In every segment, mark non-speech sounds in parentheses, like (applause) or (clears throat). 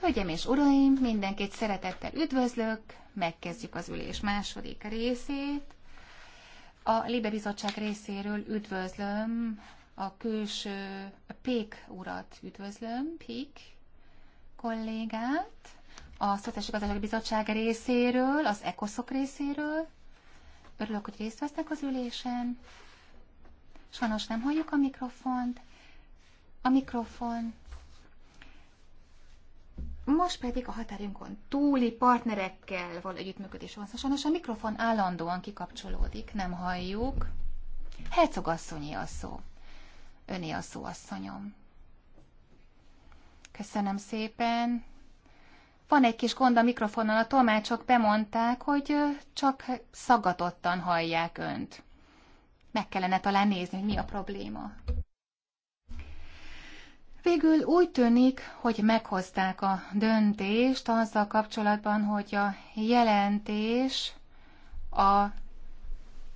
Hölgyeim és uraim, mindenkit szeretettel üdvözlök, megkezdjük az ülés második részét. A Libe Bizottság részéről üdvözlöm a külső Pék urat, üdvözlöm, Pék kollégát, a Szociális Gazdasági Bizottság részéről, az ECOSZOK részéről. Örülök, hogy részt vesznek az ülésen. Sajnos nem halljuk a mikrofont. A mikrofon most pedig a határunkon túli partnerekkel való együttműködés van. Szóval sajnos a mikrofon állandóan kikapcsolódik, nem halljuk. asszonyi a szó. Öné a szó, asszonyom. Köszönöm szépen. Van egy kis gond a mikrofonnal, a tolmácsok bemondták, hogy csak szaggatottan hallják önt. Meg kellene talán nézni, hogy mi a probléma. Végül úgy tűnik, hogy meghozták a döntést azzal kapcsolatban, hogy a jelentés a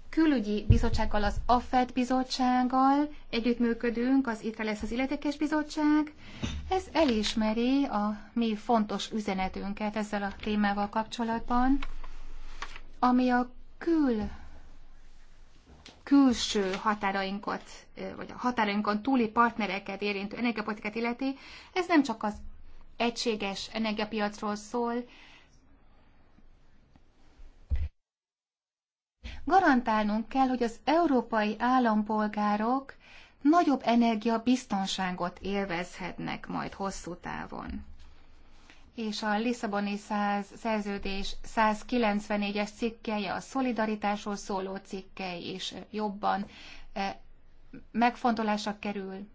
külügyi bizottsággal, az AFED bizottsággal együttműködünk, az itt lesz az illetékes bizottság. Ez elismeri a mi fontos üzenetünket ezzel a témával kapcsolatban, ami a kül külső határainkat, vagy a határainkon túli partnereket érintő energiapolitikát illeti, ez nem csak az egységes energiapiacról szól, Garantálnunk kell, hogy az európai állampolgárok nagyobb energiabiztonságot élvezhetnek majd hosszú távon és a Lisszaboni 100 szerződés 194-es cikkelje, a szolidaritásról szóló cikkei is jobban e, megfontolásra kerül.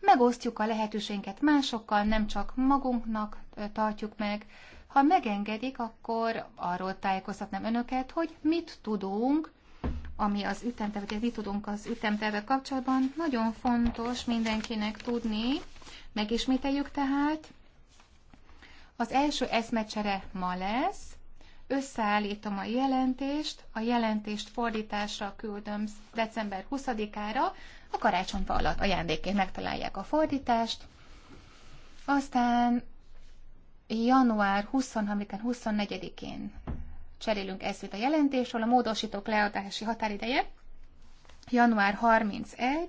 Megosztjuk a lehetőséget másokkal, nem csak magunknak e, tartjuk meg. Ha megengedik, akkor arról tájékoztatnám önöket, hogy mit tudunk, ami az ütemtervet, mit tudunk az ütemterve kapcsolatban. Nagyon fontos mindenkinek tudni, megismételjük tehát, az első eszmecsere ma lesz. Összeállítom a jelentést, a jelentést fordításra küldöm december 20-ára, a karácsonyfa alatt ajándékként megtalálják a fordítást. Aztán január 23 24-én cserélünk eszét a jelentésről, a módosítók leadási határideje január 31,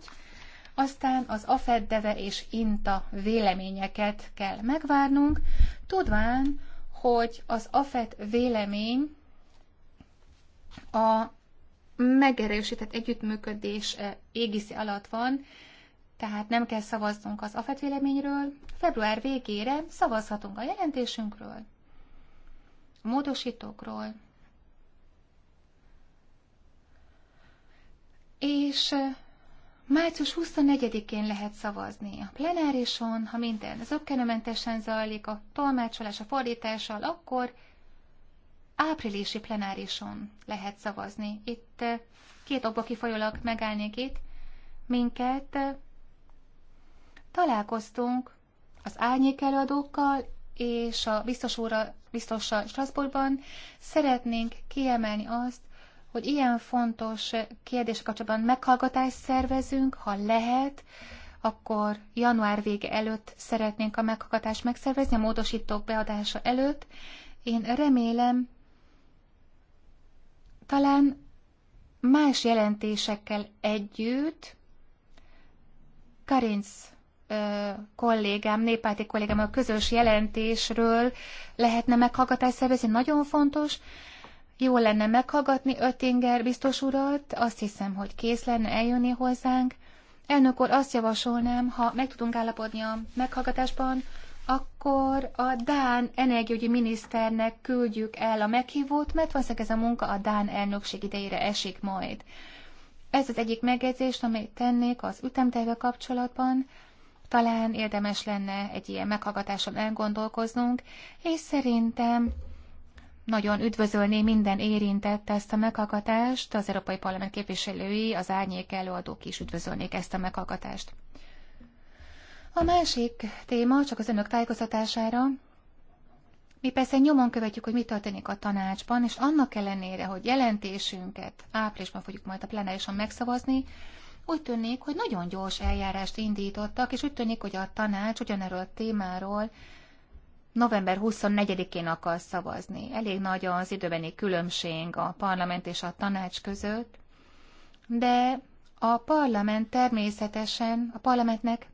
aztán az afeddeve és INTA véleményeket kell megvárnunk, tudván, hogy az AFED vélemény a megerősített együttműködés eh, égiszi alatt van, tehát nem kell szavaznunk az AFET véleményről, február végére szavazhatunk a jelentésünkről, a módosítókról, és eh, Március 24-én lehet szavazni a plenárison, ha minden zöggenőmentesen zajlik, a tolmácsolás a fordítással, akkor áprilisi plenárison lehet szavazni. Itt eh, két okba kifolyólag megállnék itt. Minket találkoztunk az árnyék előadókkal és a biztos úrral, biztossal Strasbourgban. Szeretnénk kiemelni azt, hogy ilyen fontos kérdések kapcsolatban meghallgatást szervezünk, ha lehet, akkor január vége előtt szeretnénk a meghallgatást megszervezni, a módosítók beadása előtt. Én remélem, talán más jelentésekkel együtt Karinc kollégám, néppárti kollégám a közös jelentésről lehetne meghallgatást szervezni, nagyon fontos, jó lenne meghallgatni Öttinger biztos urat, azt hiszem, hogy kész lenne eljönni hozzánk. Elnök úr, azt javasolnám, ha meg tudunk állapodni a meghallgatásban, akkor a Dán energiaügyi miniszternek küldjük el a meghívót, mert valószínűleg ez a munka a Dán elnökség idejére esik majd. Ez az egyik megjegyzés, amit tennék az ütemterve kapcsolatban. Talán érdemes lenne egy ilyen meghallgatáson elgondolkoznunk, és szerintem nagyon üdvözölné minden érintett ezt a meghallgatást, az Európai Parlament képviselői, az árnyék előadók is üdvözölnék ezt a meghallgatást. A másik téma csak az önök tájékoztatására, Mi persze nyomon követjük, hogy mi történik a tanácsban, és annak ellenére, hogy jelentésünket áprilisban fogjuk majd a plenárisan megszavazni, úgy tűnik, hogy nagyon gyors eljárást indítottak, és úgy tűnik, hogy a tanács ugyanerről a témáról november 24-én akar szavazni. Elég nagy az időbeni különbség a parlament és a tanács között, de a parlament természetesen, a parlamentnek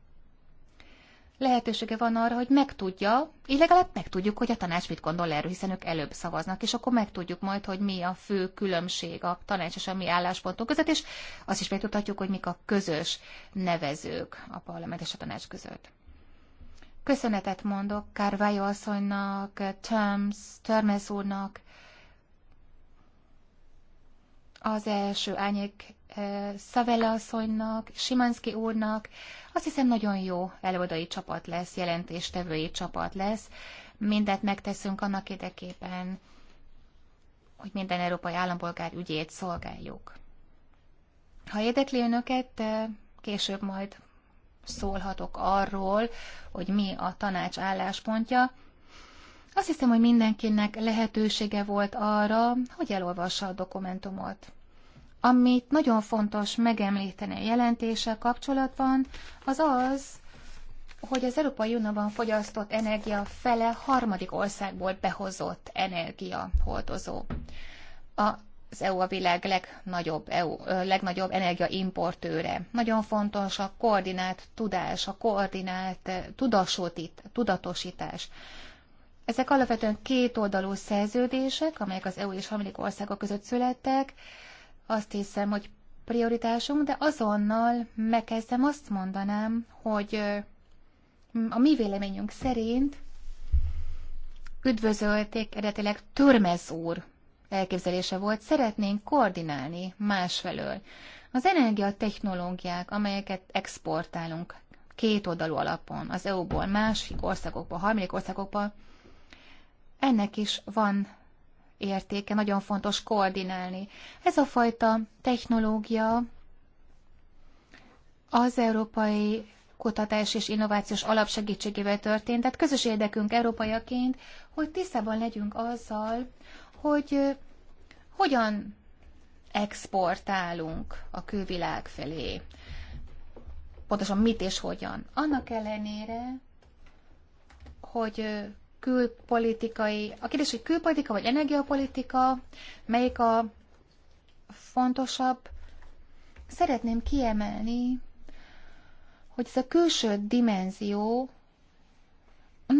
lehetősége van arra, hogy megtudja, így legalább megtudjuk, hogy a tanács mit gondol erről, hiszen ők előbb szavaznak, és akkor megtudjuk majd, hogy mi a fő különbség a tanács és a mi álláspontunk között, és azt is megtudhatjuk, hogy mik a közös nevezők a parlament és a tanács között. Köszönetet mondok Kárvályó asszonynak, Terms, Törmez úrnak, az első ányék eh, Szavella asszonynak, Simanszki úrnak. Azt hiszem nagyon jó előadói csapat lesz, jelentéstevői csapat lesz. Mindent megteszünk annak érdekében, hogy minden európai állampolgár ügyét szolgáljuk. Ha érdekli önöket, eh, később majd szólhatok arról, hogy mi a tanács álláspontja. Azt hiszem, hogy mindenkinek lehetősége volt arra, hogy elolvassa a dokumentumot. Amit nagyon fontos megemlíteni a jelentéssel kapcsolatban, az az, hogy az Európai Unióban fogyasztott energia fele harmadik országból behozott energia hordozó. A az EU a világ legnagyobb, EU, legnagyobb energiaimportőre. Nagyon fontos a koordinált tudás, a koordinált tudasotit, tudatosítás. Ezek alapvetően kétoldalú szerződések, amelyek az EU és harmadik országok között születtek. Azt hiszem, hogy prioritásunk, de azonnal megkezdem azt mondanám, hogy a mi véleményünk szerint üdvözölték eredetileg Törmez úr elképzelése volt, szeretnénk koordinálni másfelől. Az energiatechnológiák, amelyeket exportálunk két oldalú alapon az EU-ból másik országokba, harmadik országokba, ennek is van értéke, nagyon fontos koordinálni. Ez a fajta technológia az európai kutatás és innovációs alap segítségével történt, tehát közös érdekünk európaiaként, hogy tisztában legyünk azzal, hogy hogyan exportálunk a külvilág felé. Pontosan mit és hogyan. Annak ellenére, hogy külpolitikai, a kérdés, hogy külpolitika vagy energiapolitika, melyik a fontosabb, szeretném kiemelni, hogy ez a külső dimenzió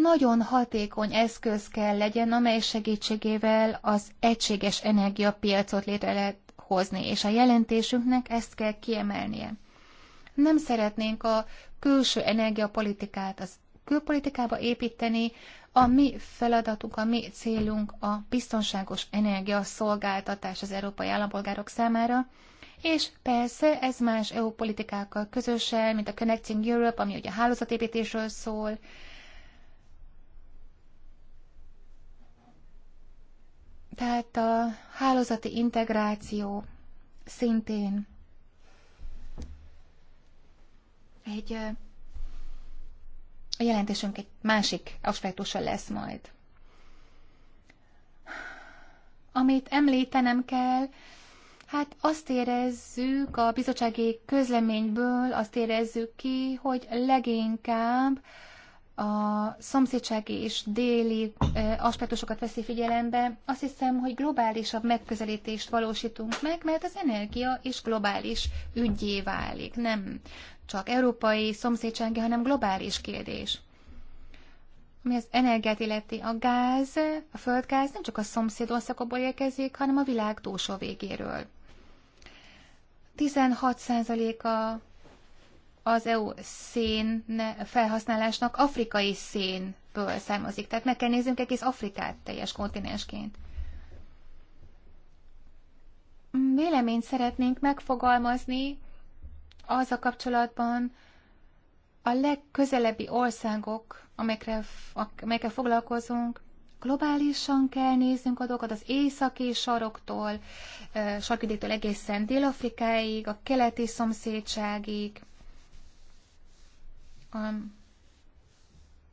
nagyon hatékony eszköz kell legyen, amely segítségével az egységes energiapiacot létre lehet hozni, és a jelentésünknek ezt kell kiemelnie. Nem szeretnénk a külső energiapolitikát az külpolitikába építeni, a mi feladatunk, a mi célunk a biztonságos energiaszolgáltatás az európai állampolgárok számára, és persze ez más EU politikákkal közösen, mint a Connecting Europe, ami ugye a hálózatépítésről szól, Tehát a hálózati integráció szintén egy a jelentésünk egy másik aspektusa lesz majd. Amit említenem kell, hát azt érezzük a bizottsági közleményből, azt érezzük ki, hogy leginkább a szomszédsági és déli aspektusokat veszi figyelembe, azt hiszem, hogy globálisabb megközelítést valósítunk meg, mert az energia is globális ügyé válik. Nem csak európai szomszédsági, hanem globális kérdés. Ami az energiát illeti, a gáz, a földgáz nem csak a szomszédországokból érkezik, hanem a világ túlsó végéről. 16%-a az EU szén felhasználásnak afrikai szénből származik. Tehát meg kell néznünk egész Afrikát teljes kontinensként. Véleményt szeretnénk megfogalmazni az a kapcsolatban a legközelebbi országok, amelyekre, amelyekkel foglalkozunk, globálisan kell néznünk a dolgokat, az északi saroktól, sarkidéktől egészen Dél-Afrikáig, a keleti szomszédságig, a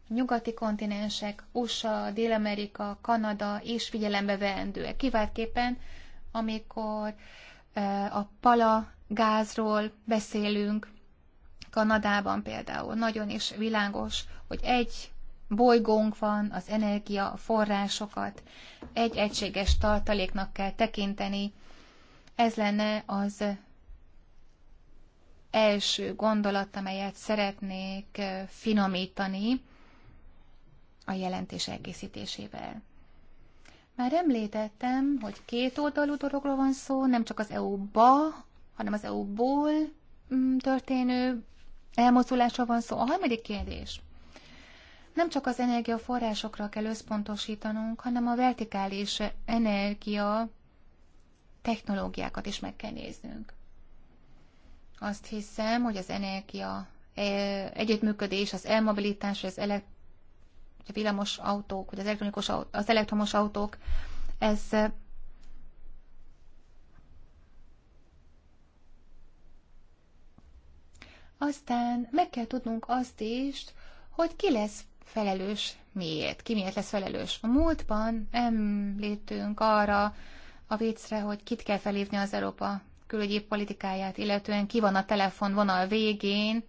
nyugati kontinensek, USA, Dél-Amerika, Kanada is figyelembe veendőek. Kiváltképpen, amikor e, a pala gázról beszélünk, Kanadában például nagyon is világos, hogy egy bolygónk van, az energia, a forrásokat egy egységes tartaléknak kell tekinteni. Ez lenne az első gondolat, amelyet szeretnék finomítani a jelentés egészítésével. Már említettem, hogy két oldalú dologról van szó, nem csak az EU-ba, hanem az EU-ból mm, történő elmozdulásra van szó. A harmadik kérdés. Nem csak az energiaforrásokra kell összpontosítanunk, hanem a vertikális energia technológiákat is meg kell néznünk. Azt hiszem, hogy az energia e, együttműködés, az elmobilitás, az elek, a villamos autók, vagy az, elektronikus, az elektromos autók, ez Aztán meg kell tudnunk azt is, hogy ki lesz felelős miért, ki miért lesz felelős. A múltban említünk arra a viccre, hogy kit kell felhívni az Európa külügyi politikáját, illetően ki van a telefonvonal végén.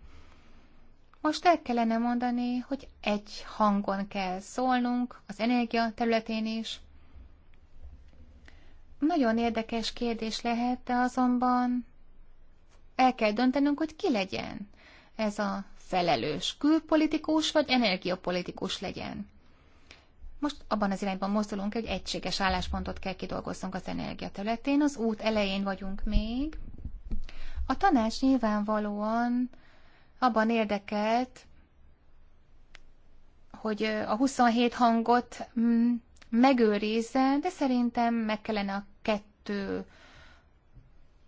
Most el kellene mondani, hogy egy hangon kell szólnunk az energia területén is. Nagyon érdekes kérdés lehet, de azonban el kell döntenünk, hogy ki legyen ez a felelős külpolitikus vagy energiapolitikus legyen. Most abban az irányban mozdulunk, hogy egységes álláspontot kell kidolgoznunk az energia területén. Az út elején vagyunk még. A tanács nyilvánvalóan abban érdekelt, hogy a 27 hangot mm, megőrizze, de szerintem meg kellene a kettő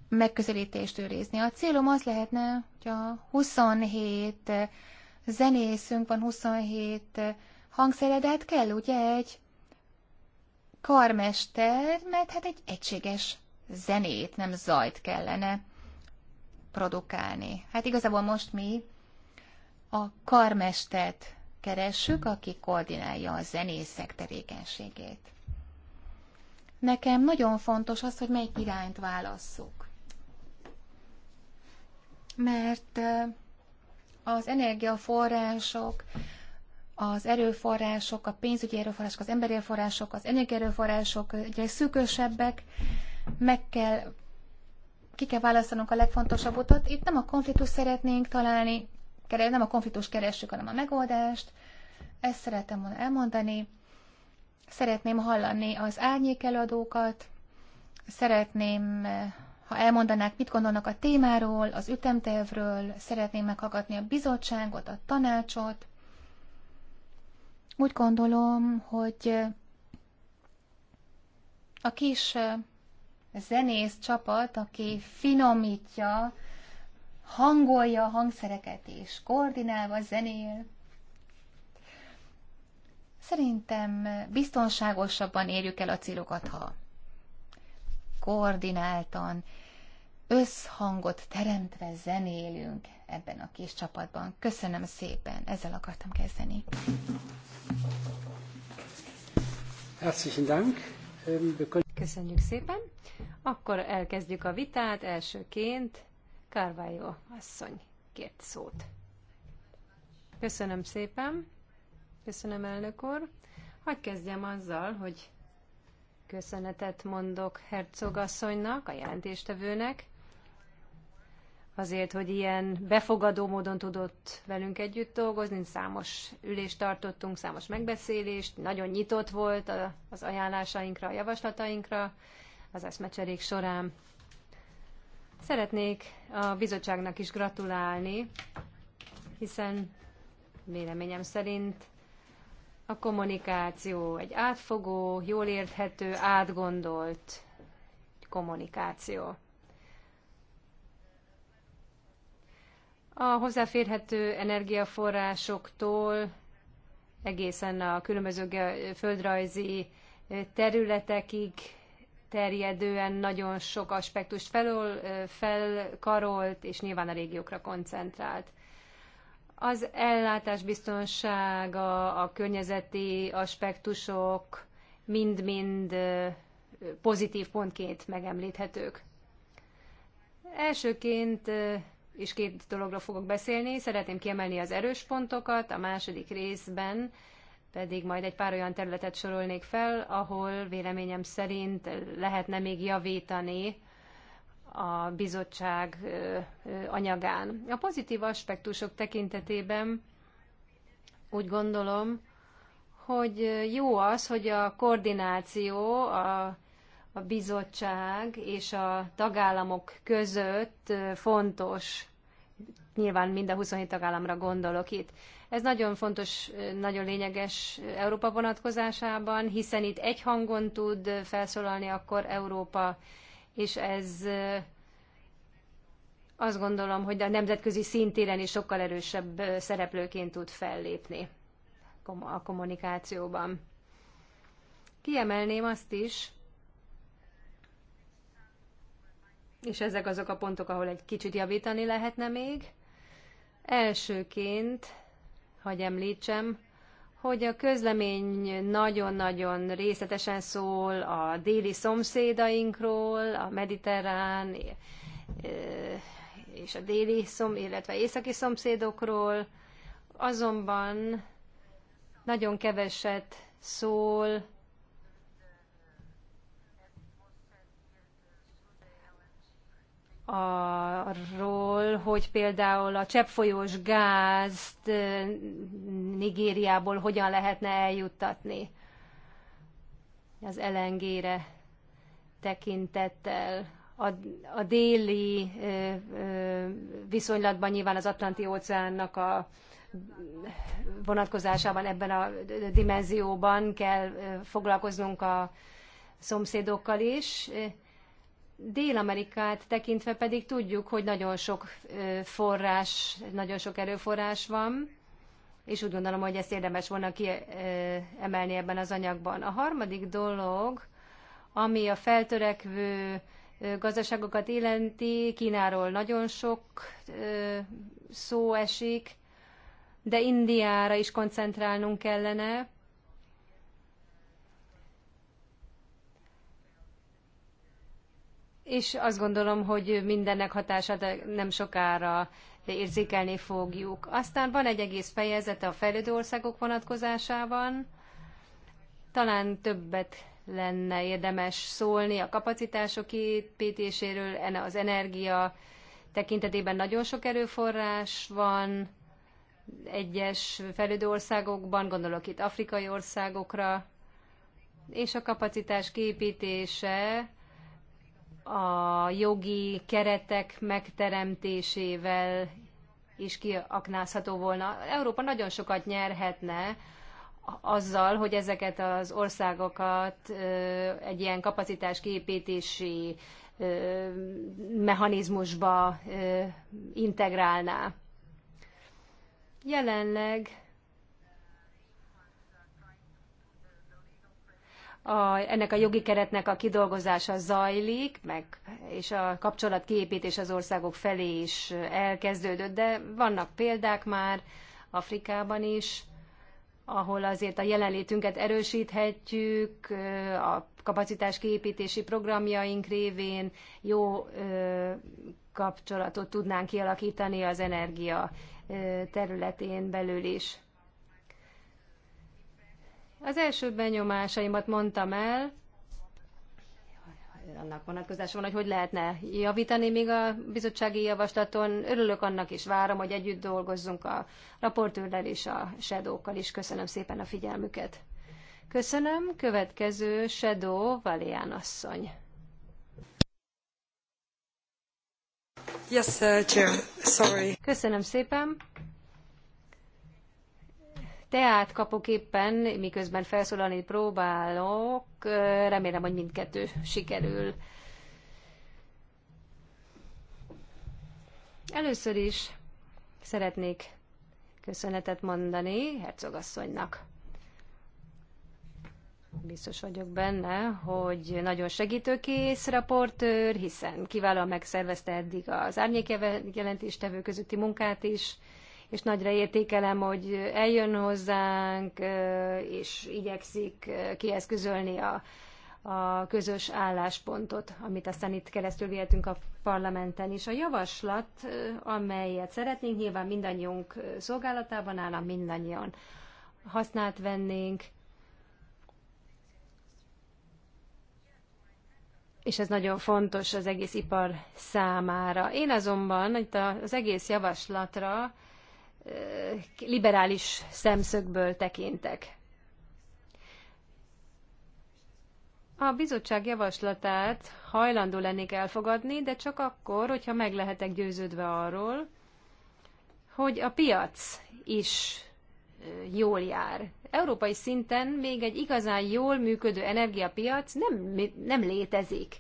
megközelítést őrizni. A célom az lehetne, hogy a 27 zenészünk van, 27 Hangszeredet kell ugye egy karmester, mert hát egy egységes zenét, nem zajt kellene produkálni. Hát igazából most mi a karmestert keressük, aki koordinálja a zenészek tevékenységét. Nekem nagyon fontos az, hogy melyik irányt válasszuk. Mert az energiaforrások, az erőforrások, a pénzügyi erőforrások, az emberi erőforrások, az energiaerőforrások egyre szűkösebbek, meg kell, ki kell választanunk a legfontosabb utat. Itt nem a konfliktus szeretnénk találni, nem a konfliktus keressük, hanem a megoldást. Ezt szeretem volna elmondani. Szeretném hallani az árnyék előadókat, szeretném, ha elmondanák, mit gondolnak a témáról, az ütemtervről, szeretném meghallgatni a bizottságot, a tanácsot, úgy gondolom, hogy a kis zenész csapat, aki finomítja, hangolja a hangszereket és koordinálva zenél, szerintem biztonságosabban érjük el a célokat, ha koordináltan, összhangot teremtve zenélünk ebben a kis csapatban. Köszönöm szépen, ezzel akartam kezdeni. Herzlichen Dank. Ähm, Köszönjük szépen. Akkor elkezdjük a vitát. Elsőként Carvalho asszony Két szót. Köszönöm szépen. Köszönöm, elnök úr. Hagy kezdjem azzal, hogy köszönetet mondok Herzog asszonynak, a jelentéstevőnek, azért, hogy ilyen befogadó módon tudott velünk együtt dolgozni. Számos ülést tartottunk, számos megbeszélést, nagyon nyitott volt az ajánlásainkra, a javaslatainkra az eszmecserék során. Szeretnék a bizottságnak is gratulálni, hiszen véleményem szerint a kommunikáció egy átfogó, jól érthető, átgondolt kommunikáció. a hozzáférhető energiaforrásoktól egészen a különböző földrajzi területekig terjedően nagyon sok aspektust felol, felkarolt, és nyilván a régiókra koncentrált. Az ellátás biztonsága, a környezeti aspektusok mind-mind pozitív pontként megemlíthetők. Elsőként és két dologra fogok beszélni. Szeretném kiemelni az erős pontokat, a második részben pedig majd egy pár olyan területet sorolnék fel, ahol véleményem szerint lehetne még javítani a bizottság anyagán. A pozitív aspektusok tekintetében úgy gondolom, hogy jó az, hogy a koordináció, a a bizottság és a tagállamok között fontos, nyilván mind a 27 tagállamra gondolok itt. Ez nagyon fontos, nagyon lényeges Európa vonatkozásában, hiszen itt egy hangon tud felszólalni akkor Európa, és ez azt gondolom, hogy a nemzetközi szintéren is sokkal erősebb szereplőként tud fellépni a kommunikációban. Kiemelném azt is, és ezek azok a pontok, ahol egy kicsit javítani lehetne még. Elsőként, hogy említsem, hogy a közlemény nagyon-nagyon részletesen szól a déli szomszédainkról, a mediterrán és a déli, szom, illetve északi szomszédokról, azonban nagyon keveset szól arról, hogy például a cseppfolyós gázt Nigériából hogyan lehetne eljuttatni az elengére tekintettel. A, a déli ö, ö, viszonylatban nyilván az Atlanti óceánnak a vonatkozásában ebben a dimenzióban kell foglalkoznunk a szomszédokkal is. Ö, Dél-Amerikát tekintve pedig tudjuk, hogy nagyon sok forrás, nagyon sok erőforrás van, és úgy gondolom, hogy ezt érdemes volna kiemelni ebben az anyagban. A harmadik dolog, ami a feltörekvő gazdaságokat illeti, Kínáról nagyon sok szó esik, de Indiára is koncentrálnunk kellene, és azt gondolom, hogy mindennek hatását nem sokára érzékelni fogjuk. Aztán van egy egész fejezete a fejlődő országok vonatkozásában. Talán többet lenne érdemes szólni a kapacitások építéséről, az energia tekintetében nagyon sok erőforrás van egyes fejlődő országokban, gondolok itt afrikai országokra, és a kapacitás kiépítése a jogi keretek megteremtésével is kiaknázható volna. Európa nagyon sokat nyerhetne azzal, hogy ezeket az országokat egy ilyen kapacitás kiépítési mechanizmusba integrálná. Jelenleg a, ennek a jogi keretnek a kidolgozása zajlik, meg, és a kapcsolat kiépítés az országok felé is elkezdődött, de vannak példák már Afrikában is, ahol azért a jelenlétünket erősíthetjük, a kapacitás kiépítési programjaink révén jó kapcsolatot tudnánk kialakítani az energia területén belül is. Az első benyomásaimat mondtam el, annak vonatkozásában, hogy hogy lehetne javítani még a bizottsági javaslaton. Örülök annak is, várom, hogy együtt dolgozzunk a raportőrrel és a shadow is. Köszönöm szépen a figyelmüket. Köszönöm. Következő Shadow Valián asszony. Yes, uh, Sorry. Köszönöm szépen teát kapok éppen, miközben felszólalni próbálok. Remélem, hogy mindkettő sikerül. Először is szeretnék köszönetet mondani hercogasszonynak. Biztos vagyok benne, hogy nagyon segítőkész raportőr, hiszen kiválóan megszervezte eddig az árnyékjelentéstevő közötti munkát is, és nagyra értékelem, hogy eljön hozzánk, és igyekszik kieszközölni a, a közös álláspontot, amit aztán itt keresztül vihetünk a parlamenten is. A javaslat, amelyet szeretnénk, nyilván mindannyiunk szolgálatában állam mindannyian használt vennénk, és ez nagyon fontos az egész ipar számára. Én azonban itt az egész javaslatra liberális szemszögből tekintek. A bizottság javaslatát hajlandó lennék elfogadni, de csak akkor, hogyha meg lehetek győződve arról, hogy a piac is jól jár. Európai szinten még egy igazán jól működő energiapiac nem, nem létezik.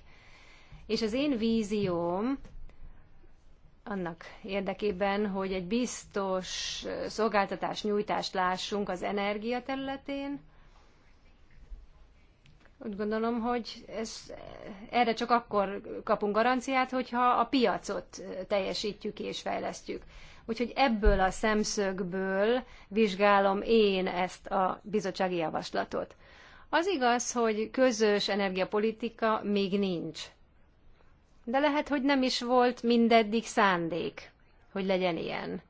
És az én vízióm annak érdekében, hogy egy biztos szolgáltatás nyújtást lássunk az energia területén. Úgy gondolom, hogy ez, erre csak akkor kapunk garanciát, hogyha a piacot teljesítjük és fejlesztjük. Úgyhogy ebből a szemszögből vizsgálom én ezt a bizottsági javaslatot. Az igaz, hogy közös energiapolitika még nincs. De lehet, hogy nem is volt mindeddig szándék, hogy legyen ilyen.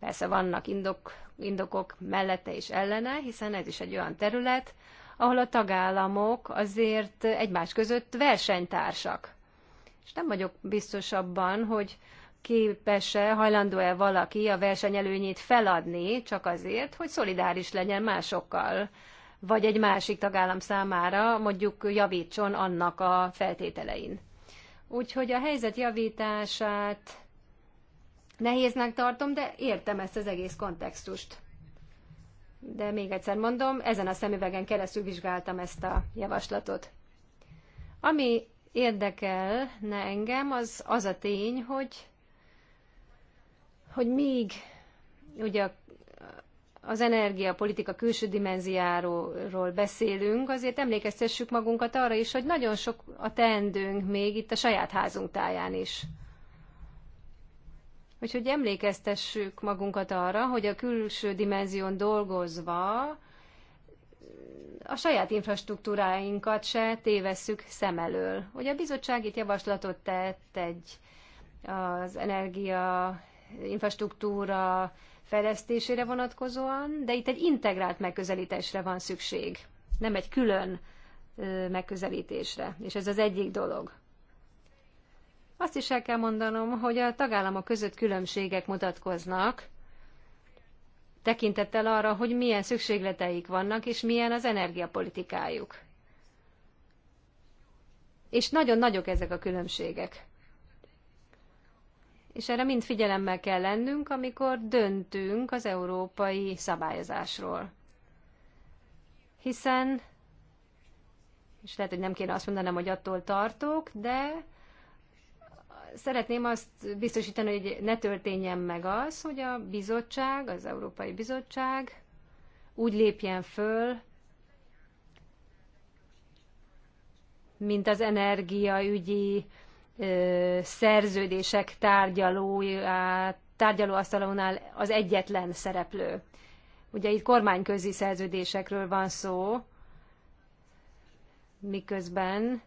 Persze vannak indok, indokok mellette és ellene, hiszen ez is egy olyan terület, ahol a tagállamok azért egymás között versenytársak. És nem vagyok biztos abban, hogy képes-e, hajlandó-e valaki a versenyelőnyét feladni csak azért, hogy szolidáris legyen másokkal, vagy egy másik tagállam számára mondjuk javítson annak a feltételein. Úgyhogy a helyzet javítását nehéznek tartom, de értem ezt az egész kontextust. De még egyszer mondom, ezen a szemüvegen keresztül vizsgáltam ezt a javaslatot. Ami érdekelne engem, az az a tény, hogy, hogy még ugye a az energiapolitika külső dimenziáról beszélünk, azért emlékeztessük magunkat arra is, hogy nagyon sok a teendőnk még itt a saját házunk táján is. Úgyhogy emlékeztessük magunkat arra, hogy a külső dimenzión dolgozva a saját infrastruktúráinkat se tévesszük szem elől. Ugye a bizottság itt javaslatot tett egy az energia infrastruktúra fejlesztésére vonatkozóan, de itt egy integrált megközelítésre van szükség, nem egy külön megközelítésre, és ez az egyik dolog. Azt is el kell mondanom, hogy a tagállamok között különbségek mutatkoznak, tekintettel arra, hogy milyen szükségleteik vannak, és milyen az energiapolitikájuk. És nagyon nagyok ezek a különbségek és erre mind figyelemmel kell lennünk, amikor döntünk az európai szabályozásról. Hiszen, és lehet, hogy nem kéne azt mondanom, hogy attól tartok, de szeretném azt biztosítani, hogy ne történjen meg az, hogy a bizottság, az Európai Bizottság úgy lépjen föl, mint az energiaügyi szerződések tárgyalóját, tárgyalóasztalónál az egyetlen szereplő. Ugye itt kormányközi szerződésekről van szó, miközben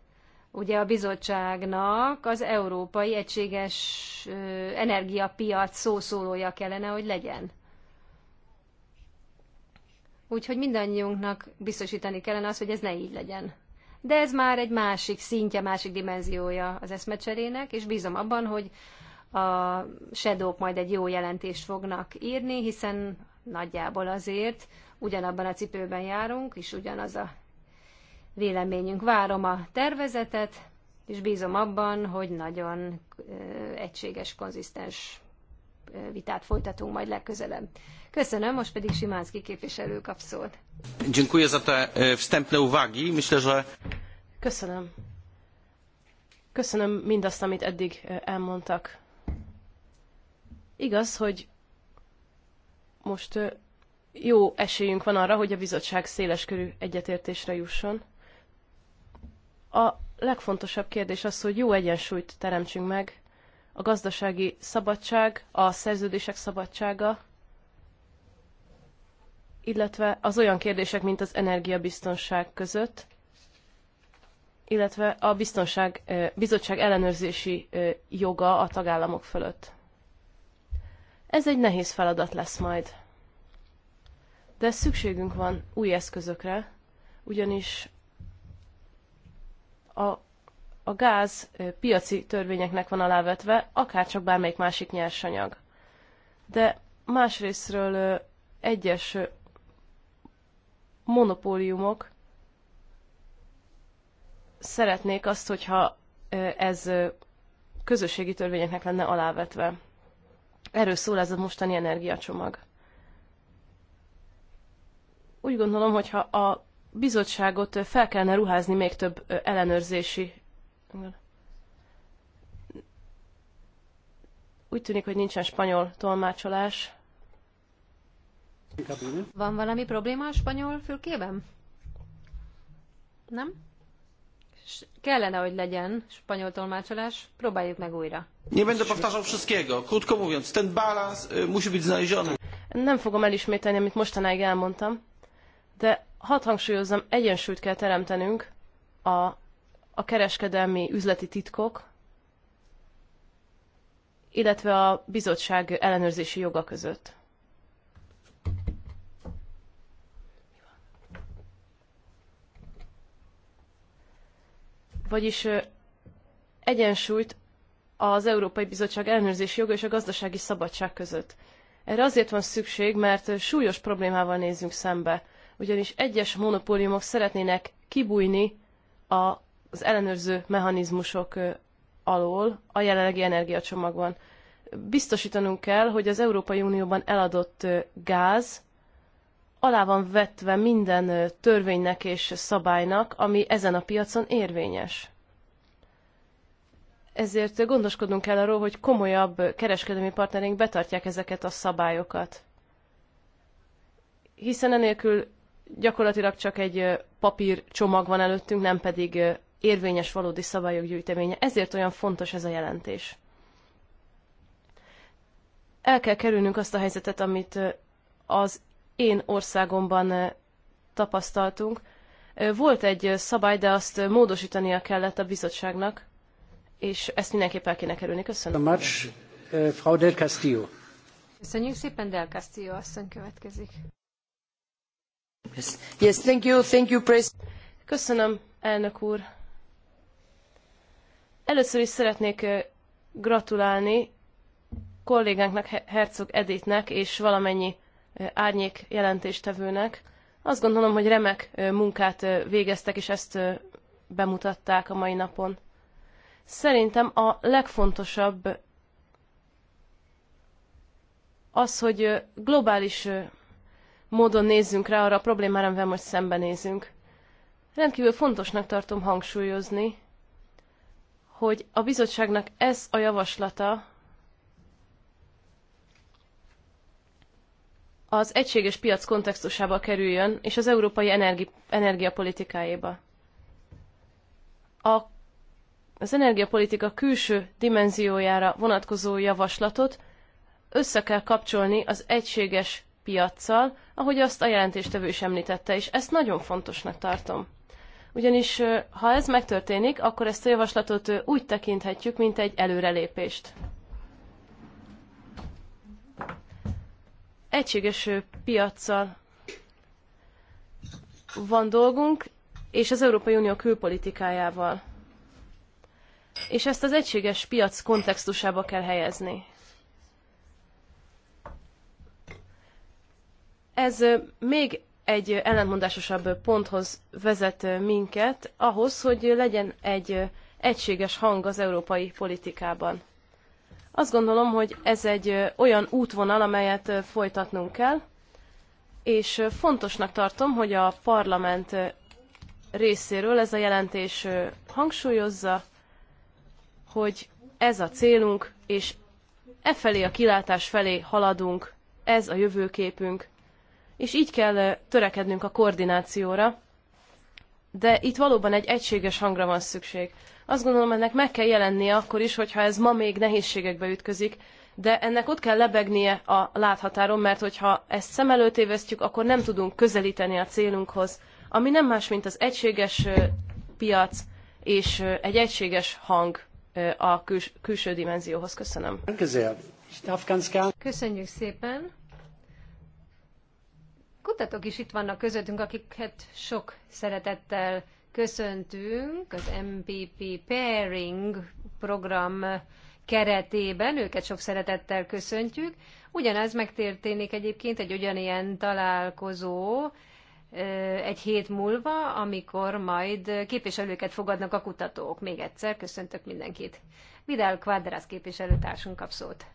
ugye a bizottságnak az Európai Egységes Energiapiac szószólója kellene, hogy legyen. Úgyhogy mindannyiunknak biztosítani kellene az, hogy ez ne így legyen de ez már egy másik szintje, másik dimenziója az eszmecserének, és bízom abban, hogy a shadow majd egy jó jelentést fognak írni, hiszen nagyjából azért ugyanabban a cipőben járunk, és ugyanaz a véleményünk. Várom a tervezetet, és bízom abban, hogy nagyon egységes, konzisztens vitát folytatunk majd legközelebb. Köszönöm, most pedig Simánszki képviselő kap szót. Dziękuję za te e, wstępne uwagi. Myślę, że... Köszönöm. Köszönöm mindazt, amit eddig e, elmondtak. Igaz, hogy most e, jó esélyünk van arra, hogy a bizottság széleskörű egyetértésre jusson. A legfontosabb kérdés az, hogy jó egyensúlyt teremtsünk meg a gazdasági szabadság, a szerződések szabadsága, illetve az olyan kérdések, mint az energiabiztonság között, illetve a biztonság, bizottság ellenőrzési joga a tagállamok fölött. Ez egy nehéz feladat lesz majd. De szükségünk van új eszközökre, ugyanis a a gáz piaci törvényeknek van alávetve, akárcsak bármelyik másik nyersanyag. De másrésztről egyes monopóliumok szeretnék azt, hogyha ez közösségi törvényeknek lenne alávetve. Erről szól ez a mostani energiacsomag. Úgy gondolom, hogyha a bizottságot fel kellene ruházni még több ellenőrzési úgy tűnik, hogy nincsen spanyol tolmácsolás. Van valami probléma a spanyol fülkében? Nem? S kellene, hogy legyen spanyol tolmácsolás. Próbáljuk meg újra. Nem będę powtarzał wszystkiego. Krótko mówiąc, ten balans musi być znaleziony. Nem fogom elismételni, amit mostanáig elmondtam, de hadd hangsúlyozzam, egyensúlyt kell teremtenünk a a kereskedelmi üzleti titkok, illetve a bizottság ellenőrzési joga között. Vagyis egyensúlyt az Európai Bizottság ellenőrzési joga és a gazdasági szabadság között. Erre azért van szükség, mert súlyos problémával nézünk szembe, ugyanis egyes monopóliumok szeretnének kibújni a az ellenőrző mechanizmusok alól a jelenlegi energiacsomagban. Biztosítanunk kell, hogy az Európai Unióban eladott gáz alá van vetve minden törvénynek és szabálynak, ami ezen a piacon érvényes. Ezért gondoskodnunk kell arról, hogy komolyabb kereskedelmi partnerink betartják ezeket a szabályokat. Hiszen enélkül gyakorlatilag csak egy papír csomag van előttünk, nem pedig érvényes valódi szabályok gyűjteménye. Ezért olyan fontos ez a jelentés. El kell kerülnünk azt a helyzetet, amit az én országomban tapasztaltunk. Volt egy szabály, de azt módosítania kellett a bizottságnak, és ezt mindenképp el kéne kerülni. Köszönöm. Much, Frau del Castillo. Köszönjük szépen, Del Castillo asszony következik. Yes, thank you, thank you, Köszönöm, elnök úr. Először is szeretnék gratulálni kollégánknak, Herzog Editnek és valamennyi árnyék jelentéstevőnek. Azt gondolom, hogy remek munkát végeztek, és ezt bemutatták a mai napon. Szerintem a legfontosabb az, hogy globális módon nézzünk rá arra a problémára, amivel most szembenézünk. Rendkívül fontosnak tartom hangsúlyozni, hogy a bizottságnak ez a javaslata az egységes piac kontextusába kerüljön, és az európai energi- energiapolitikájába. A, az energiapolitika külső dimenziójára vonatkozó javaslatot össze kell kapcsolni az egységes piaccal, ahogy azt a jelentéstevő is említette, és ezt nagyon fontosnak tartom. Ugyanis ha ez megtörténik, akkor ezt a javaslatot úgy tekinthetjük, mint egy előrelépést. Egységes piaccal van dolgunk, és az Európai Unió külpolitikájával. És ezt az egységes piac kontextusába kell helyezni. Ez még egy ellentmondásosabb ponthoz vezet minket, ahhoz, hogy legyen egy egységes hang az európai politikában. Azt gondolom, hogy ez egy olyan útvonal, amelyet folytatnunk kell, és fontosnak tartom, hogy a parlament részéről ez a jelentés hangsúlyozza, hogy ez a célunk, és e felé a kilátás felé haladunk, ez a jövőképünk, és így kell törekednünk a koordinációra, de itt valóban egy egységes hangra van szükség. Azt gondolom, ennek meg kell jelennie akkor is, hogyha ez ma még nehézségekbe ütközik, de ennek ott kell lebegnie a láthatáron, mert hogyha ezt szem előtt évesztjük, akkor nem tudunk közelíteni a célunkhoz, ami nem más, mint az egységes piac és egy egységes hang a küls- külső dimenzióhoz. Köszönöm. Köszönjük szépen kutatók is itt vannak közöttünk, akiket sok szeretettel köszöntünk az MPP Pairing program keretében, őket sok szeretettel köszöntjük. Ugyanez megtörténik egyébként egy ugyanilyen találkozó egy hét múlva, amikor majd képviselőket fogadnak a kutatók. Még egyszer köszöntök mindenkit. Vidal Quadras képviselőtársunk kap szót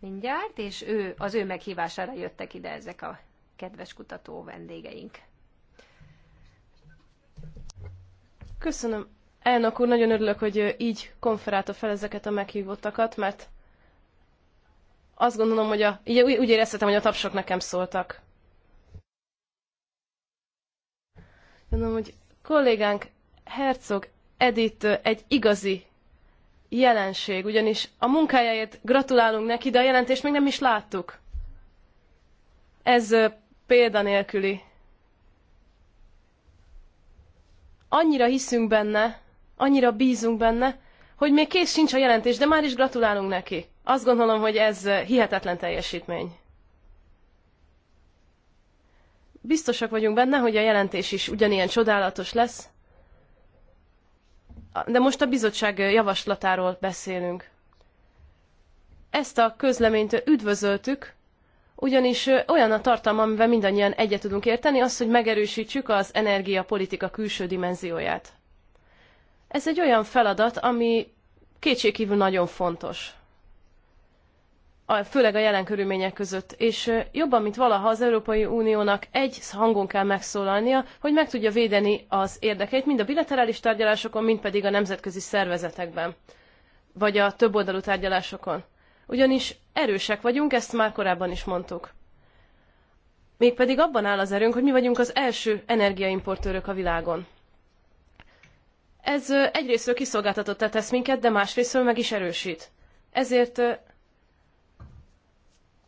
mindjárt, és ő, az ő meghívására jöttek ide ezek a kedves kutató vendégeink. Köszönöm. Elnök úr, nagyon örülök, hogy így konferálta fel ezeket a meghívottakat, mert azt gondolom, hogy a, így, úgy éreztem, hogy a tapsok nekem szóltak. Gondolom, hogy kollégánk Herzog Edith egy igazi jelenség, ugyanis a munkájáért gratulálunk neki, de a jelentést még nem is láttuk. Ez példanélküli. Annyira hiszünk benne, annyira bízunk benne, hogy még kész sincs a jelentés, de már is gratulálunk neki. Azt gondolom, hogy ez eh, hihetetlen teljesítmény. Biztosak vagyunk benne, hogy a jelentés is ugyanilyen csodálatos lesz, de most a bizottság eh, javaslatáról beszélünk. Ezt a közleményt eh, üdvözöltük, ugyanis olyan a tartalma, amivel mindannyian egyet tudunk érteni, az, hogy megerősítsük az energiapolitika külső dimenzióját. Ez egy olyan feladat, ami kétségkívül nagyon fontos. A, főleg a jelen körülmények között, és jobban, mint valaha az Európai Uniónak egy hangon kell megszólalnia, hogy meg tudja védeni az érdekeit mind a bilaterális tárgyalásokon, mind pedig a nemzetközi szervezetekben, vagy a többoldalú tárgyalásokon. Ugyanis erősek vagyunk, ezt már korábban is mondtuk. Mégpedig abban áll az erőnk, hogy mi vagyunk az első energiaimportőrök a világon. Ez egyrésztről kiszolgáltatottá tesz minket, de másrésztről meg is erősít. Ezért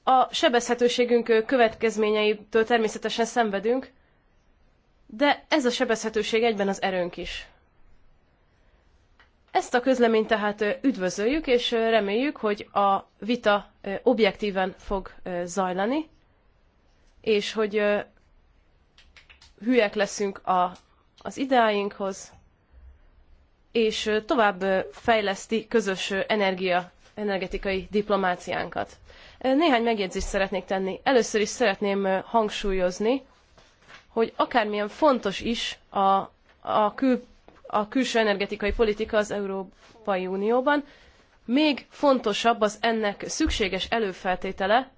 a sebezhetőségünk következményeitől természetesen szenvedünk, de ez a sebezhetőség egyben az erőnk is. Ezt a közleményt tehát üdvözöljük, és reméljük, hogy a vita objektíven fog zajlani, és hogy hülyek leszünk a, az ideáinkhoz, és tovább fejleszti közös energia, energetikai diplomáciánkat. Néhány megjegyzést szeretnék tenni. Először is szeretném hangsúlyozni, hogy akármilyen fontos is a, a kül, a külső energetikai politika az Európai Unióban, még fontosabb az ennek szükséges előfeltétele,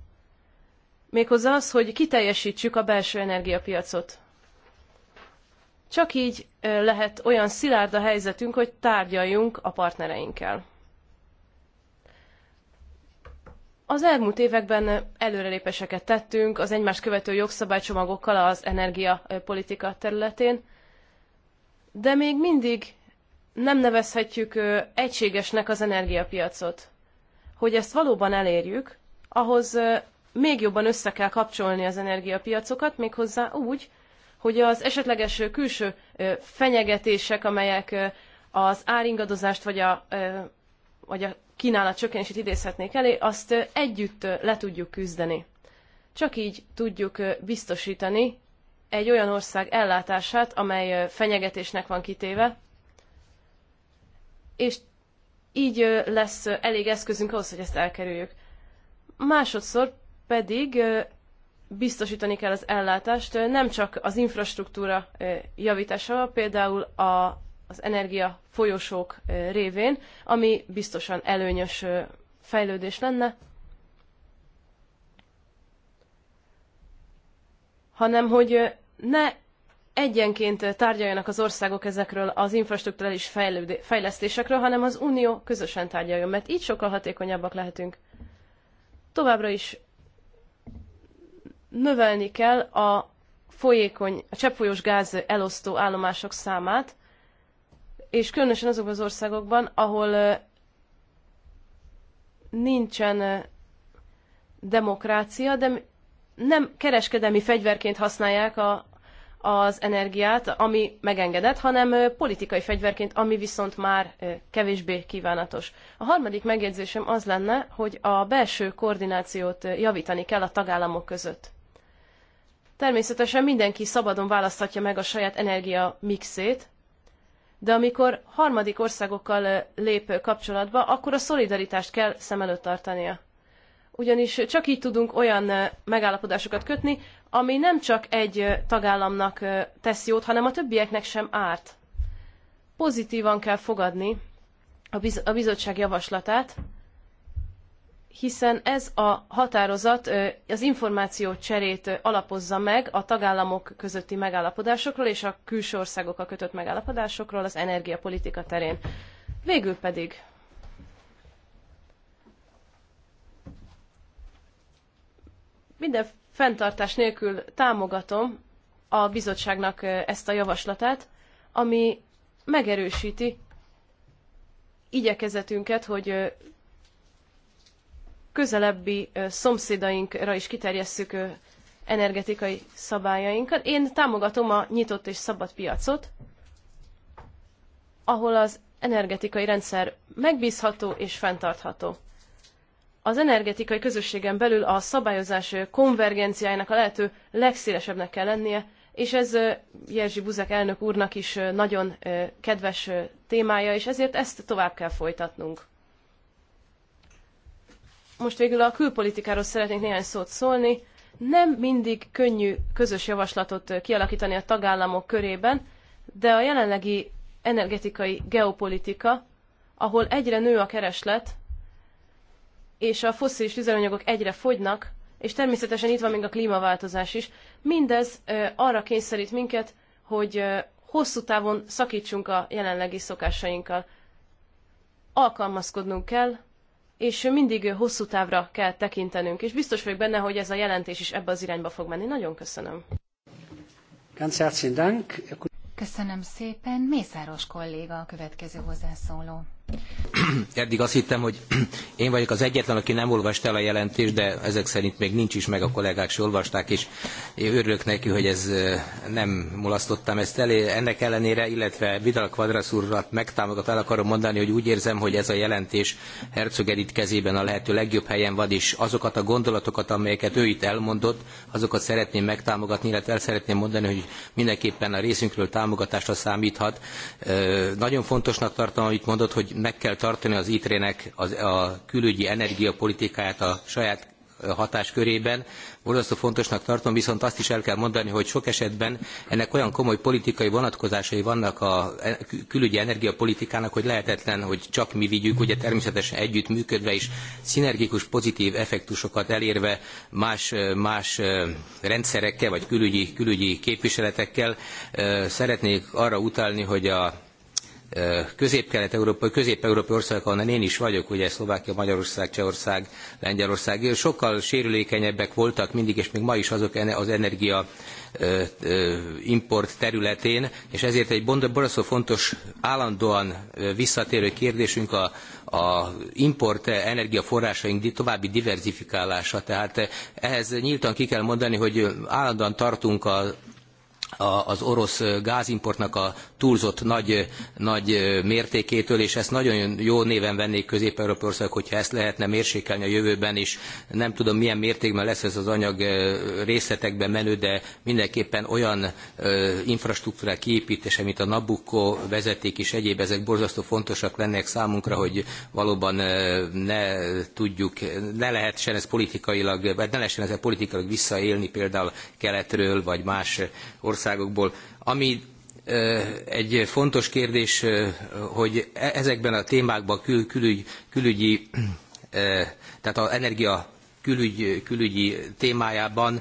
méghozzá az, hogy kiteljesítsük a belső energiapiacot. Csak így lehet olyan szilárd a helyzetünk, hogy tárgyaljunk a partnereinkkel. Az elmúlt években előrelépéseket tettünk az egymást követő jogszabálycsomagokkal az energiapolitika területén, de még mindig nem nevezhetjük egységesnek az energiapiacot. Hogy ezt valóban elérjük, ahhoz még jobban össze kell kapcsolni az energiapiacokat, méghozzá úgy, hogy az esetleges külső fenyegetések, amelyek az áringadozást vagy a, vagy a kínálat csökkenését idézhetnék elé, azt együtt le tudjuk küzdeni. Csak így tudjuk biztosítani egy olyan ország ellátását, amely fenyegetésnek van kitéve, és így lesz elég eszközünk ahhoz, hogy ezt elkerüljük. Másodszor pedig biztosítani kell az ellátást, nem csak az infrastruktúra javítása, például a, az energia folyosók révén, ami biztosan előnyös fejlődés lenne, hanem hogy ne egyenként tárgyaljanak az országok ezekről az infrastruktúrális fejlesztésekről, hanem az Unió közösen tárgyaljon, mert így sokkal hatékonyabbak lehetünk. Továbbra is növelni kell a folyékony, a cseppfolyós gáz elosztó állomások számát, és különösen azokban az országokban, ahol nincsen demokrácia, de nem kereskedelmi fegyverként használják a, az energiát, ami megengedett, hanem politikai fegyverként, ami viszont már kevésbé kívánatos. A harmadik megjegyzésem az lenne, hogy a belső koordinációt javítani kell a tagállamok között. Természetesen mindenki szabadon választhatja meg a saját energia mixét, de amikor harmadik országokkal lép kapcsolatba, akkor a szolidaritást kell szem előtt tartania ugyanis csak így tudunk olyan megállapodásokat kötni, ami nem csak egy tagállamnak tesz jót, hanem a többieknek sem árt. Pozitívan kell fogadni a, biz- a bizottság javaslatát, hiszen ez a határozat az információ cserét alapozza meg a tagállamok közötti megállapodásokról és a külső országokkal kötött megállapodásokról az energiapolitika terén. Végül pedig minden fenntartás nélkül támogatom a bizottságnak ezt a javaslatát, ami megerősíti igyekezetünket, hogy közelebbi szomszédainkra is kiterjesszük energetikai szabályainkat. Én támogatom a nyitott és szabad piacot, ahol az energetikai rendszer megbízható és fenntartható az energetikai közösségen belül a szabályozás konvergenciájának a lehető legszélesebbnek kell lennie, és ez Jerzy Buzek elnök úrnak is nagyon kedves témája, és ezért ezt tovább kell folytatnunk. Most végül a külpolitikáról szeretnék néhány szót szólni. Nem mindig könnyű közös javaslatot kialakítani a tagállamok körében, de a jelenlegi energetikai geopolitika, ahol egyre nő a kereslet, és a fosszilis tüzelőanyagok egyre fogynak, és természetesen itt van még a klímaváltozás is. Mindez arra kényszerít minket, hogy hosszú távon szakítsunk a jelenlegi szokásainkkal. Alkalmazkodnunk kell, és mindig hosszú távra kell tekintenünk, és biztos vagyok benne, hogy ez a jelentés is ebbe az irányba fog menni. Nagyon köszönöm. Köszönöm szépen. Mészáros kolléga a következő hozzászóló. Eddig azt hittem, hogy (clears throat) én vagyok az egyetlen, aki nem olvasta el a jelentést, de ezek szerint még nincs is meg a kollégák se olvasták, és örülök neki, hogy ez nem mulasztottam ezt el. Ennek ellenére, illetve Vidal Quadras urat megtámogat el akarom mondani, hogy úgy érzem, hogy ez a jelentés Herzog Edith kezében a lehető legjobb helyen van, és azokat a gondolatokat, amelyeket ő itt elmondott, azokat szeretném megtámogatni, illetve el szeretném mondani, hogy mindenképpen a részünkről támogatásra számíthat. Nagyon fontosnak tartom, amit mondott, hogy meg kell tartani az ITRE-nek a külügyi energiapolitikáját a saját hatáskörében. Borzasztó fontosnak tartom, viszont azt is el kell mondani, hogy sok esetben ennek olyan komoly politikai vonatkozásai vannak a e, külügyi energiapolitikának, hogy lehetetlen, hogy csak mi vigyük, ugye természetesen együtt működve és szinergikus pozitív effektusokat elérve más, más rendszerekkel vagy külügyi, külügyi képviseletekkel. Szeretnék arra utalni, hogy a közép-kelet-európai, közép-európai országok, ahonnan én is vagyok, ugye Szlovákia, Magyarország, Csehország, Lengyelország, sokkal sérülékenyebbek voltak mindig, és még ma is azok az energia import területén, és ezért egy borzasztó fontos, állandóan visszatérő kérdésünk a, a import energiaforrásaink további diverzifikálása. Tehát ehhez nyíltan ki kell mondani, hogy állandóan tartunk a az orosz gázimportnak a túlzott nagy, nagy mértékétől, és ezt nagyon jó néven vennék közép-európai országok, hogyha ezt lehetne mérsékelni a jövőben is. Nem tudom, milyen mértékben lesz ez az anyag eh, részletekben menő, de mindenképpen olyan eh, infrastruktúrák kiépítése, mint a Nabucco vezeték és egyéb, ezek borzasztó fontosak lennek számunkra, hogy valóban eh, ne tudjuk, ne lehessen ez politikailag, ne lehessen ezzel politikailag visszaélni például keletről, vagy más országokról országokból. Ami egy fontos kérdés, hogy e-, ezekben a témákban kül, külügy, külügyi, tehát az energia külügy, külügyi témájában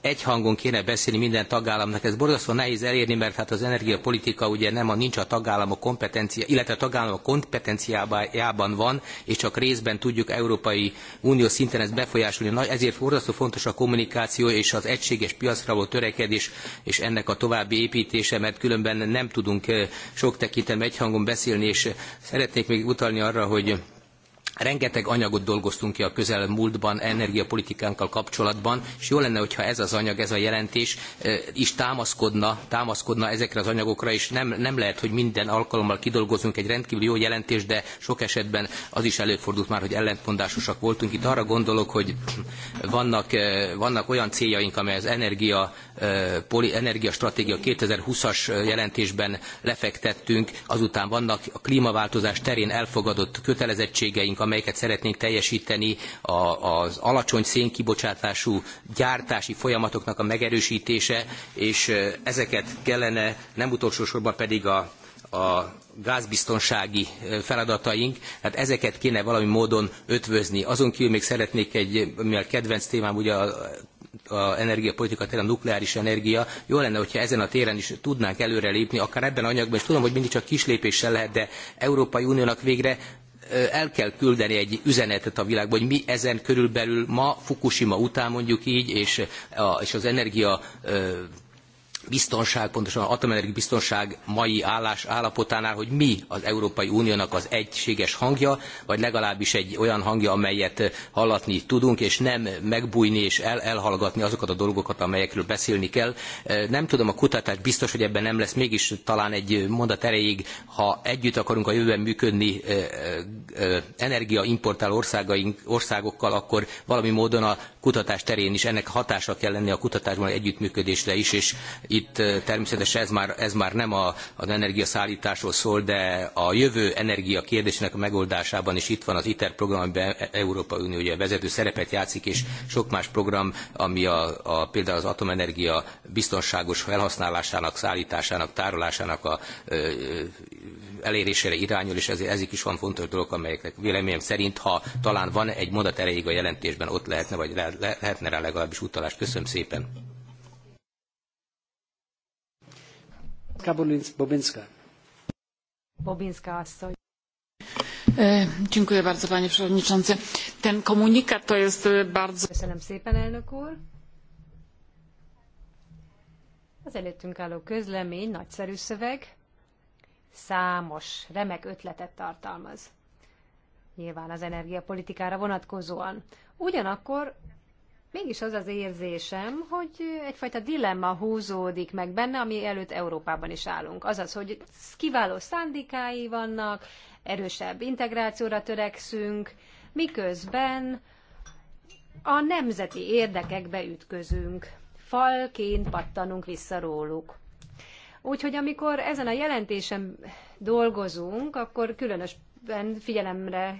egy hangon kéne beszélni minden tagállamnak. Ez borzasztóan nehéz elérni, mert hát az energiapolitika ugye nem a nincs a tagállamok kompetencia, illetve a tagállamok kompetenciájában van, és csak részben tudjuk Európai Unió szinten ezt befolyásolni. Ezért borzasztó fontos a kommunikáció és az egységes piacra való törekedés és ennek a további építése, mert különben nem tudunk sok tekintetben egyhangon beszélni, és szeretnék még utalni arra, hogy Rengeteg anyagot dolgoztunk ki a közelmúltban energiapolitikánkkal kapcsolatban, és jó lenne, hogyha ez az anyag, ez a jelentés is támaszkodna, támaszkodna ezekre az anyagokra, és nem, nem lehet, hogy minden alkalommal kidolgozunk egy rendkívül jó jelentést, de sok esetben az is előfordult már, hogy ellentmondásosak voltunk. Itt arra gondolok, hogy vannak, vannak olyan céljaink, amely az energia, poli, energiastratégia 2020-as jelentésben lefektettünk, azután vannak a klímaváltozás terén elfogadott kötelezettségeink, amelyeket szeretnénk teljesíteni az alacsony szénkibocsátású gyártási folyamatoknak a megerősítése, és ezeket kellene nem utolsó sorban pedig a, a gázbiztonsági feladataink, tehát ezeket kéne valami módon ötvözni. Azon kívül még szeretnék egy, mivel kedvenc témám ugye a a energiapolitika terén a nukleáris energia. Jó lenne, hogyha ezen a téren is tudnánk előrelépni, akár ebben a anyagban, és tudom, hogy mindig csak kislépéssel lehet, de Európai Uniónak végre el kell küldeni egy üzenetet a világba, hogy mi ezen körülbelül ma, Fukushima után mondjuk így, és, a, és az energia biztonság, pontosan az atomenergia biztonság mai állás állapotánál, hogy mi az Európai Uniónak az egységes hangja, vagy legalábbis egy olyan hangja, amelyet hallatni tudunk, és nem megbújni és el, elhallgatni azokat a dolgokat, amelyekről beszélni kell. E, nem tudom, a kutatás biztos, hogy ebben nem lesz, mégis talán egy mondat erejéig, ha együtt akarunk a jövőben működni e, e, energiaimportáló országokkal, akkor valami módon a kutatás terén is ennek hatása kell lenni a kutatásban együttműködésre is, és itt természetesen ez már, ez már nem a, az energiaszállításról szól, de a jövő energia kérdésének a megoldásában is itt van az ITER program, amiben e-, Európa Unió ugye vezető szerepet játszik, és sok más program, ami a, a például az atomenergia biztonságos felhasználásának, szállításának, tárolásának a, ö, elérésére irányul, és ezért ezek is van fontos dolog, amelyeknek véleményem szerint, ha talán van egy mondat erejéig a jelentésben, ott lehetne, vagy le, lehetne rá legalábbis utalást. Köszönöm szépen! Bobinska. Bobinska asszony. E, dziękuję bardzo, panie przewodniczący. Ten komunikat to jest e, bardzo... Köszönöm szépen, elnök úr. Az előttünk álló közlemény nagyszerű szöveg, számos remek ötletet tartalmaz. Nyilván az energiapolitikára vonatkozóan. Ugyanakkor Mégis az az érzésem, hogy egyfajta dilemma húzódik meg benne, ami előtt Európában is állunk. Azaz, hogy kiváló szándékái vannak, erősebb integrációra törekszünk, miközben a nemzeti érdekekbe ütközünk. Falként pattanunk vissza róluk. Úgyhogy amikor ezen a jelentésen dolgozunk, akkor különös ben figyelemre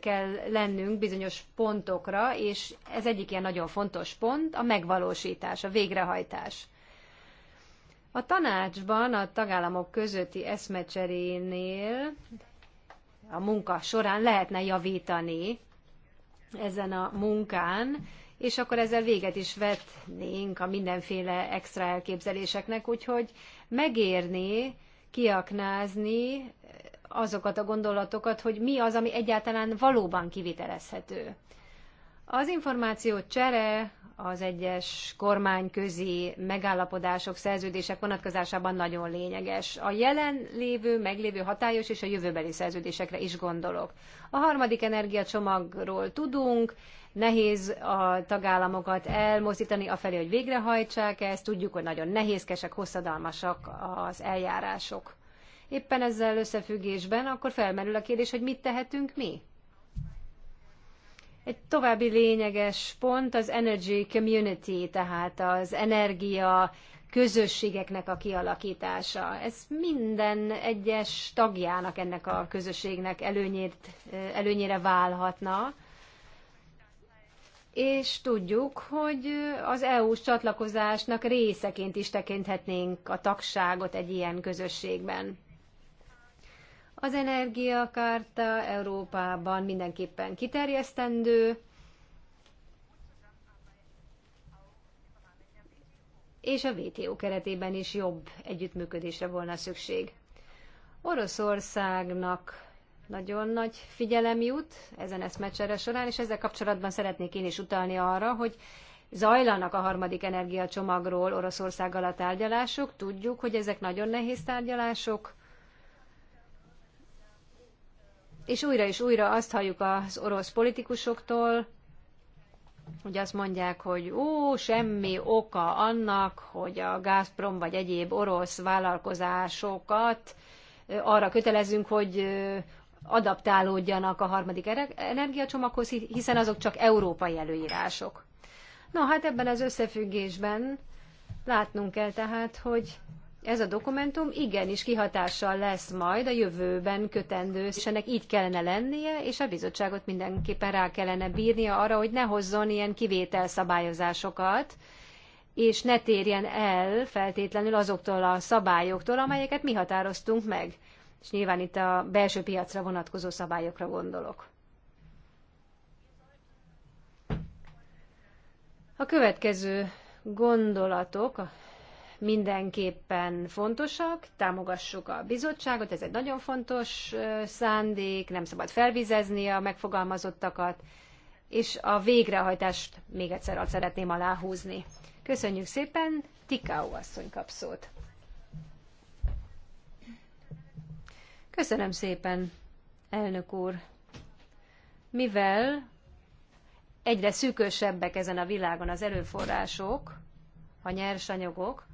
kell lennünk bizonyos pontokra, és ez egyik ilyen nagyon fontos pont, a megvalósítás, a végrehajtás. A tanácsban a tagállamok közötti eszmecserénél a munka során lehetne javítani ezen a munkán, és akkor ezzel véget is vetnénk a mindenféle extra elképzeléseknek, úgyhogy megérni, kiaknázni azokat a gondolatokat, hogy mi az, ami egyáltalán valóban kivitelezhető. Az információ csere az egyes kormányközi megállapodások, szerződések vonatkozásában nagyon lényeges. A jelen lévő, meglévő hatályos és a jövőbeli szerződésekre is gondolok. A harmadik energiacsomagról tudunk, nehéz a tagállamokat elmozdítani afelé, hogy végrehajtsák ezt, tudjuk, hogy nagyon nehézkesek, hosszadalmasak az eljárások éppen ezzel összefüggésben, akkor felmerül a kérdés, hogy mit tehetünk mi. Egy további lényeges pont az energy community, tehát az energia közösségeknek a kialakítása. Ez minden egyes tagjának ennek a közösségnek előnyét, előnyére válhatna. És tudjuk, hogy az EU-s csatlakozásnak részeként is tekinthetnénk a tagságot egy ilyen közösségben. Az energiakárta Európában mindenképpen kiterjesztendő, és a WTO keretében is jobb együttműködésre volna szükség. Oroszországnak nagyon nagy figyelem jut ezen eszmecsere során, és ezzel kapcsolatban szeretnék én is utalni arra, hogy zajlanak a harmadik energiacsomagról Oroszországgal a tárgyalások. Tudjuk, hogy ezek nagyon nehéz tárgyalások, és újra és újra azt halljuk az orosz politikusoktól, hogy azt mondják, hogy ó, semmi oka annak, hogy a Gazprom vagy egyéb orosz vállalkozásokat arra kötelezünk, hogy adaptálódjanak a harmadik energiacsomaghoz, hiszen azok csak európai előírások. Na hát ebben az összefüggésben látnunk kell tehát, hogy ez a dokumentum igenis kihatással lesz majd a jövőben kötendő, és ennek így kellene lennie, és a bizottságot mindenképpen rá kellene bírnia arra, hogy ne hozzon ilyen kivételszabályozásokat, és ne térjen el feltétlenül azoktól a szabályoktól, amelyeket mi határoztunk meg. És nyilván itt a belső piacra vonatkozó szabályokra gondolok. A következő gondolatok, mindenképpen fontosak, támogassuk a bizottságot, ez egy nagyon fontos szándék, nem szabad felvizezni a megfogalmazottakat, és a végrehajtást még egyszer azt szeretném aláhúzni. Köszönjük szépen, Tikáó asszony kap szót. Köszönöm szépen, elnök úr. Mivel egyre szűkösebbek ezen a világon az erőforrások, a nyersanyagok,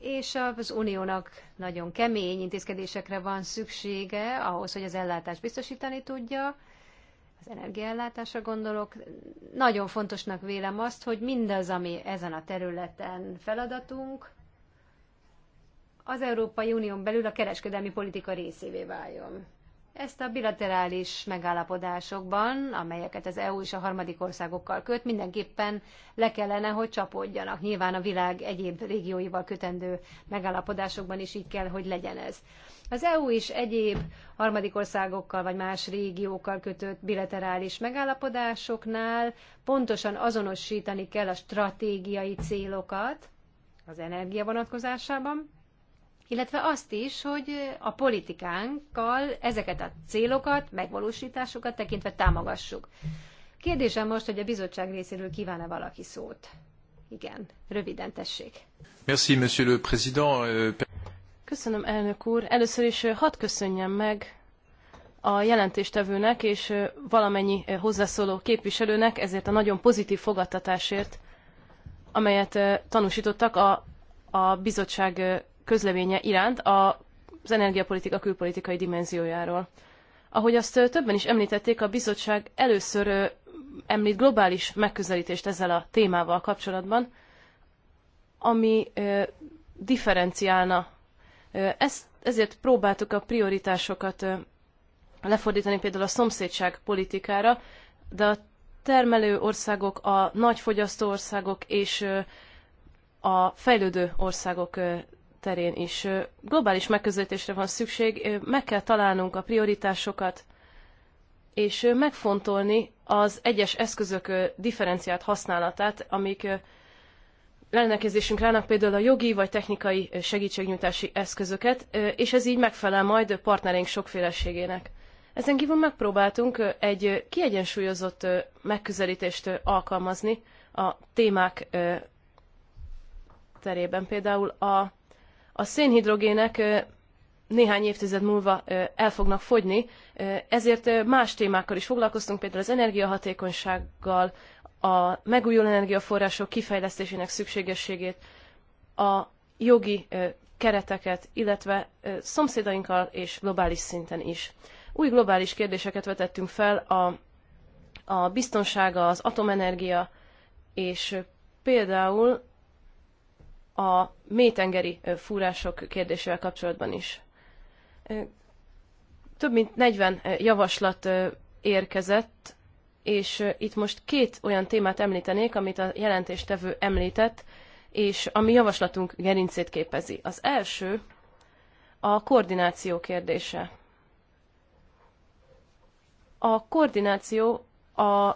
és az uniónak nagyon kemény intézkedésekre van szüksége ahhoz, hogy az ellátást biztosítani tudja, az energiaellátásra gondolok. Nagyon fontosnak vélem azt, hogy mindaz, ami ezen a területen feladatunk, az Európai Unión belül a kereskedelmi politika részévé váljon. Ezt a bilaterális megállapodásokban, amelyeket az EU és a harmadik országokkal köt, mindenképpen le kellene, hogy csapódjanak. Nyilván a világ egyéb régióival kötendő megállapodásokban is így kell, hogy legyen ez. Az EU is egyéb harmadik országokkal vagy más régiókkal kötött bilaterális megállapodásoknál pontosan azonosítani kell a stratégiai célokat az energia vonatkozásában, illetve azt is, hogy a politikánkkal ezeket a célokat, megvalósításokat tekintve támogassuk. Kérdésem most, hogy a bizottság részéről kíván-e valaki szót. Igen, röviden tessék. Merci, monsieur le président. Köszönöm, elnök úr. Először is hadd köszönjem meg a jelentéstevőnek és valamennyi hozzászóló képviselőnek ezért a nagyon pozitív fogadtatásért, amelyet tanúsítottak a, a bizottság közleménye iránt a az energiapolitika külpolitikai dimenziójáról. Ahogy azt többen is említették, a bizottság először említ globális megközelítést ezzel a témával kapcsolatban, ami differenciálna. Ezt, ezért próbáltuk a prioritásokat lefordítani például a szomszédság politikára, de a termelő országok, a nagy fogyasztó országok és a fejlődő országok terén is. Globális megközelítésre van szükség, meg kell találnunk a prioritásokat, és megfontolni az egyes eszközök differenciált használatát, amik rendelkezésünkre rának például a jogi vagy technikai segítségnyújtási eszközöket, és ez így megfelel majd partnereink sokféleségének. Ezen kívül megpróbáltunk egy kiegyensúlyozott megközelítést alkalmazni a témák terében. Például a a szénhidrogének néhány évtized múlva el fognak fogyni, ezért más témákkal is foglalkoztunk, például az energiahatékonysággal, a megújuló energiaforrások kifejlesztésének szükségességét, a jogi kereteket, illetve szomszédainkkal és globális szinten is. Új globális kérdéseket vetettünk fel a, a biztonsága, az atomenergia, és például a mélytengeri fúrások kérdésével kapcsolatban is. Több mint 40 javaslat érkezett, és itt most két olyan témát említenék, amit a jelentéstevő említett, és ami javaslatunk gerincét képezi. Az első a koordináció kérdése. A koordináció a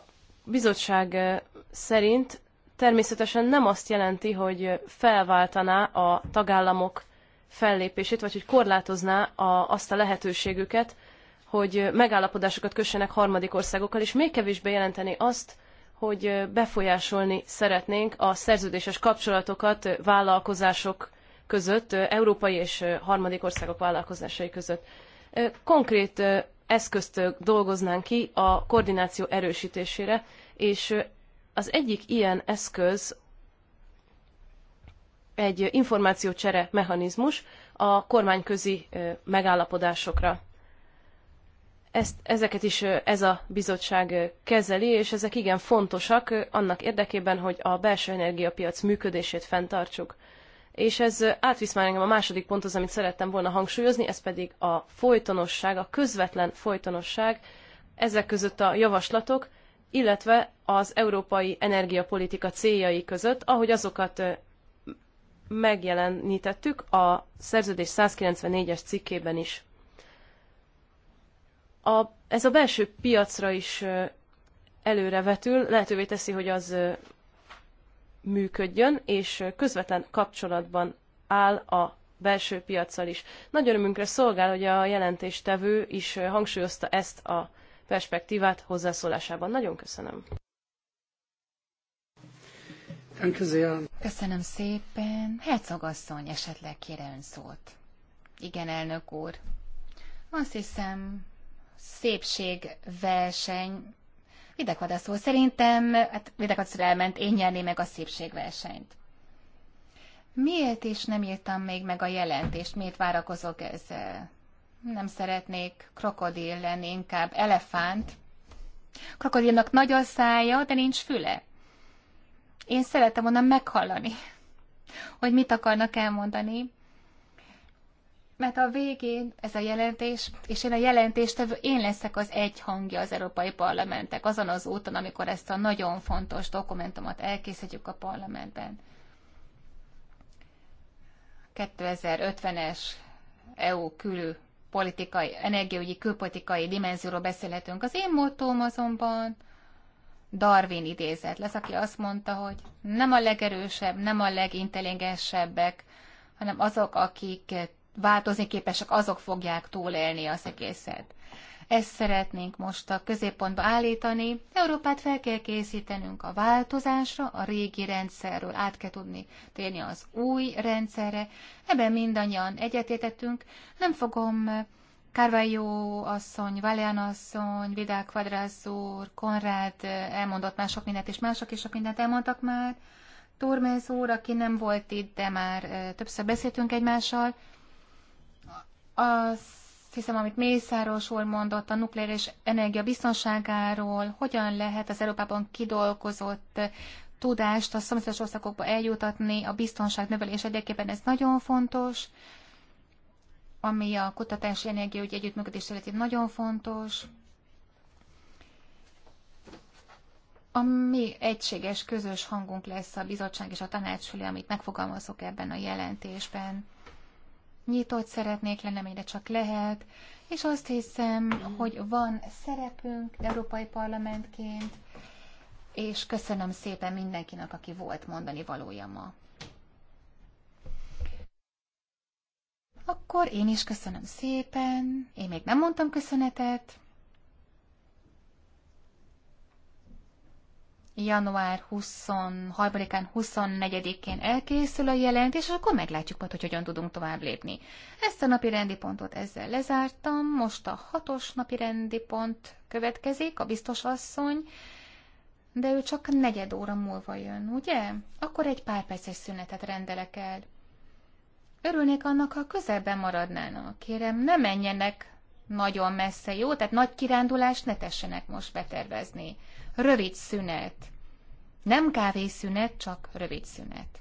bizottság szerint természetesen nem azt jelenti, hogy felváltaná a tagállamok fellépését, vagy hogy korlátozná a, azt a lehetőségüket, hogy megállapodásokat kössenek harmadik országokkal, és még kevésbé jelenteni azt, hogy befolyásolni szeretnénk a szerződéses kapcsolatokat vállalkozások között, európai és harmadik országok vállalkozásai között. Konkrét eszközt dolgoznánk ki a koordináció erősítésére, és az egyik ilyen eszköz egy információcsere mechanizmus a kormányközi megállapodásokra. Ezt, ezeket is ez a bizottság kezeli, és ezek igen fontosak annak érdekében, hogy a belső energiapiac működését fenntartsuk. És ez átvisz már engem a második ponthoz, amit szerettem volna hangsúlyozni, ez pedig a folytonosság, a közvetlen folytonosság, ezek között a javaslatok illetve az európai energiapolitika céljai között, ahogy azokat megjelenítettük a szerződés 194-es cikkében is. A, ez a belső piacra is előrevetül, lehetővé teszi, hogy az működjön, és közvetlen kapcsolatban áll a belső piaccal is. Nagy örömünkre szolgál, hogy a jelentéstevő is hangsúlyozta ezt a perspektívát hozzászólásában. Nagyon köszönöm. Köszönöm szépen. Hercogasszony esetleg kére ön szót. Igen, elnök úr. Azt hiszem, szépségverseny. Videkvadászó szerintem, hát videkvadászó elment, én nyerném meg a szépségversenyt. Miért is nem írtam még meg a jelentést? Miért várakozok ezzel? Nem szeretnék krokodil lenni, inkább elefánt. Krokodilnak nagy a szája, de nincs füle. Én szeretem volna meghallani, hogy mit akarnak elmondani. Mert a végén ez a jelentés, és én a jelentéstevő, én leszek az egy hangja az Európai Parlamentek azon az úton, amikor ezt a nagyon fontos dokumentumot elkészítjük a parlamentben. 2050-es EU külül politikai, energiaügyi, külpolitikai dimenzióról beszélhetünk. Az én motóm azonban Darwin idézet lesz, aki azt mondta, hogy nem a legerősebb, nem a legintelligensebbek, hanem azok, akik változni képesek, azok fogják túlélni az egészet. Ezt szeretnénk most a középpontba állítani. Európát fel kell készítenünk a változásra, a régi rendszerről át kell tudni térni az új rendszerre. Ebben mindannyian egyetértettünk. Nem fogom Carvalho asszony, Valéan asszony, Vidal Quadras úr, Konrád eh, elmondott már sok mindent, és mások is sok mindent elmondtak már. Tormez úr, aki nem volt itt, de már eh, többször beszéltünk egymással. Az hiszem, amit Mészáros úr mondott a nukleáris energia biztonságáról, hogyan lehet az Európában kidolgozott tudást a szomszédos országokba eljutatni, a biztonság növelés egyébként ez nagyon fontos, ami a kutatási energiaügyi együttműködés illeti nagyon fontos. A mi egységes, közös hangunk lesz a bizottság és a tanácsülő, amit megfogalmazok ebben a jelentésben nyitott szeretnék lenni, amire csak lehet, és azt hiszem, hogy van szerepünk Európai Parlamentként, és köszönöm szépen mindenkinek, aki volt mondani valója ma. Akkor én is köszönöm szépen. Én még nem mondtam köszönetet. január 23-án, 24-én elkészül a jelentés, és akkor meglátjuk majd, hogy hogyan tudunk tovább lépni. Ezt a napi rendi pontot ezzel lezártam, most a hatos napi rendi pont következik, a biztos asszony, de ő csak negyed óra múlva jön, ugye? Akkor egy pár perces szünetet rendelek el. Örülnék annak, ha közelben maradnának. Kérem, ne menjenek nagyon messze, jó? Tehát nagy kirándulást ne tessenek most betervezni rövid szünet. Nem kávészünet, csak rövid szünet.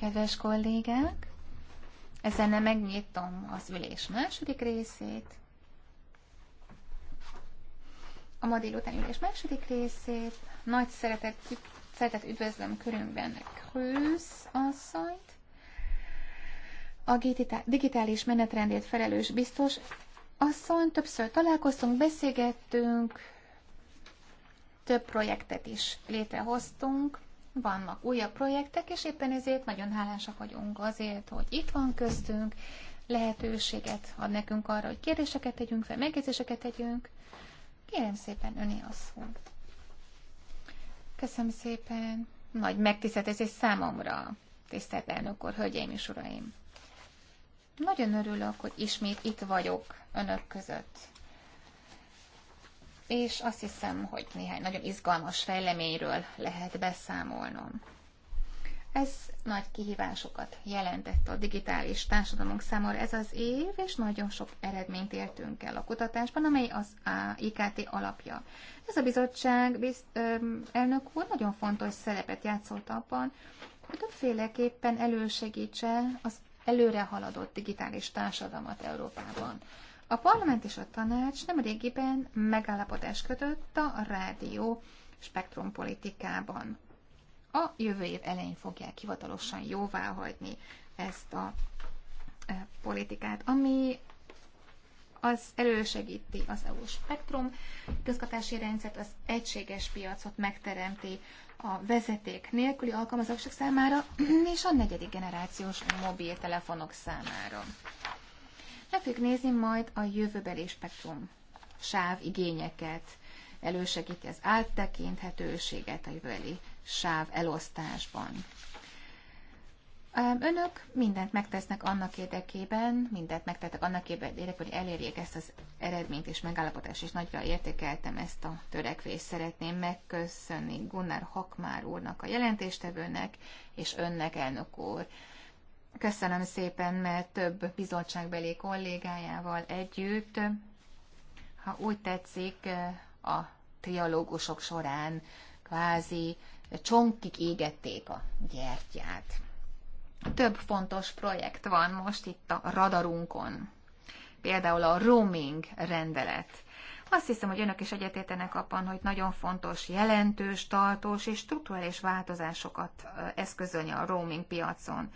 Kedves kollégák, ezzel nem megnyitom az ülés második részét. A ma délután ülés második részét. Nagy szeretet, szeretet üdvözlöm körünkben Krősz asszonyt, a digitális menetrendét felelős biztos asszony. Többször találkoztunk, beszélgettünk, több projektet is létrehoztunk, vannak újabb projektek, és éppen ezért nagyon hálásak vagyunk azért, hogy itt van köztünk, lehetőséget ad nekünk arra, hogy kérdéseket tegyünk fel, megjegyzéseket tegyünk. Kérem szépen, öné a szó. Köszönöm szépen. Nagy megtiszteltetés számomra, tisztelt elnök úr, hölgyeim és uraim. Nagyon örülök, hogy ismét itt vagyok önök között és azt hiszem, hogy néhány nagyon izgalmas fejleményről lehet beszámolnom. Ez nagy kihívásokat jelentett a digitális társadalmunk számára ez az év, és nagyon sok eredményt értünk el a kutatásban, amely az IKT alapja. Ez a bizottság bizt, ö, elnök úr nagyon fontos szerepet játszott abban, hogy többféleképpen elősegítse az előre haladott digitális társadalmat Európában. A parlament és a tanács nem régiben megállapodást kötött a rádió spektrumpolitikában. A jövő év elején fogják hivatalosan hagyni ezt a e, politikát, ami az elősegíti az EU spektrum közgatási rendszert, az egységes piacot megteremti a vezeték nélküli alkalmazások számára (clears throat) és a negyedik generációs mobiltelefonok számára. Meg fogjuk nézni majd a jövőbeli spektrum sáv igényeket, elősegíti az áttekinthetőséget a jövőbeli sáv elosztásban. Önök mindent megtesznek annak érdekében, mindent megtettek annak érdekében, hogy elérjék ezt az eredményt és megállapodást, és nagyra értékeltem ezt a törekvést. Szeretném megköszönni Gunnar Hakmár úrnak, a jelentéstevőnek, és önnek, elnök úr. Köszönöm szépen, mert több bizottságbeli kollégájával együtt, ha úgy tetszik, a trialógusok során kvázi csonkig égették a gyertyát. Több fontos projekt van most itt a radarunkon. Például a roaming rendelet. Azt hiszem, hogy önök is egyetértenek abban, hogy nagyon fontos, jelentős, tartós és strukturális változásokat eszközölni a roaming piacon.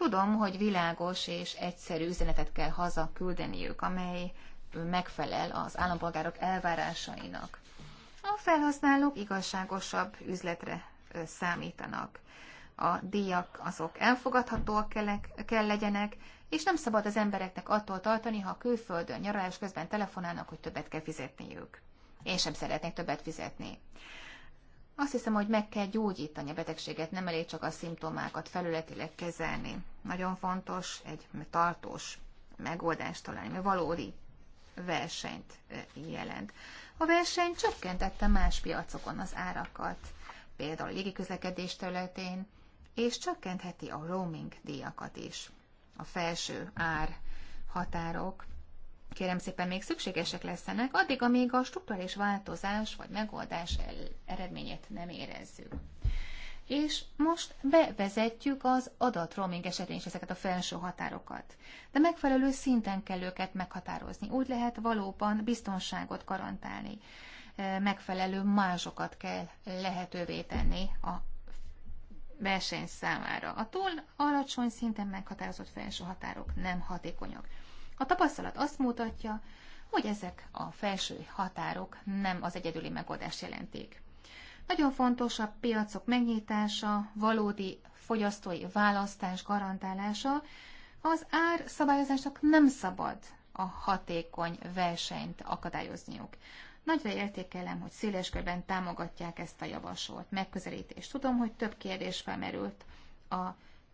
Tudom, hogy világos és egyszerű üzenetet kell küldeniük, amely megfelel az állampolgárok elvárásainak. A felhasználók igazságosabb üzletre számítanak. A díjak azok elfogadhatóak kell, kell legyenek, és nem szabad az embereknek attól tartani, ha külföldön nyaralás közben telefonálnak, hogy többet kell fizetniük. Én sem szeretnék többet fizetni. Azt hiszem, hogy meg kell gyógyítani a betegséget, nem elég csak a szimptomákat felületileg kezelni. Nagyon fontos egy tartós megoldást találni, mert valódi versenyt jelent. A verseny csökkentette más piacokon az árakat, például a közlekedés területén, és csökkentheti a roaming díjakat is. A felső ár határok kérem szépen még szükségesek leszenek, addig, amíg a struktúrális változás vagy megoldás eredményét nem érezzük. És most bevezetjük az adatroaming esetén is ezeket a felső határokat. De megfelelő szinten kell őket meghatározni. Úgy lehet valóban biztonságot garantálni. E, megfelelő mázsokat kell lehetővé tenni a verseny számára. A túl alacsony szinten meghatározott felső határok nem hatékonyak. A tapasztalat azt mutatja, hogy ezek a felső határok nem az egyedüli megoldást jelentik. Nagyon fontos a piacok megnyitása, valódi fogyasztói választás garantálása, az ár szabályozásnak nem szabad a hatékony versenyt akadályozniuk. Nagyra értékelem, hogy széleskörben támogatják ezt a javasolt megközelítést. Tudom, hogy több kérdés felmerült a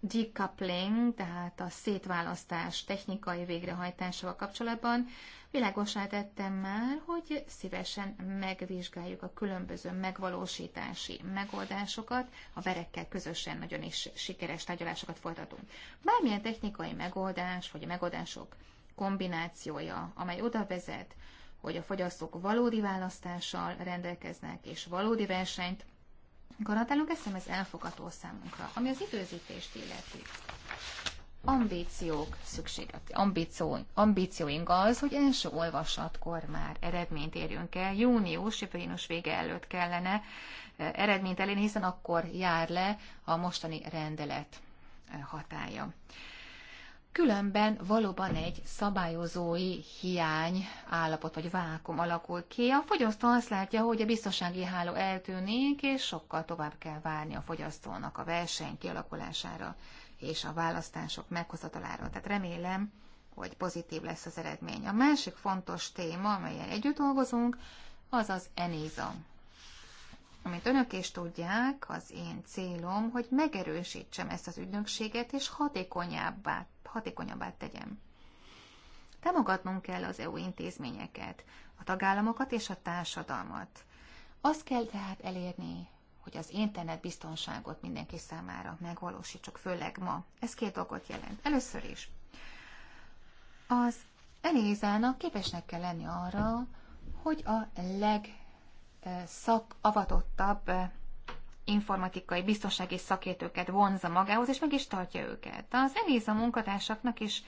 decoupling, tehát a szétválasztás technikai végrehajtásával kapcsolatban világosá tettem már, hogy szívesen megvizsgáljuk a különböző megvalósítási megoldásokat, a verekkel közösen nagyon is sikeres tárgyalásokat folytatunk. Bármilyen technikai megoldás, vagy a megoldások kombinációja, amely oda vezet, hogy a fogyasztók valódi választással rendelkeznek, és valódi versenyt garantálunk, ezt ez elfogadó számunkra. Ami az időzítést illeti, ambíciók szükséget, ambíció, ambícióink az, hogy első olvasatkor már eredményt érjünk el. Június, jövő június vége előtt kellene eredményt elérni, hiszen akkor jár le a mostani rendelet hatája. Különben valóban egy szabályozói hiány állapot vagy vákum alakul ki. A fogyasztó azt látja, hogy a biztonsági háló eltűnik, és sokkal tovább kell várni a fogyasztónak a verseny kialakulására és a választások meghozatalára. Tehát remélem, hogy pozitív lesz az eredmény. A másik fontos téma, amelyen együtt dolgozunk, az az ENISA. Amit önök is tudják, az én célom, hogy megerősítsem ezt az ügynökséget, és hatékonyabbá hatékonyabbá tegyem. Támogatnunk kell az EU intézményeket, a tagállamokat és a társadalmat. Azt kell tehát elérni, hogy az internet biztonságot mindenki számára megvalósítsuk, főleg ma. Ez két dolgot jelent. Először is, az elézának képesnek kell lenni arra, hogy a legszakavatottabb eh, eh, informatikai biztonsági szakértőket vonza magához, és meg is tartja őket. Az Eliza munkatársaknak is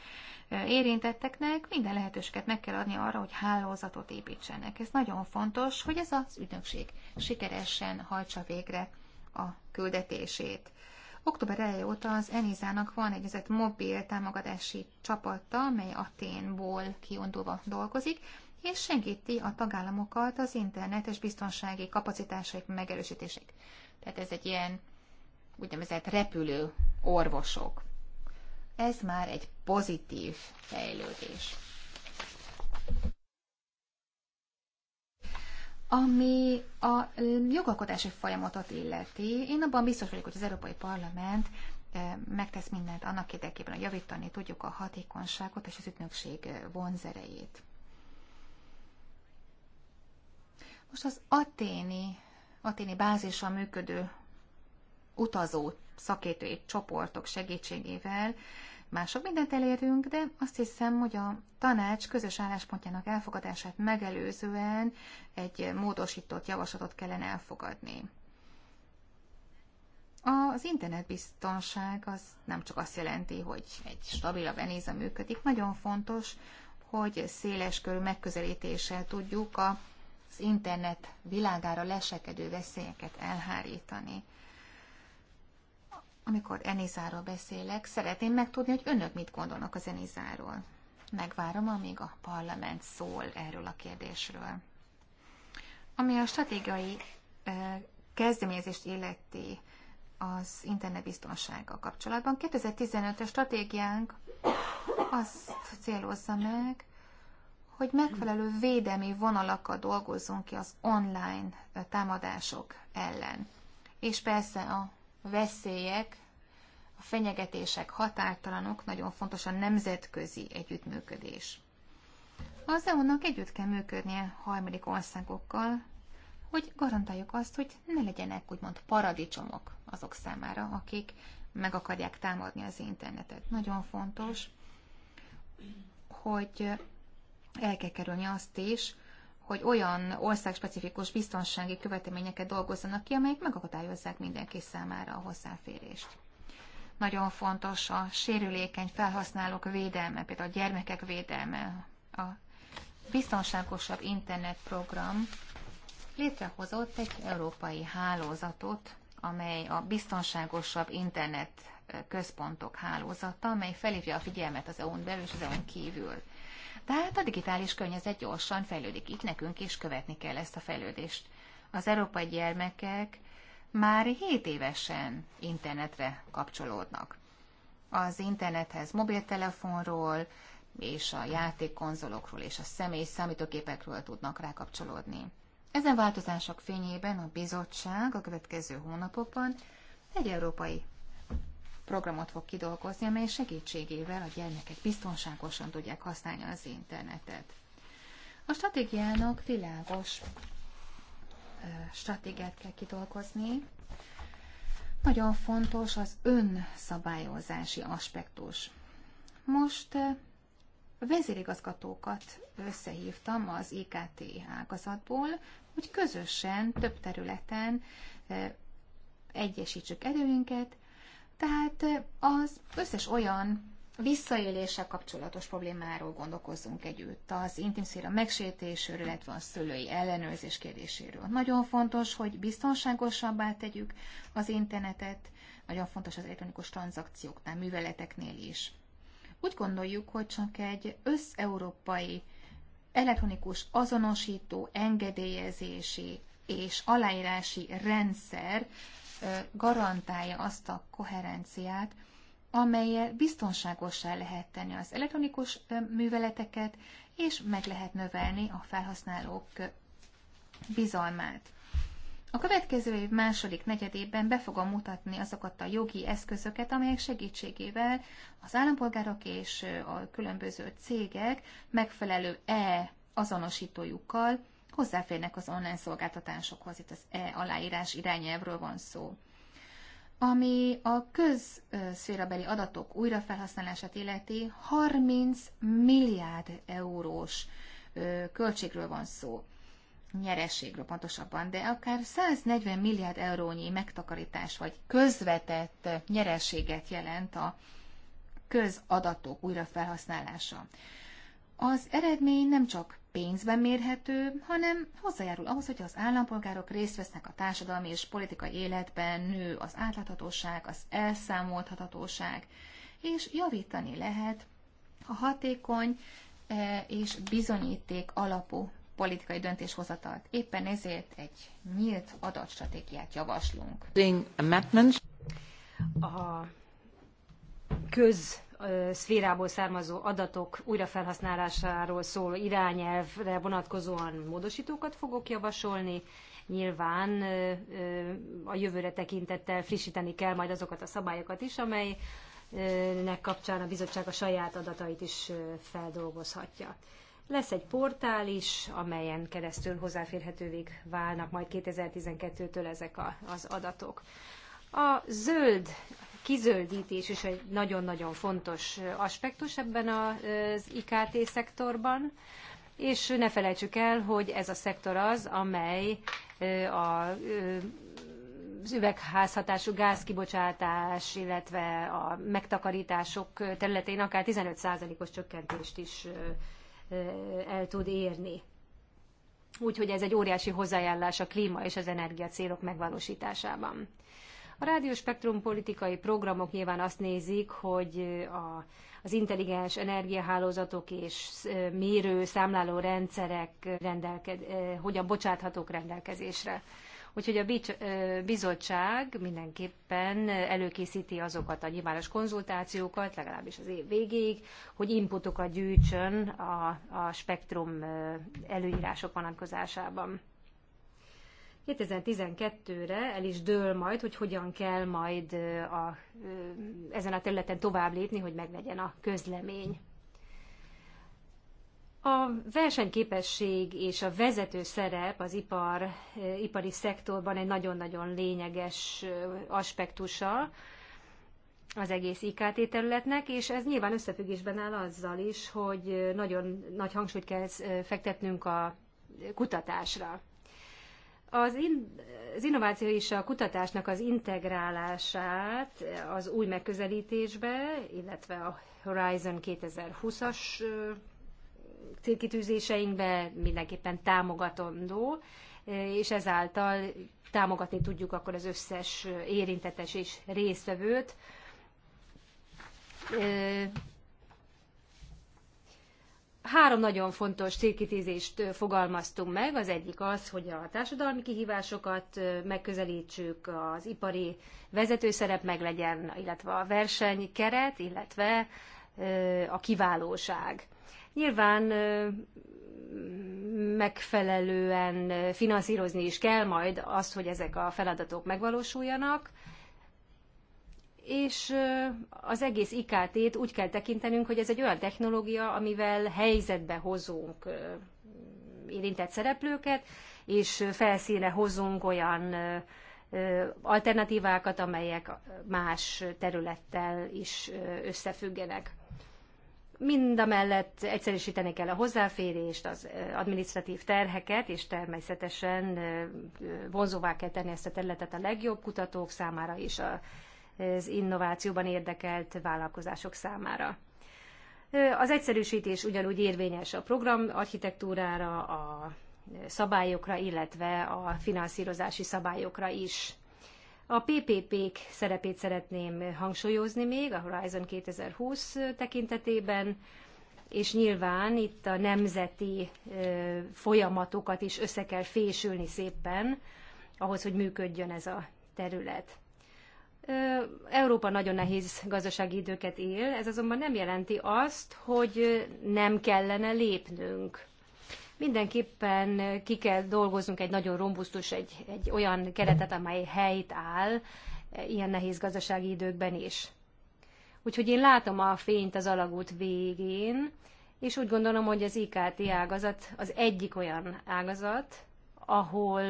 érintetteknek minden lehetőséget meg kell adni arra, hogy hálózatot építsenek. Ez nagyon fontos, hogy ez az ügynökség sikeresen hajtsa végre a küldetését. Október elejé óta az Enizának van egy mobil támogatási csapata, mely Aténból kiondulva dolgozik, és segíti a tagállamokat az internetes biztonsági kapacitásaik megerősítését. Tehát ez egy ilyen úgynevezett repülő orvosok. Ez már egy pozitív fejlődés. Ami a jogalkotási folyamatot illeti, én abban biztos vagyok, hogy az Európai Parlament megtesz mindent annak érdekében, hogy javítani tudjuk a hatékonyságot és az ügynökség vonzerejét. Most az aténi aténi bázisa működő utazó szakértői csoportok segítségével mások mindent elérünk, de azt hiszem, hogy a tanács közös álláspontjának elfogadását megelőzően egy módosított javaslatot kellene elfogadni. Az internetbiztonság az nem csak azt jelenti, hogy egy stabilabb enéza működik, nagyon fontos, hogy széles körű megközelítéssel tudjuk a internet világára lesekedő veszélyeket elhárítani. Amikor Enizáról beszélek, szeretném megtudni, hogy önök mit gondolnak az Enizáról. Megvárom, amíg a parlament szól erről a kérdésről. Ami a stratégiai kezdeményezést illeti az internetbiztonsággal kapcsolatban. 2015-es stratégiánk azt célozza meg, hogy megfelelő védelmi vonalakkal dolgozzunk ki az online támadások ellen. És persze a veszélyek, a fenyegetések határtalanok, nagyon fontos a nemzetközi együttműködés. Az eu együtt kell működnie harmadik országokkal, hogy garantáljuk azt, hogy ne legyenek úgymond paradicsomok azok számára, akik meg akarják támadni az internetet. Nagyon fontos, hogy el kell kerülni azt is, hogy olyan országspecifikus biztonsági követelményeket dolgozzanak ki, amelyek megakadályozzák mindenki számára a hozzáférést. Nagyon fontos a sérülékeny felhasználók védelme, például a gyermekek védelme, a biztonságosabb internetprogram létrehozott egy európai hálózatot, amely a biztonságosabb internet eh, központok hálózata, amely felhívja a figyelmet az EU-n belül és az EU-n kívül tehát a digitális környezet gyorsan fejlődik, így nekünk is követni kell ezt a fejlődést. Az európai gyermekek már 7 évesen internetre kapcsolódnak. Az internethez mobiltelefonról, és a játékkonzolokról és a személy számítógépekről tudnak rákapcsolódni. Ezen változások fényében a bizottság a következő hónapokban egy európai programot fog kidolgozni, amely segítségével a gyermekek biztonságosan tudják használni az internetet. A stratégiának világos stratégiát kell kidolgozni. Nagyon fontos az önszabályozási aspektus. Most vezérigazgatókat összehívtam az IKT ágazatból, hogy közösen több területen egyesítsük erőinket, tehát az összes olyan visszaéléssel kapcsolatos problémáról gondolkozzunk együtt. Az intim szféra megsértéséről, illetve a szülői ellenőrzés kérdéséről. Nagyon fontos, hogy biztonságosabbá tegyük az internetet, nagyon fontos az elektronikus tranzakcióknál, műveleteknél is. Úgy gondoljuk, hogy csak egy összeurópai elektronikus azonosító, engedélyezési és aláírási rendszer garantálja azt a koherenciát, amelyel biztonságosá lehet tenni az elektronikus műveleteket, és meg lehet növelni a felhasználók bizalmát. A következő év második negyedében be fogom mutatni azokat a jogi eszközöket, amelyek segítségével az állampolgárok és a különböző cégek megfelelő E azonosítójukkal hozzáférnek az online szolgáltatásokhoz. Itt az e aláírás irányelvről van szó. Ami a közszférabeli adatok újrafelhasználását illeti, 30 milliárd eurós költségről van szó nyereségről pontosabban, de akár 140 milliárd eurónyi megtakarítás vagy közvetett nyereséget jelent a közadatok újrafelhasználása. Az eredmény nem csak pénzben mérhető, hanem hozzájárul ahhoz, hogy az állampolgárok részt vesznek a társadalmi és politikai életben, nő az átláthatóság, az elszámolthatatóság, és javítani lehet a hatékony e, és bizonyíték alapú politikai döntéshozatalt. Éppen ezért egy nyílt adatstratégiát javaslunk. A köz szférából származó adatok újrafelhasználásáról szóló irányelvre vonatkozóan módosítókat fogok javasolni. Nyilván a jövőre tekintettel frissíteni kell majd azokat a szabályokat is, amelynek kapcsán a bizottság a saját adatait is feldolgozhatja. Lesz egy portál is, amelyen keresztül hozzáférhetővé válnak majd 2012-től ezek a, az adatok. A zöld kizöldítés is egy nagyon-nagyon fontos aspektus ebben az IKT szektorban, és ne felejtsük el, hogy ez a szektor az, amely a az üvegházhatású gázkibocsátás, illetve a megtakarítások területén akár 15%-os csökkentést is el tud érni. Úgyhogy ez egy óriási hozzájárulás a klíma és az energia célok megvalósításában. A rádióspektrum politikai programok nyilván azt nézik, hogy a, az intelligens energiahálózatok és mérő, számláló rendszerek rendelkez, hogyan bocsáthatók rendelkezésre. Úgyhogy a bizottság mindenképpen előkészíti azokat a nyilvános konzultációkat, legalábbis az év végéig, hogy inputokat gyűjtsön a, a spektrum előírások vonatkozásában. 2012-re el is dől majd, hogy hogyan kell majd a, ezen a területen tovább lépni, hogy meglegyen a közlemény. A versenyképesség és a vezető szerep az ipar, ipari szektorban egy nagyon-nagyon lényeges aspektusa az egész IKT területnek, és ez nyilván összefüggésben áll azzal is, hogy nagyon nagy hangsúlyt kell fektetnünk a kutatásra. Az, in, az innováció és a kutatásnak az integrálását az új megközelítésbe, illetve a Horizon 2020-as célkitűzéseinkbe mindenképpen támogatandó, és ezáltal támogatni tudjuk akkor az összes érintetes és résztvevőt, Három nagyon fontos célkitűzést fogalmaztunk meg. Az egyik az, hogy a társadalmi kihívásokat megközelítsük, az ipari vezetőszerep meglegyen, illetve a versenykeret, illetve a kiválóság. Nyilván megfelelően finanszírozni is kell majd azt, hogy ezek a feladatok megvalósuljanak, és az egész IKT-t úgy kell tekintenünk, hogy ez egy olyan technológia, amivel helyzetbe hozunk érintett szereplőket, és felszíne hozunk olyan alternatívákat, amelyek más területtel is összefüggenek. Mind a mellett egyszerűsíteni kell a hozzáférést, az administratív terheket, és természetesen vonzóvá kell tenni ezt a területet a legjobb kutatók számára és a az innovációban érdekelt vállalkozások számára. Az egyszerűsítés ugyanúgy érvényes a program architektúrára, a szabályokra, illetve a finanszírozási szabályokra is. A PPP-k szerepét szeretném hangsúlyozni még a Horizon 2020 tekintetében, és nyilván itt a nemzeti folyamatokat is össze kell fésülni szépen, ahhoz, hogy működjön ez a terület. Európa nagyon nehéz gazdasági időket él, ez azonban nem jelenti azt, hogy nem kellene lépnünk. Mindenképpen ki kell dolgoznunk egy nagyon rombusztus egy, egy olyan keretet, amely helyt áll e, ilyen nehéz gazdasági időkben is. Úgyhogy én látom a fényt az alagút végén, és úgy gondolom, hogy az IKT ágazat az egyik olyan ágazat, ahol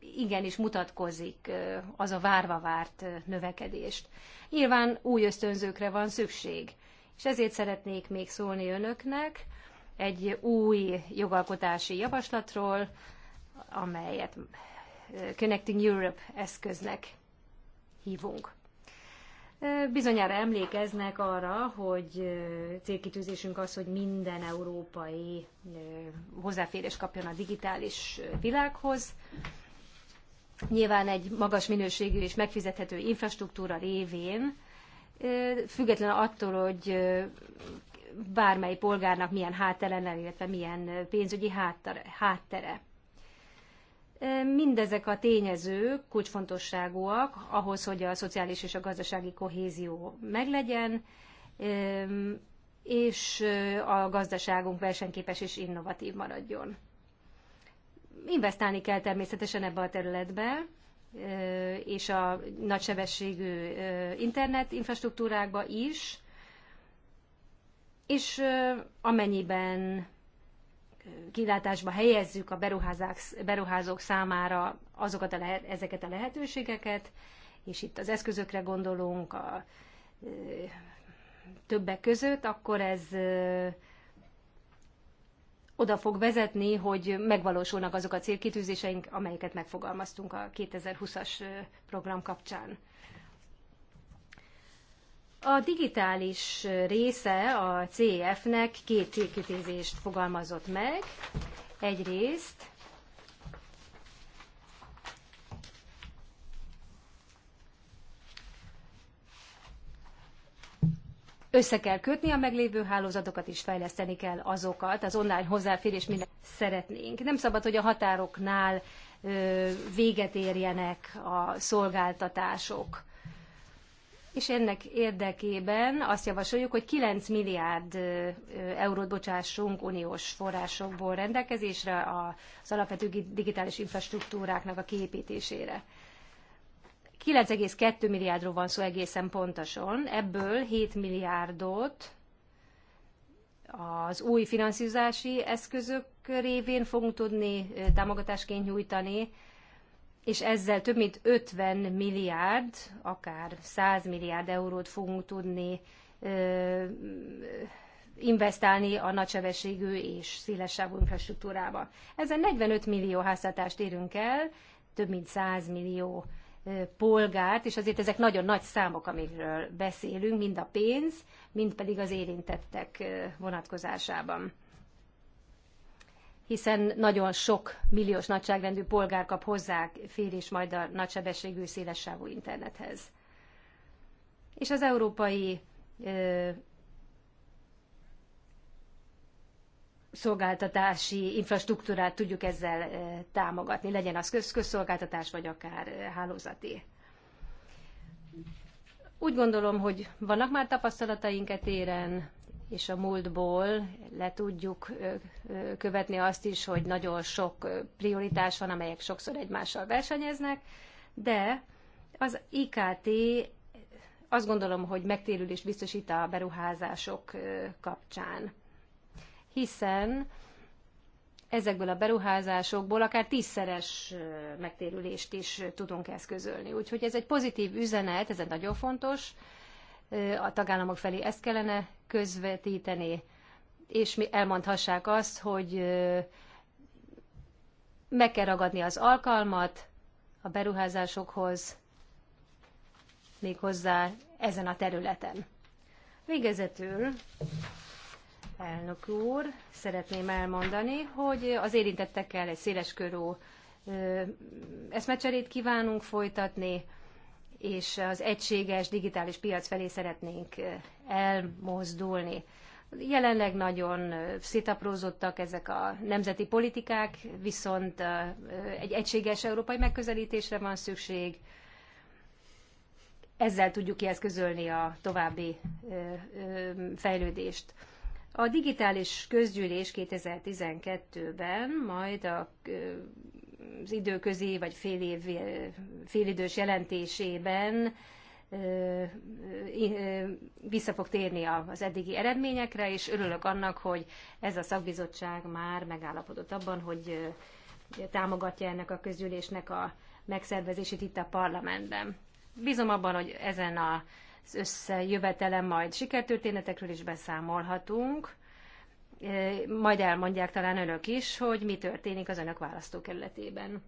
igenis mutatkozik az a várva várt növekedést. Nyilván új ösztönzőkre van szükség, és ezért szeretnék még szólni önöknek egy új jogalkotási javaslatról, amelyet Connecting Europe eszköznek hívunk. Bizonyára emlékeznek arra, hogy célkitűzésünk az, hogy minden európai hozzáférés kapjon a digitális világhoz. Nyilván egy magas minőségű és megfizethető infrastruktúra révén, függetlenül attól, hogy bármely polgárnak milyen háttere, illetve milyen pénzügyi háttere. Mindezek a tényezők kulcsfontosságúak ahhoz, hogy a szociális és a gazdasági kohézió meglegyen, és a gazdaságunk versenyképes és innovatív maradjon. Investálni kell természetesen ebbe a területbe, és a nagysebességű internet infrastruktúrákba is, és amennyiben kilátásba helyezzük a beruházók számára azokat a lehet, ezeket a lehetőségeket, és itt az eszközökre gondolunk a ö, többek között, akkor ez oda fog vezetni, hogy megvalósulnak azok a célkitűzéseink, amelyeket megfogalmaztunk a 2020-as program kapcsán. A digitális része a CEF-nek két célkütézést fogalmazott meg. Egyrészt össze kell kötni a meglévő hálózatokat, és fejleszteni kell azokat, az online hozzáférés minden szeretnénk. Nem szabad, hogy a határoknál véget érjenek a szolgáltatások és ennek érdekében azt javasoljuk, hogy 9 milliárd eurót bocsássunk uniós forrásokból rendelkezésre az alapvető digitális infrastruktúráknak a kiépítésére. 9,2 milliárdról van szó egészen pontosan, ebből 7 milliárdot az új finanszírozási eszközök révén fogunk tudni támogatásként nyújtani, és ezzel több mint 50 milliárd, akár 100 milliárd eurót fogunk tudni ö, investálni a nagysebességű és szélessávú infrastruktúrába. Ezen 45 millió háztartást érünk el, több mint 100 millió polgárt, és azért ezek nagyon nagy számok, amikről beszélünk, mind a pénz, mind pedig az érintettek vonatkozásában hiszen nagyon sok milliós nagyságrendű polgár kap hozzáférés majd a nagysebességű szélessávú internethez. És az európai ö, szolgáltatási infrastruktúrát tudjuk ezzel támogatni, legyen az köz közszolgáltatás, vagy akár hálózati. Úgy gondolom, hogy vannak már tapasztalataink e téren, és a múltból le tudjuk követni azt is, hogy nagyon sok prioritás van, amelyek sokszor egymással versenyeznek, de az IKT azt gondolom, hogy megtérülést biztosít a beruházások kapcsán. Hiszen ezekből a beruházásokból akár tízszeres megtérülést is tudunk eszközölni. Úgyhogy ez egy pozitív üzenet, ez egy nagyon fontos a tagállamok felé ezt kellene közvetíteni, és mi elmondhassák azt, hogy meg kell ragadni az alkalmat a beruházásokhoz, méghozzá ezen a területen. Végezetül, elnök úr, szeretném elmondani, hogy az érintettekkel egy széleskörű eszmecserét kívánunk folytatni, és az egységes digitális piac felé szeretnénk elmozdulni. Jelenleg nagyon szétaprózottak ezek a nemzeti politikák, viszont egy egységes európai megközelítésre van szükség. Ezzel tudjuk kieszközölni a további fejlődést. A digitális közgyűlés 2012-ben majd a az időközi vagy fél év, idős jelentésében vissza fog térni az eddigi eredményekre, és örülök annak, hogy ez a szakbizottság már megállapodott abban, hogy támogatja ennek a közgyűlésnek a megszervezését itt a parlamentben. Bízom abban, hogy ezen az összejövetelen majd sikertörténetekről is beszámolhatunk, Eh, majd elmondják talán önök is, hogy mi történik az önök választókerületében.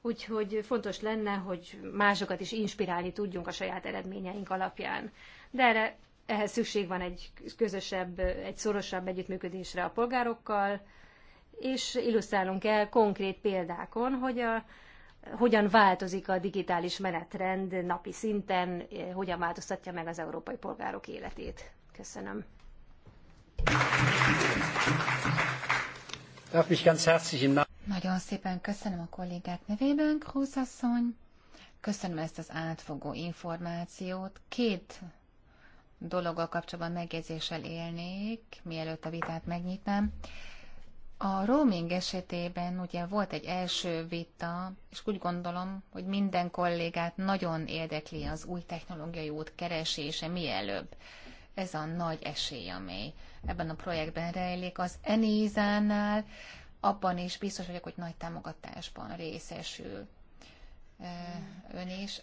Úgyhogy fontos lenne, hogy másokat is inspirálni tudjunk a saját eredményeink alapján. De erre, ehhez szükség van egy közösebb, egy szorosabb együttműködésre a polgárokkal, és illusztrálunk el konkrét példákon, hogy a, hogyan változik a digitális menetrend napi szinten, eh, hogyan változtatja meg az európai polgárok életét. Köszönöm. Nagyon szépen köszönöm a kollégák nevében, Krúz asszony. Köszönöm ezt az átfogó információt. Két dologgal kapcsolatban megjegyzéssel élnék, mielőtt a vitát megnyitnám. A roaming esetében ugye volt egy első vita, és úgy gondolom, hogy minden kollégát nagyon érdekli az új technológiai út keresése mielőbb. Ez a nagy esély, amely ebben a projektben rejlik. Az Enézánál abban is biztos vagyok, hogy nagy támogatásban részesül e, ön is.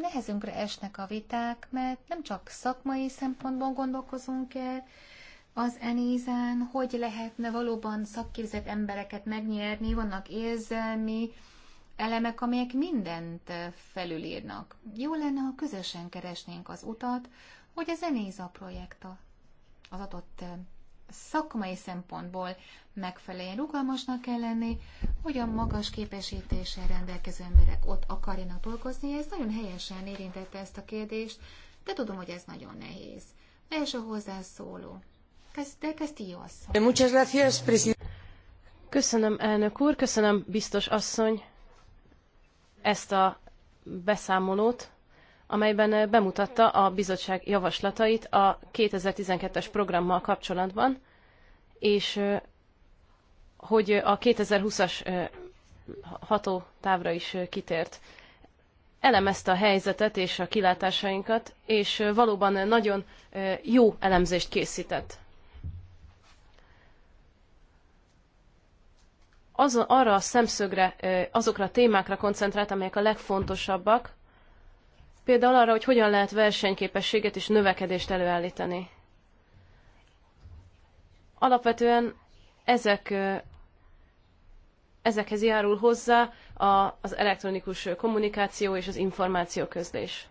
Nehezünkre esnek a viták, mert nem csak szakmai szempontból gondolkozunk el, az Enézán, hogy lehetne valóban szakképzett embereket megnyerni, vannak érzelmi elemek, amelyek mindent felülírnak. Jó lenne, ha közösen keresnénk az utat, hogy zenéza a projekt az adott szakmai szempontból megfelelően rugalmasnak kell lenni, hogy a magas képesítéssel rendelkező emberek ott akarjanak dolgozni, ez nagyon helyesen érintette ezt a kérdést, de tudom, hogy ez nagyon nehéz. Első hozzászóló. De Castillo asszony. Köszönöm, elnök úr, köszönöm, biztos asszony, ezt a beszámolót amelyben eh, bemutatta a bizottság javaslatait a 2012-es programmal kapcsolatban, és eh, hogy a 2020-as eh, hatótávra is kitért. Elemezte a helyzetet és a kilátásainkat, és valóban nagyon jó elemzést készített. Az, arra a szemszögre, azokra a témákra koncentrált, amelyek a legfontosabbak, például arra, hogy hogyan lehet versenyképességet és növekedést előállítani. Alapvetően ezek, ezekhez járul hozzá a, az elektronikus kommunikáció és az információ közlés.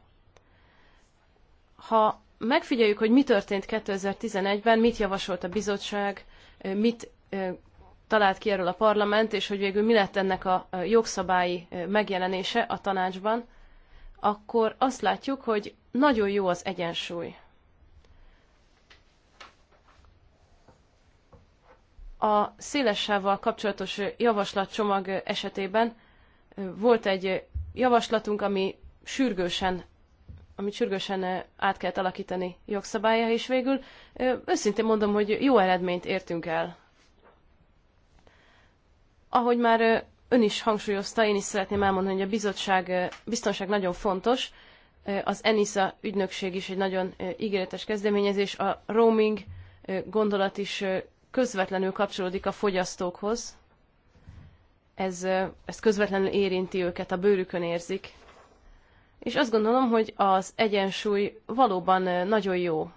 Ha megfigyeljük, hogy mi történt 2011-ben, mit javasolt a bizottság, mit talált ki erről a parlament, és hogy végül mi lett ennek a jogszabályi megjelenése a tanácsban, akkor azt látjuk, hogy nagyon jó az egyensúly. A szélessával kapcsolatos javaslatcsomag esetében volt egy javaslatunk, ami sürgősen amit sürgősen át kellett alakítani jogszabálya, és végül őszintén mondom, hogy jó eredményt értünk el. Ahogy már ön is hangsúlyozta, én is szeretném elmondani, hogy a bizottság, biztonság nagyon fontos. Az ENISA ügynökség is egy nagyon ígéretes kezdeményezés. A roaming gondolat is közvetlenül kapcsolódik a fogyasztókhoz. Ez, ez közvetlenül érinti őket, a bőrükön érzik. És azt gondolom, hogy az egyensúly valóban nagyon jó.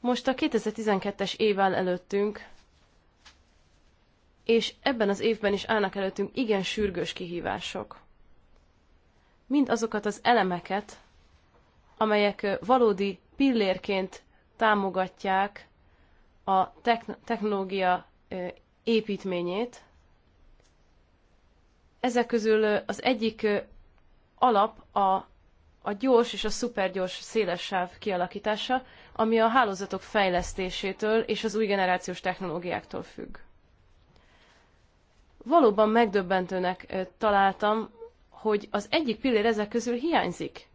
Most a 2012-es évvel előttünk, és ebben az évben is állnak előttünk igen sürgős kihívások. Mind azokat az elemeket, amelyek valódi pillérként támogatják a technológia építményét. Ezek közül az egyik alap a, a gyors és a szupergyors széles kialakítása, ami a hálózatok fejlesztésétől és az új generációs technológiáktól függ valóban megdöbbentőnek találtam, hogy az egyik pillér ezek közül hiányzik.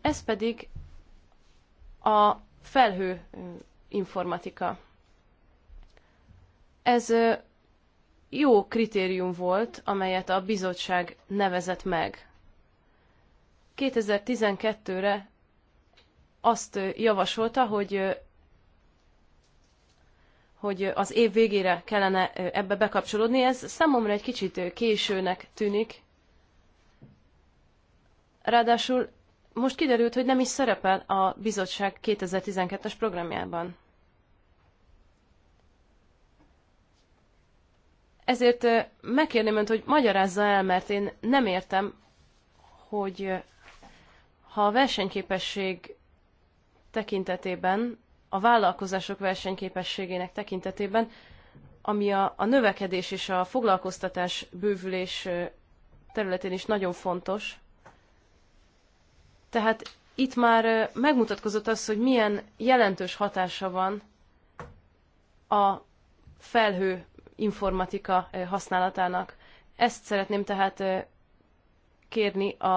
Ez pedig a felhő informatika. Ez jó kritérium volt, amelyet a bizottság nevezett meg. 2012-re azt javasolta, hogy hogy az év végére kellene ebbe bekapcsolódni. Ez számomra egy kicsit későnek tűnik. Ráadásul most kiderült, hogy nem is szerepel a bizottság 2012-es programjában. Ezért megkérném önt, hogy magyarázza el, mert én nem értem, hogy ha a versenyképesség tekintetében a vállalkozások versenyképességének tekintetében, ami a, a növekedés és a foglalkoztatás bővülés területén is nagyon fontos. Tehát itt már megmutatkozott az, hogy milyen jelentős hatása van a felhő informatika használatának. Ezt szeretném tehát kérni a,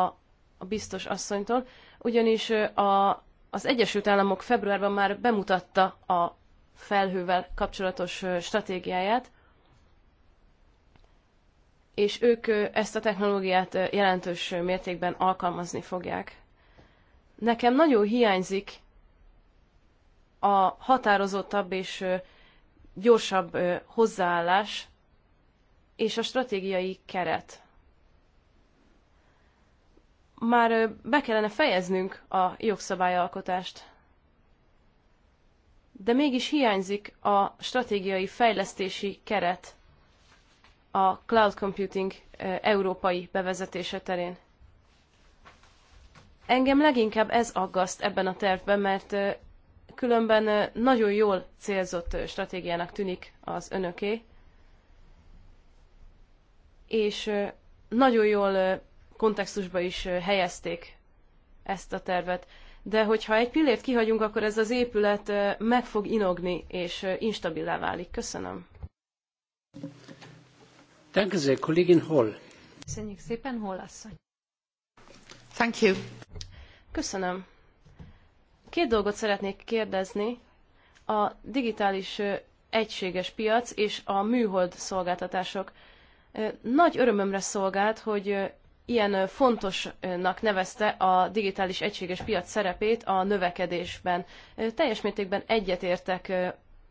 a biztos asszonytól, ugyanis a az Egyesült Államok februárban már bemutatta a felhővel kapcsolatos stratégiáját, és ők ezt a technológiát jelentős mértékben alkalmazni fogják. Nekem nagyon hiányzik a határozottabb és gyorsabb hozzáállás és a stratégiai keret már be kellene fejeznünk a jogszabályalkotást. De mégis hiányzik a stratégiai fejlesztési keret a cloud computing európai bevezetése terén. Engem leginkább ez aggaszt ebben a tervben, mert különben nagyon jól célzott stratégiának tűnik az önöké, és nagyon jól kontextusba is helyezték ezt a tervet. De hogyha egy pillért kihagyunk, akkor ez az épület meg fog inogni, és instabilá válik. Köszönöm. Kollegin Hall. Köszönjük szépen, Hol asszony. Thank you. Köszönöm. Két dolgot szeretnék kérdezni. A digitális egységes piac és a műhold szolgáltatások. Nagy örömömre szolgált, hogy ilyen fontosnak nevezte a digitális egységes piac szerepét a növekedésben. Teljes mértékben egyetértek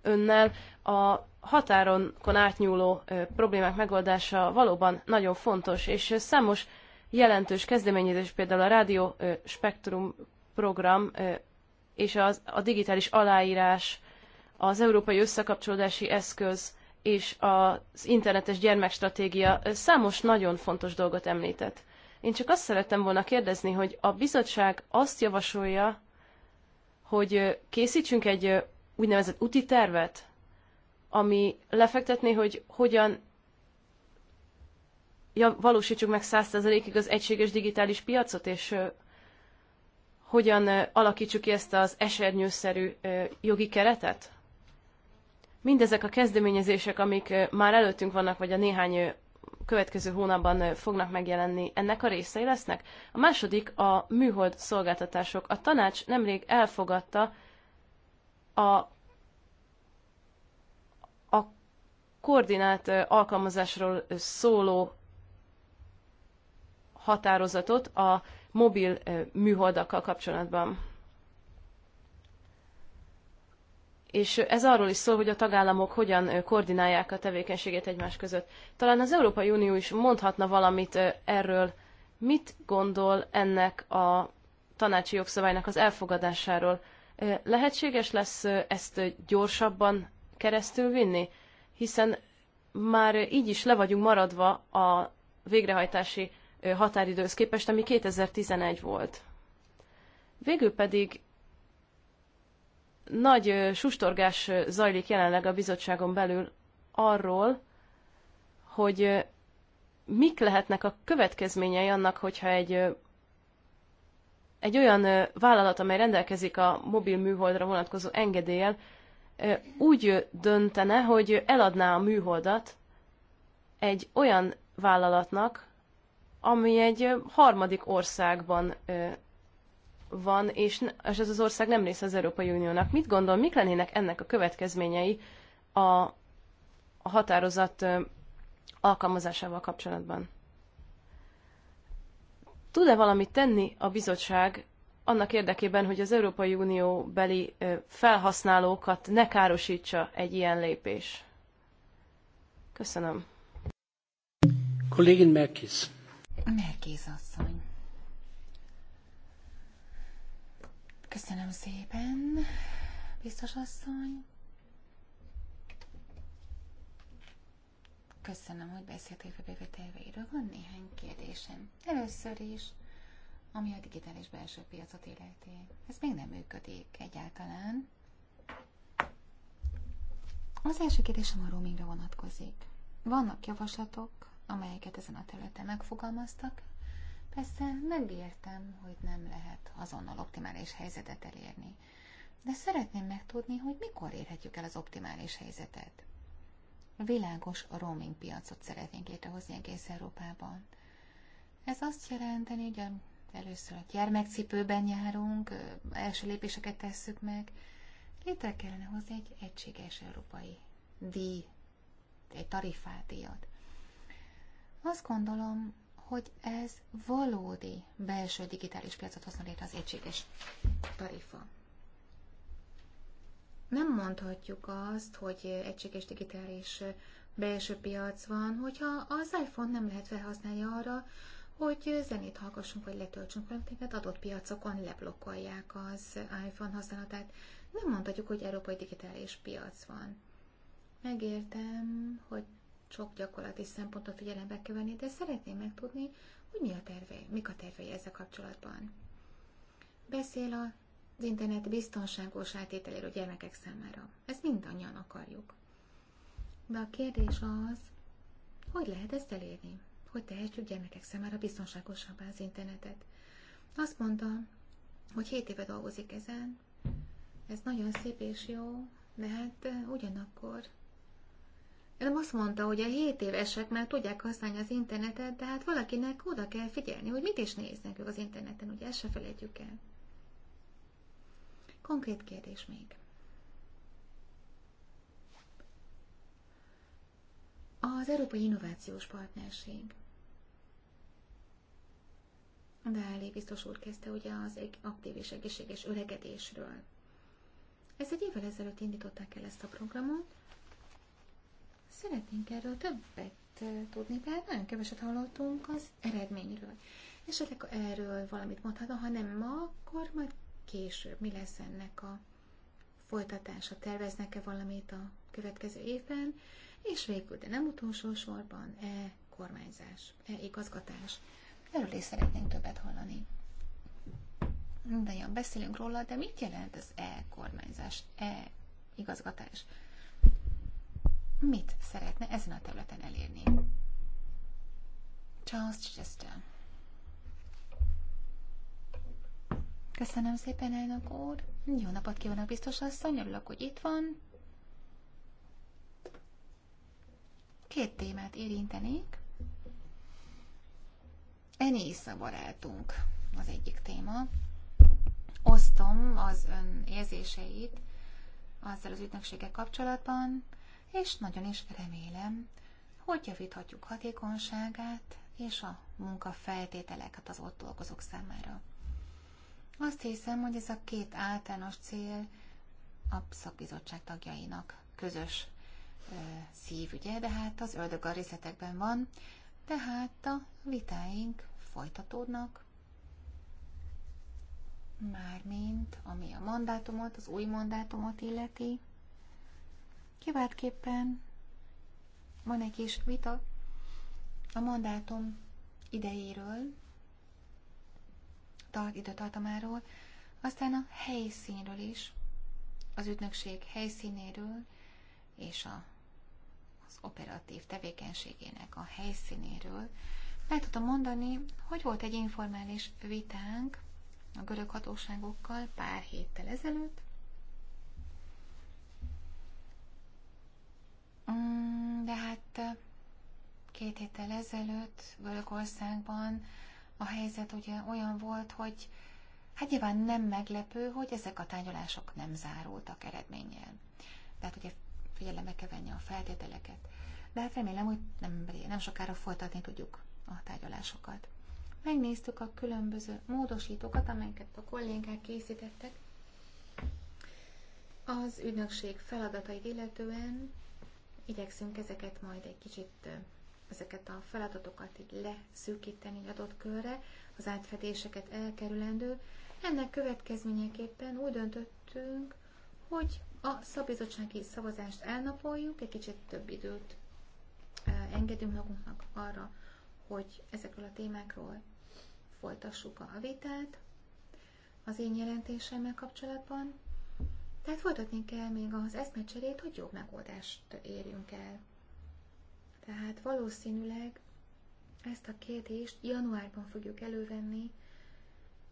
önnel, a határonkon átnyúló problémák megoldása valóban nagyon fontos, és számos jelentős kezdeményezés, például a Rádió Spektrum program és az, a digitális aláírás, az Európai Összekapcsolódási Eszköz, és az internetes gyermekstratégia számos nagyon fontos dolgot említett. Én csak azt szerettem volna kérdezni, hogy a bizottság azt javasolja, hogy készítsünk egy úgynevezett úti tervet, ami lefektetné, hogy hogyan ja, valósítsuk meg 100%-ig az egységes digitális piacot, és hogyan alakítsuk ki ezt az esernyőszerű jogi keretet? Mindezek a kezdeményezések, amik már előttünk vannak, vagy a néhány következő hónapban fognak megjelenni, ennek a részei lesznek? A második a műhold szolgáltatások. A tanács nemrég elfogadta a, a koordinált alkalmazásról szóló határozatot a mobil műholdakkal kapcsolatban. és ez arról is szól, hogy a tagállamok hogyan koordinálják a tevékenységet egymás között. Talán az Európai Unió is mondhatna valamit erről. Mit gondol ennek a tanácsi jogszabálynak az elfogadásáról? Lehetséges lesz ezt gyorsabban keresztül vinni? Hiszen már így is le vagyunk maradva a végrehajtási határidőhöz képest, ami 2011 volt. Végül pedig nagy sustorgás zajlik jelenleg a bizottságon belül arról, hogy mik lehetnek a következményei annak, hogyha egy, egy olyan vállalat, amely rendelkezik a mobil műholdra vonatkozó engedéllyel, úgy döntene, hogy eladná a műholdat egy olyan vállalatnak, ami egy harmadik országban van, és, és ez az ország nem része az Európai Uniónak. Mit gondol, mik lennének ennek a következményei a, a határozat alkalmazásával kapcsolatban? Tud-e valamit tenni a bizottság annak érdekében, hogy az Európai Unió beli felhasználókat ne károsítsa egy ilyen lépés? Köszönöm. Kollégin Merkis. Merkis asszony. Köszönöm szépen, biztos asszony. Köszönöm, hogy beszéltél a bevételveiről. Van néhány kérdésem. Először is, ami a digitális belső piacot illeti. Ez még nem működik egyáltalán. Az első kérdésem a roamingra vonatkozik. Vannak javaslatok, amelyeket ezen a területen megfogalmaztak, Persze megértem, hogy nem lehet azonnal optimális helyzetet elérni, de szeretném megtudni, hogy mikor érhetjük el az optimális helyzetet. Világos roaming piacot szeretnénk létrehozni egész Európában. Ez azt jelenteni, hogy először a gyermekcipőben járunk, első lépéseket tesszük meg, létre kellene hozni egy egységes európai díj, egy tarifádíjat. Azt gondolom, hogy ez valódi belső digitális piacot hozna létre az egységes tarifa. Nem mondhatjuk azt, hogy egységes digitális belső piac van, hogyha az iPhone nem lehet felhasználni arra, hogy zenét hallgassunk, vagy letöltsünk valamit, adott piacokon leblokkolják az iPhone használatát. Nem mondhatjuk, hogy európai digitális piac van. Megértem, hogy sok gyakorlati szempontot figyelembe kell venni, de szeretném megtudni, hogy mi a tervei, mik a tervei ezzel kapcsolatban. Beszél az internet biztonságos átételéről gyermekek számára. Ezt mindannyian akarjuk. De a kérdés az, hogy lehet ezt elérni? Hogy tehetjük gyermekek számára biztonságosabbá az internetet? Azt mondta, hogy 7 éve dolgozik ezen. Ez nagyon szép és jó, de hát ugyanakkor Ön azt mondta, hogy a 7 évesek már tudják használni az internetet, de hát valakinek oda kell figyelni, hogy mit is néznek ők az interneten, ugye ezt se felejtjük el. Konkrét kérdés még. Az Európai Innovációs Partnerség. De elég biztos úr kezdte ugye az aktív és egészséges öregedésről. Ez egy évvel ezelőtt indították el ezt a programot, Szeretnénk erről többet tudni, tehát nagyon keveset hallottunk az eredményről. és Esetleg hát erről valamit mondhatom, ha nem ma, akkor majd később. Mi lesz ennek a folytatása? Terveznek-e valamit a következő évben? És végül, de nem utolsó sorban, e kormányzás, e igazgatás. Erről is szeretnénk többet hallani. Mindannyian beszélünk róla, de mit jelent az e-kormányzás, e-igazgatás? mit szeretne ezen a területen elérni. Charles Chester. Köszönöm szépen, elnök úr. Jó napot kívánok, biztos asszony. Örülök, hogy itt van. Két témát érintenék. Enésza barátunk az egyik téma. Osztom az ön érzéseit azzal az ügynökséggel kapcsolatban, és nagyon is remélem, hogy javíthatjuk hatékonyságát és a munka feltételeket az ott dolgozók számára. Azt hiszem, hogy ez a két általános cél a szakbizottság tagjainak közös ö, szívügye, de hát az ördög a részletekben van, tehát a vitáink folytatódnak, mármint ami a mandátumot, az új mandátumot illeti, Kiváltképpen van egy kis vita a mandátum idejéről, tart, időtartamáról, aztán a helyszínről is, az ügynökség helyszínéről és a, az operatív tevékenységének a helyszínéről. Meg tudom mondani, hogy volt egy informális vitánk a görög hatóságokkal pár héttel ezelőtt, Mm, de hát két héttel ezelőtt Görögországban a helyzet ugye olyan volt, hogy hát nyilván nem meglepő, hogy ezek a tárgyalások nem zárultak eredménnyel. Tehát ugye figyelembe kell venni a feltételeket. De hát remélem, hogy nem, nem sokára folytatni tudjuk a tárgyalásokat. Megnéztük a különböző módosítókat, amelyeket a kollégák készítettek az ügynökség feladatait illetően Igyekszünk ezeket majd egy kicsit, ezeket a feladatokat így leszűkíteni egy adott körre, az átfedéseket elkerülendő. Ennek következményeképpen úgy döntöttünk, hogy a szabizottsági szavazást elnapoljuk, egy kicsit több időt engedünk magunknak arra, hogy ezekről a témákról folytassuk a vitát. Az én jelentésemmel kapcsolatban tehát folytatni kell még az eszmecserét, hogy jobb megoldást érjünk el. Tehát valószínűleg ezt a kérdést januárban fogjuk elővenni,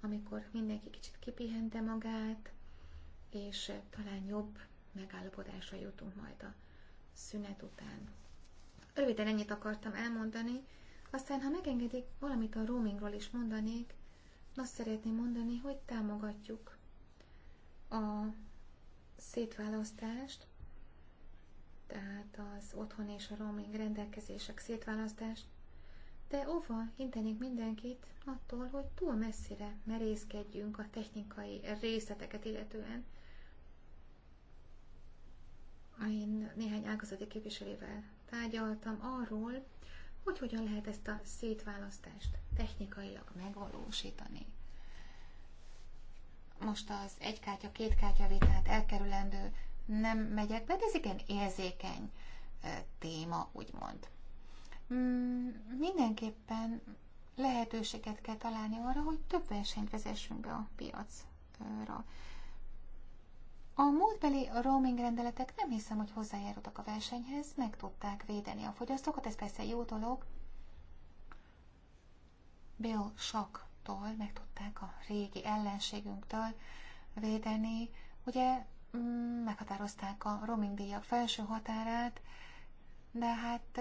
amikor mindenki kicsit kipihente magát, és talán jobb megállapodásra jutunk majd a szünet után. Röviden ennyit akartam elmondani, aztán, ha megengedik, valamit a roamingról is mondanék, azt szeretném mondani, hogy támogatjuk a szétválasztást, tehát az otthon és a roaming rendelkezések szétválasztást, de óva intenék mindenkit attól, hogy túl messzire merészkedjünk a technikai részleteket illetően. Én néhány ágazati képviselővel tárgyaltam arról, hogy hogyan lehet ezt a szétválasztást technikailag megvalósítani most az két kártya vitát elkerülendő nem megyek be, de ez igen érzékeny téma, úgymond. Mm, mindenképpen lehetőséget kell találni arra, hogy több versenyt vezessünk be a piacra. A múltbeli roaming rendeletek nem hiszem, hogy hozzájárultak a versenyhez, meg tudták védeni a fogyasztókat, ez persze jó dolog. Bill Shock magunktól, meg tudták a régi ellenségünktől védeni. Ugye mm, meghatározták a roaming díjak felső határát, de hát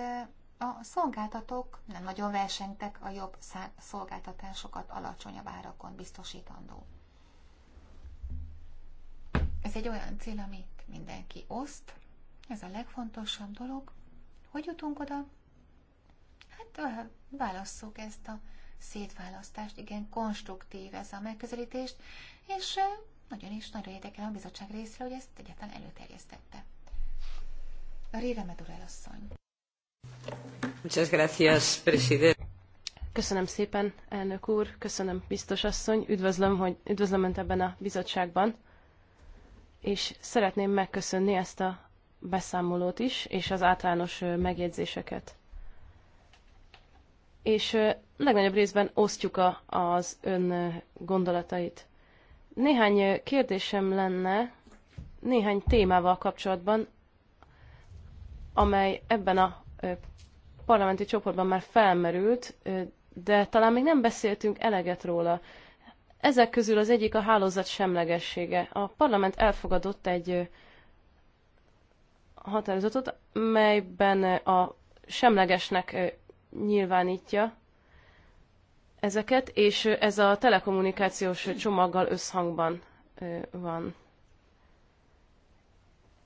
a szolgáltatók nem nagyon versenytek a jobb szolgáltatásokat alacsonyabb árakon biztosítandó. Ez egy olyan cél, amit mindenki oszt. Ez a legfontosabb dolog. Hogy jutunk oda? Hát válasszuk ezt a szétválasztást, igen, konstruktív ez a megközelítést, és nagyon is nagyra érdekel a bizottság részre, hogy ezt egyáltalán előterjesztette. Rira Medurel asszony. Köszönöm szépen, elnök úr, köszönöm, biztos asszony, üdvözlöm, hogy üdvözlöm Önt ebben a bizottságban, és szeretném megköszönni ezt a beszámolót is, és az általános megjegyzéseket és legnagyobb részben osztjuk a, az ön gondolatait. Néhány kérdésem lenne, néhány témával kapcsolatban, amely ebben a parlamenti csoportban már felmerült, de talán még nem beszéltünk eleget róla. Ezek közül az egyik a hálózat semlegessége. A parlament elfogadott egy határozatot, melyben a semlegesnek nyilvánítja ezeket, és ez a telekommunikációs csomaggal összhangban van.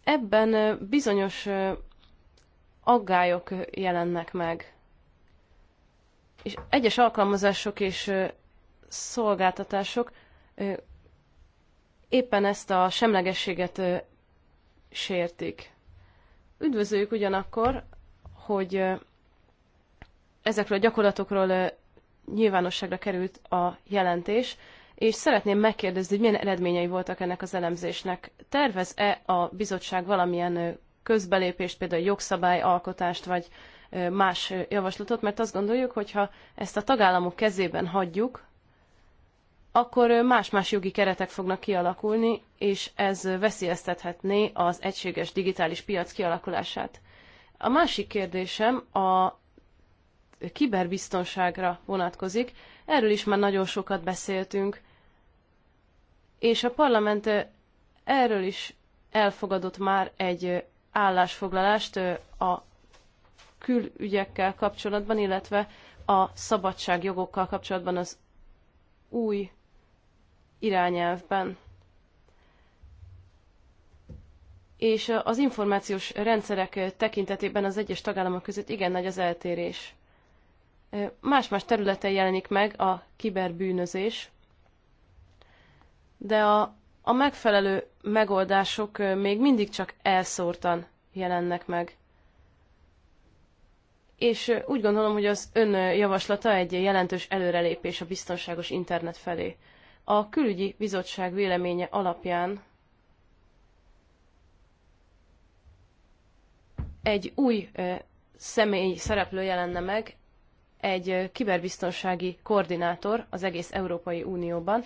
Ebben bizonyos aggályok jelennek meg. És egyes alkalmazások és szolgáltatások éppen ezt a semlegességet sértik. Üdvözöljük ugyanakkor, hogy ezekről a gyakorlatokról nyilvánosságra került a jelentés, és szeretném megkérdezni, hogy milyen eredményei voltak ennek az elemzésnek. Tervez-e a bizottság valamilyen közbelépést, például jogszabályalkotást, vagy más javaslatot, mert azt gondoljuk, hogy ha ezt a tagállamok kezében hagyjuk, akkor más-más jogi keretek fognak kialakulni, és ez veszélyeztethetné az egységes digitális piac kialakulását. A másik kérdésem a kiberbiztonságra vonatkozik. Erről is már nagyon sokat beszéltünk. És a parlament erről is elfogadott már egy állásfoglalást a külügyekkel kapcsolatban, illetve a szabadságjogokkal kapcsolatban az új irányelvben. És az információs rendszerek tekintetében az egyes tagállamok között igen nagy az eltérés más-más területen jelenik meg a kiberbűnözés, de a, a megfelelő megoldások még mindig csak elszórtan jelennek meg. És úgy gondolom, hogy az ön javaslata egy jelentős előrelépés a biztonságos internet felé. A külügyi bizottság véleménye alapján egy új személy szereplő jelenne meg, egy kiberbiztonsági koordinátor az egész Európai Unióban,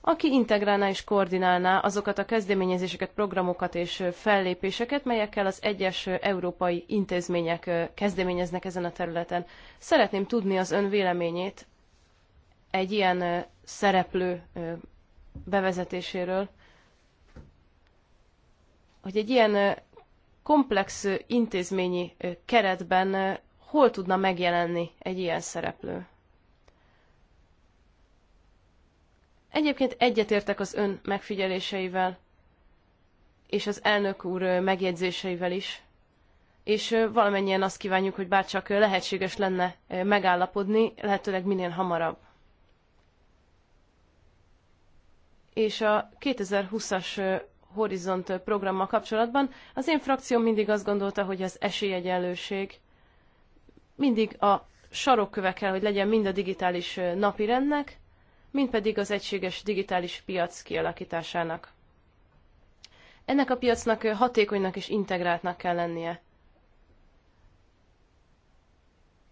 aki integrálná és koordinálná azokat a kezdeményezéseket, programokat és fellépéseket, melyekkel az egyes európai intézmények kezdeményeznek ezen a területen. Szeretném tudni az ön véleményét egy ilyen szereplő bevezetéséről, hogy egy ilyen komplex intézményi keretben hol tudna megjelenni egy ilyen szereplő? Egyébként egyetértek az ön megfigyeléseivel, és az elnök úr megjegyzéseivel is, és valamennyien azt kívánjuk, hogy bárcsak lehetséges lenne megállapodni, lehetőleg minél hamarabb. És a 2020-as Horizont programmal kapcsolatban az én frakcióm mindig azt gondolta, hogy az esélyegyenlőség mindig a sarokköve kell, hogy legyen mind a digitális napirendnek, mind pedig az egységes digitális piac kialakításának. Ennek a piacnak hatékonynak és integráltnak kell lennie.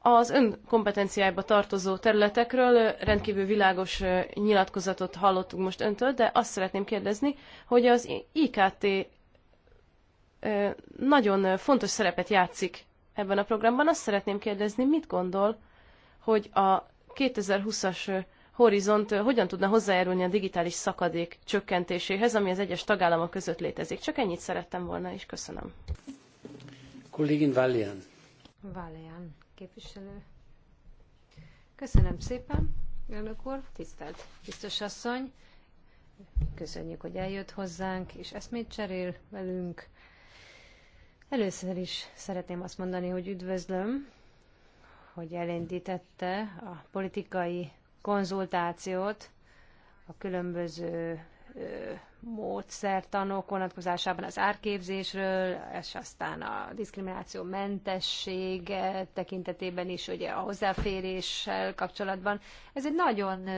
Az ön kompetenciájába tartozó területekről rendkívül világos nyilatkozatot hallottunk most öntől, de azt szeretném kérdezni, hogy az IKT nagyon fontos szerepet játszik ebben a programban. Azt szeretném kérdezni, mit gondol, hogy a 2020-as horizont hogyan tudna hozzájárulni a digitális szakadék csökkentéséhez, ami az egyes tagállamok között létezik. Csak ennyit szerettem volna, és köszönöm. Kollégin Valian. Valian, képviselő. Köszönöm szépen, elnök úr, tisztelt biztos asszony. Köszönjük, hogy eljött hozzánk, és eszmét cserél velünk Először is szeretném azt mondani, hogy üdvözlöm, hogy elindítette a politikai konzultációt a különböző módszertanok vonatkozásában az árképzésről, és aztán a diszkrimináció mentesség tekintetében is ugye a hozzáféréssel kapcsolatban. Ez egy nagyon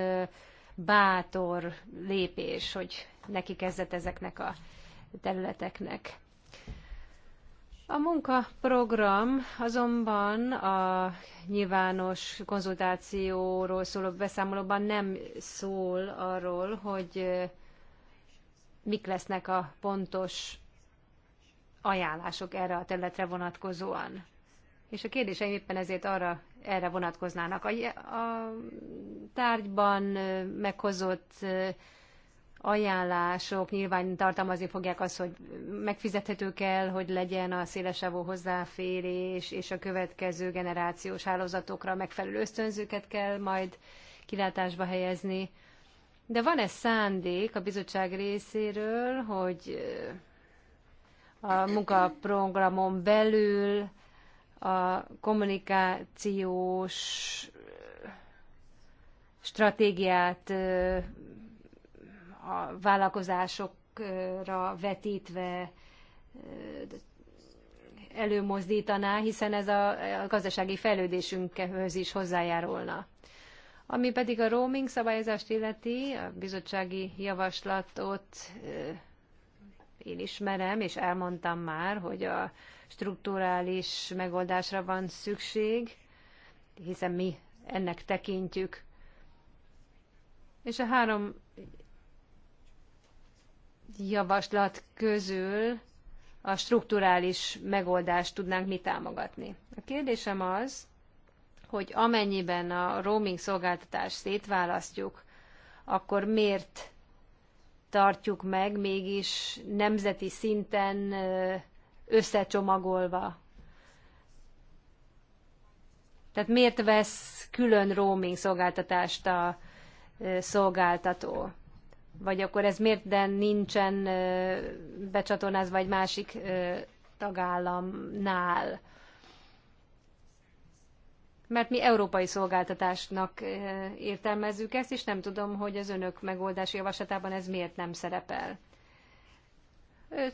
bátor lépés, hogy neki kezdett ezeknek a területeknek. A munkaprogram azonban a nyilvános konzultációról szóló beszámolóban nem szól arról, hogy mik lesznek a pontos ajánlások erre a területre vonatkozóan. És a kérdéseim éppen ezért arra, erre vonatkoznának. A, a tárgyban meghozott ajánlások nyilván tartalmazni fogják azt, hogy megfizethető kell, hogy legyen a szélesávú hozzáférés, és a következő generációs hálózatokra megfelelő ösztönzőket kell majd kilátásba helyezni. De van-e szándék a bizottság részéről, hogy a munkaprogramon belül a kommunikációs stratégiát a vállalkozásokra vetítve előmozdítaná, hiszen ez a, gazdasági fejlődésünkhez is hozzájárulna. Ami pedig a roaming szabályozást illeti, a bizottsági javaslatot én ismerem, és elmondtam már, hogy a strukturális megoldásra van szükség, hiszen mi ennek tekintjük. És a három javaslat közül a strukturális megoldást tudnánk mi támogatni. A kérdésem az, hogy amennyiben a roaming szolgáltatást szétválasztjuk, akkor miért tartjuk meg mégis nemzeti szinten összecsomagolva? Tehát miért vesz külön roaming szolgáltatást a szolgáltató? Vagy akkor ez miért de nincsen becsatornázva egy másik tagállamnál? Mert mi európai szolgáltatásnak értelmezzük ezt, és nem tudom, hogy az önök megoldási javaslatában ez miért nem szerepel.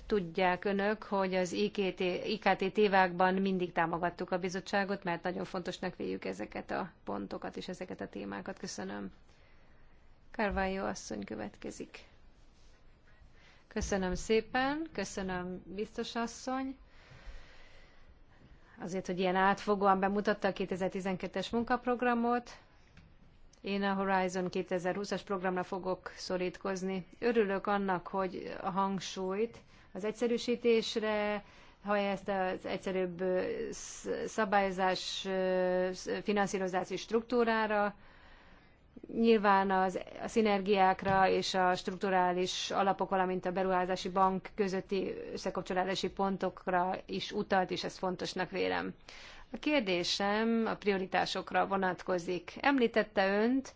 Tudják önök, hogy az IKT, IKT tévákban mindig támogattuk a bizottságot, mert nagyon fontosnak véljük ezeket a pontokat és ezeket a témákat. Köszönöm. Carvalho asszony következik. Köszönöm szépen, köszönöm biztos asszony, azért, hogy ilyen átfogóan bemutatta a 2012-es munkaprogramot. Én a Horizon 2020-as programra fogok szorítkozni. Örülök annak, hogy a hangsúlyt az egyszerűsítésre, ha ezt az egyszerűbb szabályozás, finanszírozási struktúrára Nyilván az, a szinergiákra és a strukturális alapok, valamint a beruházási bank közötti összekapcsolási pontokra is utalt, és ezt fontosnak vélem. A kérdésem a prioritásokra vonatkozik. Említette önt,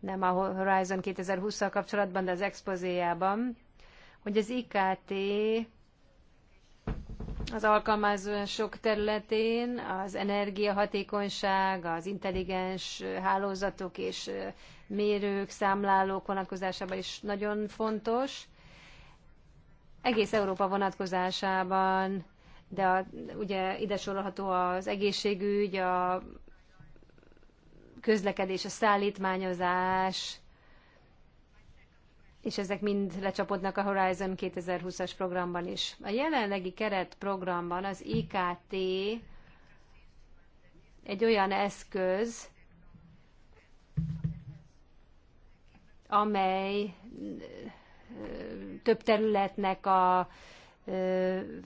nem a Horizon 2020-szal kapcsolatban, de az expozéjában, hogy az IKT az alkalmazások területén, az energiahatékonyság, az intelligens hálózatok és mérők, számlálók vonatkozásában is nagyon fontos. Egész Európa vonatkozásában, de a, ugye ide sorolható az egészségügy, a közlekedés, a szállítmányozás, és ezek mind lecsapodnak a Horizon 2020-as programban is. A jelenlegi keret programban az IKT egy olyan eszköz, amely több területnek a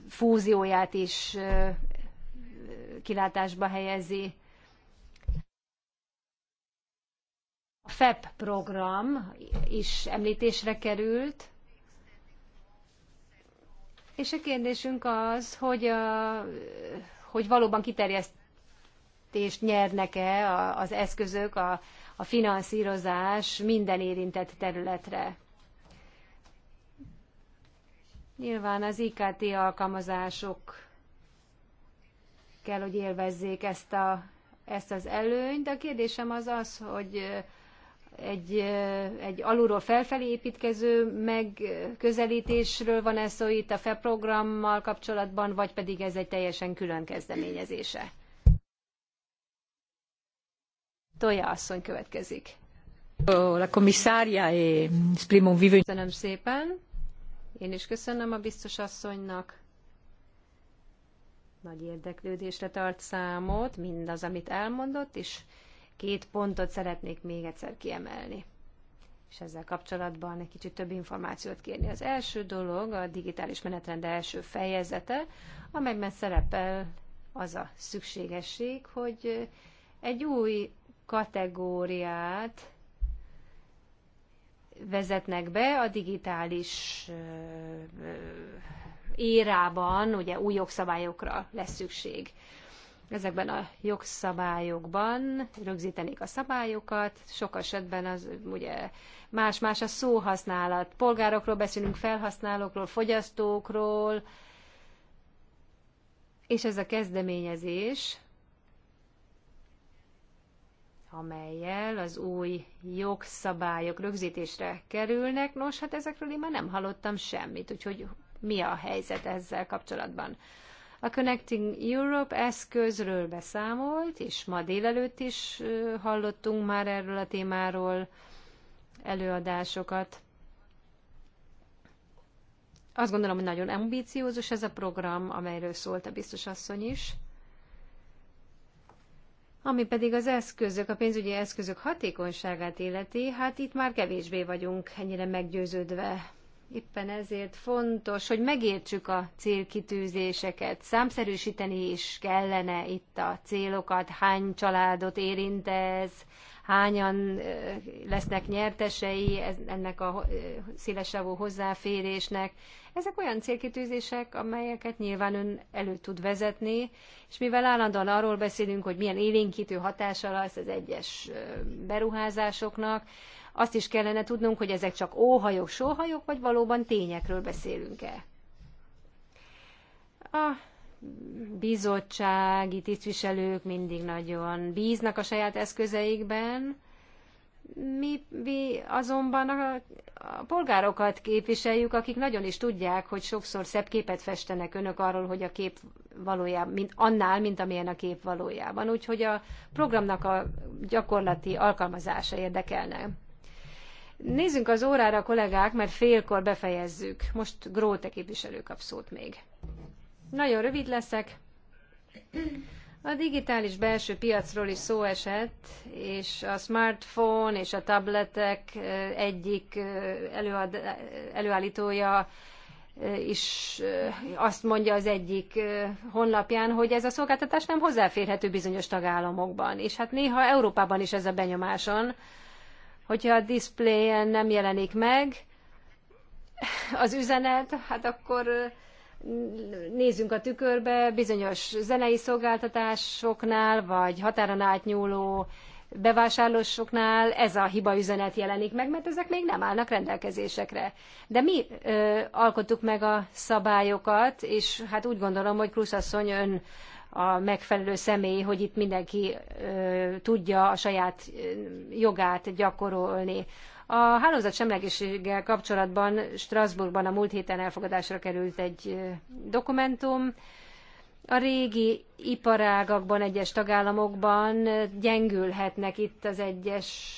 fúzióját is kilátásba helyezi. A FEP program is említésre került, és a kérdésünk az, hogy, a, hogy valóban kiterjesztést nyernek-e az eszközök, a, a finanszírozás minden érintett területre. Nyilván az IKT alkalmazások kell, hogy élvezzék ezt, a, ezt az előnyt, de a kérdésem az az, hogy egy, egy alulról felfelé építkező megközelítésről van ez szó itt a FE programmal kapcsolatban, vagy pedig ez egy teljesen külön kezdeményezése? Tolja asszony következik. La commissaria e esprimo un vivo... Köszönöm szépen. Én is köszönöm a biztos asszonynak. Nagy érdeklődésre tart számot mindaz, amit elmondott, és két pontot szeretnék még egyszer kiemelni és ezzel kapcsolatban egy kicsit több információt kérni. Az első dolog a digitális menetrend első fejezete, amelyben szerepel az a szükségesség, hogy egy új kategóriát vezetnek be a digitális érában, ugye új jogszabályokra lesz szükség ezekben a jogszabályokban rögzítenék a szabályokat, sok esetben az ugye más-más a szóhasználat. Polgárokról beszélünk, felhasználókról, fogyasztókról, és ez a kezdeményezés, amelyel az új jogszabályok rögzítésre kerülnek, nos, hát ezekről én már nem hallottam semmit, úgyhogy mi a helyzet ezzel kapcsolatban? A Connecting Europe eszközről beszámolt, és ma délelőtt is hallottunk már erről a témáról előadásokat. Azt gondolom, hogy nagyon ambíciózus ez a program, amelyről szólt a biztos asszony is. Ami pedig az eszközök, a pénzügyi eszközök hatékonyságát illeti, hát itt már kevésbé vagyunk ennyire meggyőződve Éppen ezért fontos, hogy megértsük a célkitűzéseket. Számszerűsíteni is kellene itt a célokat, hány családot érint ez, hányan lesznek nyertesei ennek a szélesávú hozzáférésnek. Ezek olyan célkitűzések, amelyeket nyilván ön elő tud vezetni, és mivel állandóan arról beszélünk, hogy milyen élénkítő hatása lesz az egyes beruházásoknak, azt is kellene tudnunk, hogy ezek csak óhajok, sóhajok, vagy valóban tényekről beszélünk-e. A bizottsági tisztviselők mindig nagyon bíznak a saját eszközeikben, mi, mi azonban a, a polgárokat képviseljük, akik nagyon is tudják, hogy sokszor szebb képet festenek önök arról, hogy a kép valójában, mint, annál, mint amilyen a kép valójában. Úgyhogy a programnak a gyakorlati alkalmazása érdekelne. Nézzünk az órára, kollégák, mert félkor befejezzük. Most Gróte képviselő kap szót még. Nagyon rövid leszek. A digitális belső piacról is szó esett, és a smartphone és a tabletek egyik előad, előállítója is azt mondja az egyik honlapján, hogy ez a szolgáltatás nem hozzáférhető bizonyos tagállamokban. És hát néha Európában is ez a benyomáson, Hogyha a diszpléjen nem jelenik meg az üzenet, hát akkor nézzünk a tükörbe bizonyos zenei szolgáltatásoknál, vagy határon átnyúló bevásárlósoknál ez a hiba üzenet jelenik meg, mert ezek még nem állnak rendelkezésekre. De mi ö, alkottuk meg a szabályokat, és hát úgy gondolom, hogy Krusz asszony ön a megfelelő személy, hogy itt mindenki tudja a saját jogát gyakorolni. A hálózat semlegességgel kapcsolatban Strasbourgban a múlt héten elfogadásra került egy dokumentum, a régi iparágakban, egyes tagállamokban gyengülhetnek itt az egyes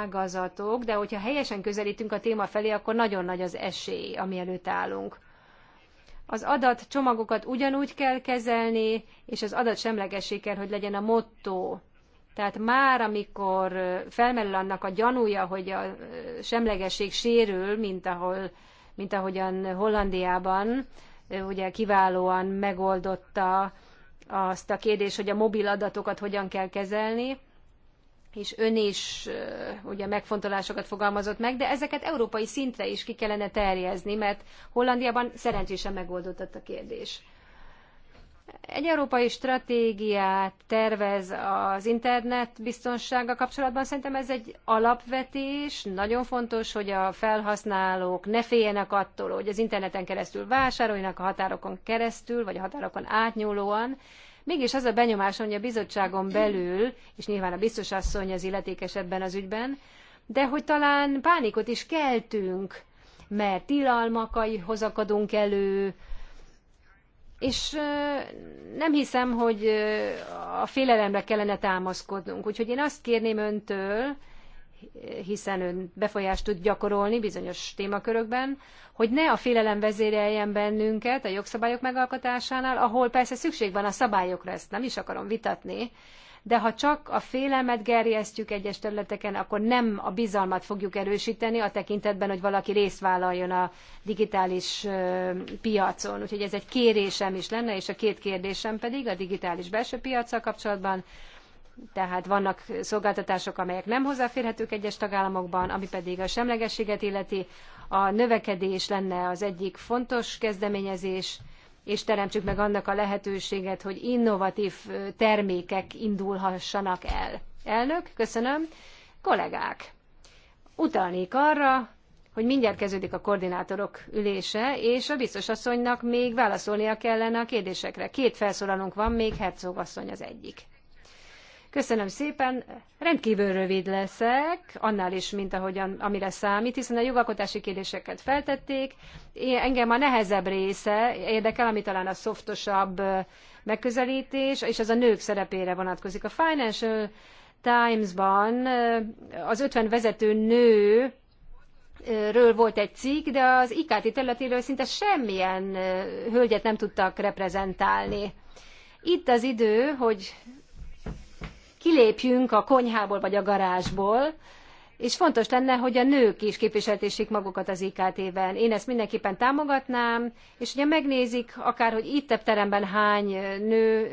ágazatok, de hogyha helyesen közelítünk a téma felé, akkor nagyon nagy az esély, ami előtt állunk. Az adatcsomagokat ugyanúgy kell kezelni, és az adat kell, hogy legyen a motto. Tehát már, amikor felmerül annak a gyanúja, hogy a semlegesség sérül, mint, ahol, mint ahogyan Hollandiában, ugye kiválóan megoldotta azt a kérdést, hogy a mobil adatokat hogyan kell kezelni, és ön is ugye megfontolásokat fogalmazott meg, de ezeket európai szintre is ki kellene terjezni, mert Hollandiában szerencsésen megoldódott a kérdés. Egy európai stratégiát tervez az internet biztonsága kapcsolatban. Szerintem ez egy alapvetés. Nagyon fontos, hogy a felhasználók ne féljenek attól, hogy az interneten keresztül vásároljanak, a határokon keresztül, vagy a határokon átnyúlóan, Mégis az a benyomás, hogy a bizottságon belül, és nyilván a biztos asszony az illetékes ebben az ügyben, de hogy talán pánikot is keltünk, mert tilalmakai hozakadunk elő, és nem hiszem, hogy a félelemre kellene támaszkodnunk. Úgyhogy én azt kérném öntől, hiszen ön befolyást tud gyakorolni bizonyos témakörökben, hogy ne a félelem vezéreljen bennünket a jogszabályok megalkotásánál, ahol persze szükség van a szabályokra, ezt nem is akarom vitatni, de ha csak a félelmet gerjesztjük egyes területeken, akkor nem a bizalmat fogjuk erősíteni a tekintetben, hogy valaki részt vállaljon a digitális piacon. Úgyhogy ez egy kérésem is lenne, és a két kérdésem pedig a digitális belső piacsal kapcsolatban, tehát vannak szolgáltatások, amelyek nem hozzáférhetők egyes tagállamokban, ami pedig a semlegességet illeti. A növekedés lenne az egyik fontos kezdeményezés, és teremtsük meg annak a lehetőséget, hogy innovatív termékek indulhassanak el. Elnök, köszönöm. Kollégák, utalnék arra, hogy mindjárt kezdődik a koordinátorok ülése, és a biztos asszonynak még válaszolnia kellene a kérdésekre. Két felszólalónk van, még Herzog asszony az egyik. Köszönöm szépen, rendkívül rövid leszek, annál is, mint ahogyan, amire számít, hiszen a jogalkotási kérdéseket feltették. engem a nehezebb része érdekel, ami talán a szoftosabb megközelítés, és ez a nők szerepére vonatkozik. A Financial Times-ban az 50 vezető nő ről volt egy cikk, de az IKT területéről szinte semmilyen hölgyet nem tudtak reprezentálni. Itt az idő, hogy kilépjünk a konyhából vagy a garázsból, és fontos lenne, hogy a nők is képviseltessék magukat az IKT-ben. Én ezt mindenképpen támogatnám, és ugye megnézik, akár, hogy itt a teremben hány nő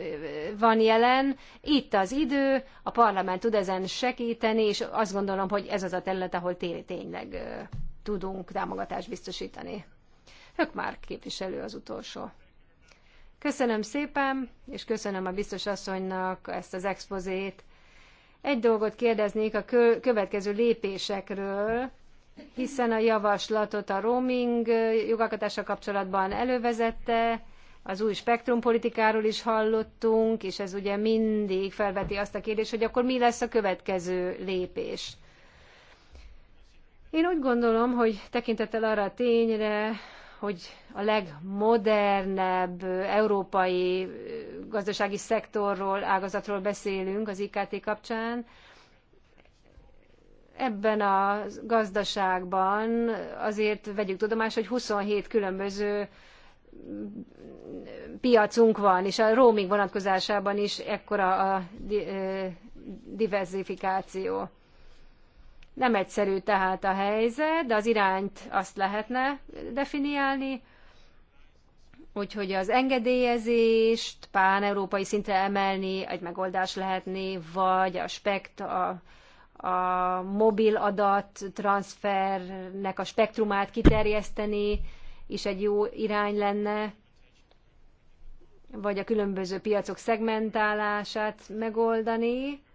van jelen, itt az idő, a parlament tud ezen segíteni, és azt gondolom, hogy ez az a terület, ahol tényleg tudunk támogatást biztosítani. Hökmár képviselő az utolsó. Köszönöm szépen, és köszönöm a biztos asszonynak ezt az expozét. Egy dolgot kérdeznék a következő lépésekről, hiszen a javaslatot a roaming jogalkotással kapcsolatban elővezette, az új spektrumpolitikáról is hallottunk, és ez ugye mindig felveti azt a kérdést, hogy akkor mi lesz a következő lépés. Én úgy gondolom, hogy tekintettel arra a tényre, hogy a legmodernebb európai gazdasági szektorról, ágazatról beszélünk az IKT kapcsán, ebben a gazdaságban azért vegyük tudomás, hogy 27 különböző piacunk van, és a roaming vonatkozásában is ekkora a diversifikáció. Nem egyszerű tehát a helyzet, de az irányt azt lehetne definiálni, úgyhogy az engedélyezést pán-európai szintre emelni egy megoldás lehetné, vagy a spekt, a, a mobil adat transfernek a spektrumát kiterjeszteni is egy jó irány lenne, vagy a különböző piacok szegmentálását megoldani,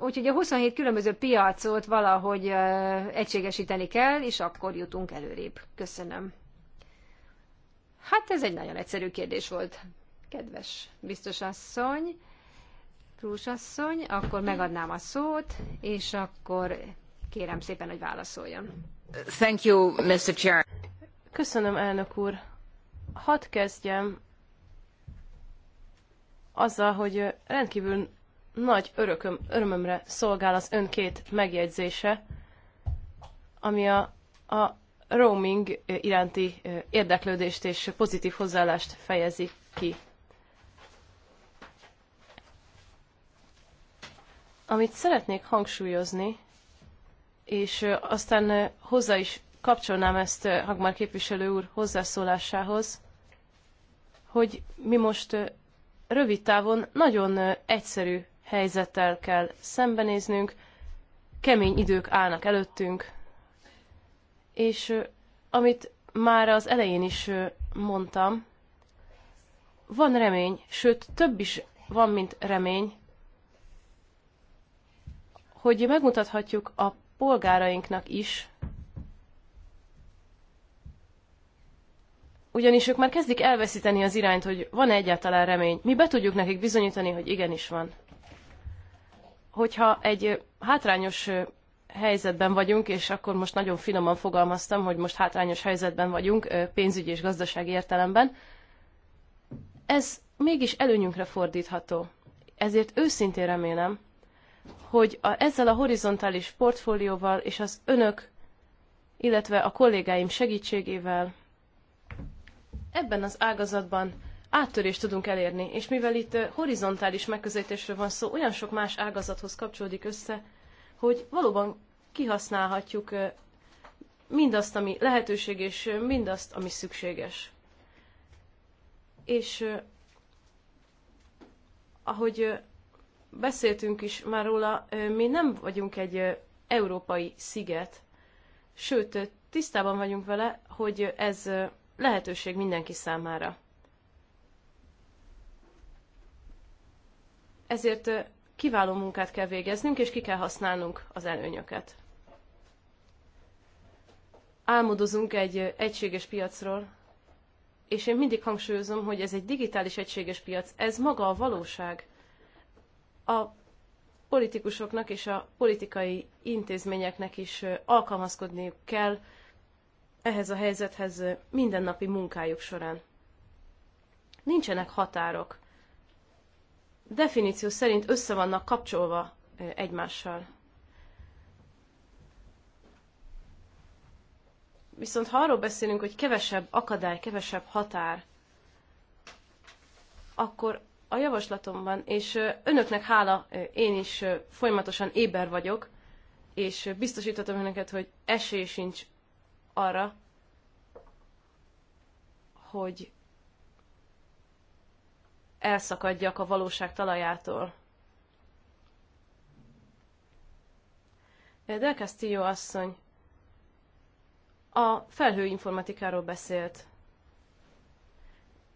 Úgyhogy a 27 különböző piacot valahogy egységesíteni kell, és akkor jutunk előrébb. Köszönöm. Hát ez egy nagyon egyszerű kérdés volt, kedves biztos asszony, Krús asszony, akkor megadnám a szót, és akkor kérem szépen, hogy válaszoljon. Thank you, Mr. Chair. Köszönöm, elnök úr. Hadd kezdjem azzal, hogy rendkívül nagy örököm, örömömre szolgál az ön két megjegyzése, ami a, a roaming iránti érdeklődést és pozitív hozzáállást fejezi ki. Amit szeretnék hangsúlyozni, és aztán hozzá is kapcsolnám ezt Hagmar képviselő úr hozzászólásához, hogy mi most rövid távon nagyon egyszerű helyzettel kell szembenéznünk, kemény idők állnak előttünk, és amit már az elején is mondtam, van remény, sőt több is van, mint remény, hogy megmutathatjuk a polgárainknak is, ugyanis ők már kezdik elveszíteni az irányt, hogy van -e egyáltalán remény. Mi be tudjuk nekik bizonyítani, hogy igenis van hogyha egy hátrányos helyzetben vagyunk, és akkor most nagyon finoman fogalmaztam, hogy most hátrányos helyzetben vagyunk pénzügyi és gazdasági értelemben, ez mégis előnyünkre fordítható. Ezért őszintén remélem, hogy a, ezzel a horizontális portfólióval és az önök, illetve a kollégáim segítségével ebben az ágazatban áttörést tudunk elérni. És mivel itt horizontális megközelítésről van szó, olyan sok más ágazathoz kapcsolódik össze, hogy valóban kihasználhatjuk mindazt, ami lehetőség, és mindazt, ami szükséges. És ahogy beszéltünk is már róla, mi nem vagyunk egy európai sziget, sőt, tisztában vagyunk vele, hogy ez lehetőség mindenki számára. Ezért kiváló munkát kell végeznünk, és ki kell használnunk az előnyöket. Álmodozunk egy egységes piacról, és én mindig hangsúlyozom, hogy ez egy digitális egységes piac, ez maga a valóság. A politikusoknak és a politikai intézményeknek is alkalmazkodniuk kell ehhez a helyzethez mindennapi munkájuk során. Nincsenek határok definíció szerint össze vannak kapcsolva egymással. Viszont ha arról beszélünk, hogy kevesebb akadály, kevesebb határ, akkor a javaslatomban, és önöknek hála, én is folyamatosan éber vagyok, és biztosítatom önöket, hogy esély sincs arra, hogy elszakadjak a valóság talajától. Del Castillo asszony a felhőinformatikáról beszélt.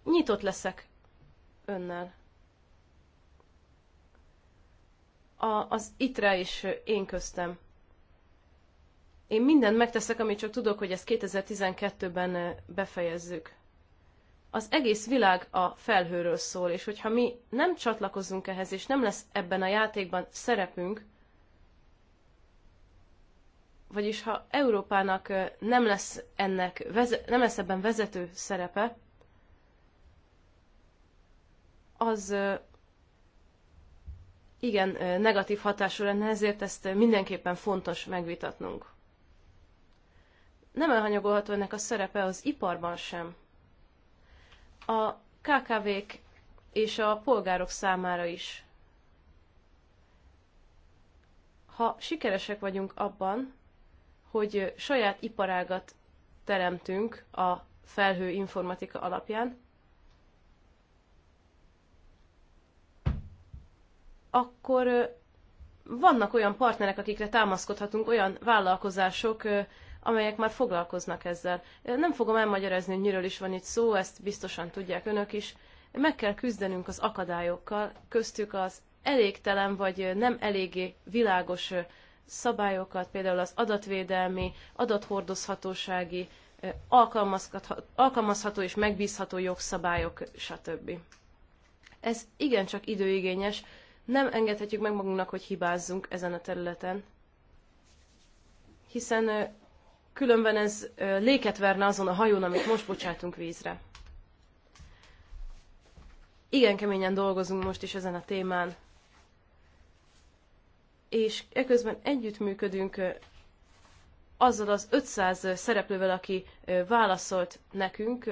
Nyitott leszek önnel. A, az itre is én köztem. Én mindent megteszek, amit csak tudok, hogy ezt 2012-ben befejezzük az egész világ a felhőről szól, és hogyha mi nem csatlakozunk ehhez, és nem lesz ebben a játékban szerepünk, vagyis ha Európának nem lesz, ennek, nem lesz ebben vezető szerepe, az igen negatív hatású lenne, ezért ezt mindenképpen fontos megvitatnunk. Nem elhanyagolható ennek a szerepe az iparban sem a KKV-k és a polgárok számára is. Ha sikeresek vagyunk abban, hogy saját iparágat teremtünk a felhő informatika alapján, akkor vannak olyan partnerek, akikre támaszkodhatunk, olyan vállalkozások, amelyek már foglalkoznak ezzel. Nem fogom elmagyarázni, hogy miről is van itt szó, ezt biztosan tudják önök is. Meg kell küzdenünk az akadályokkal, köztük az elégtelen vagy nem eléggé világos szabályokat, például az adatvédelmi, adathordozhatósági, alkalmazható és megbízható jogszabályok, stb. Ez igencsak időigényes, nem engedhetjük meg magunknak, hogy hibázzunk ezen a területen, hiszen különben ez léket verne azon a hajón, amit most bocsátunk vízre. Igen keményen dolgozunk most is ezen a témán. És eközben együttműködünk azzal az 500 szereplővel, aki válaszolt nekünk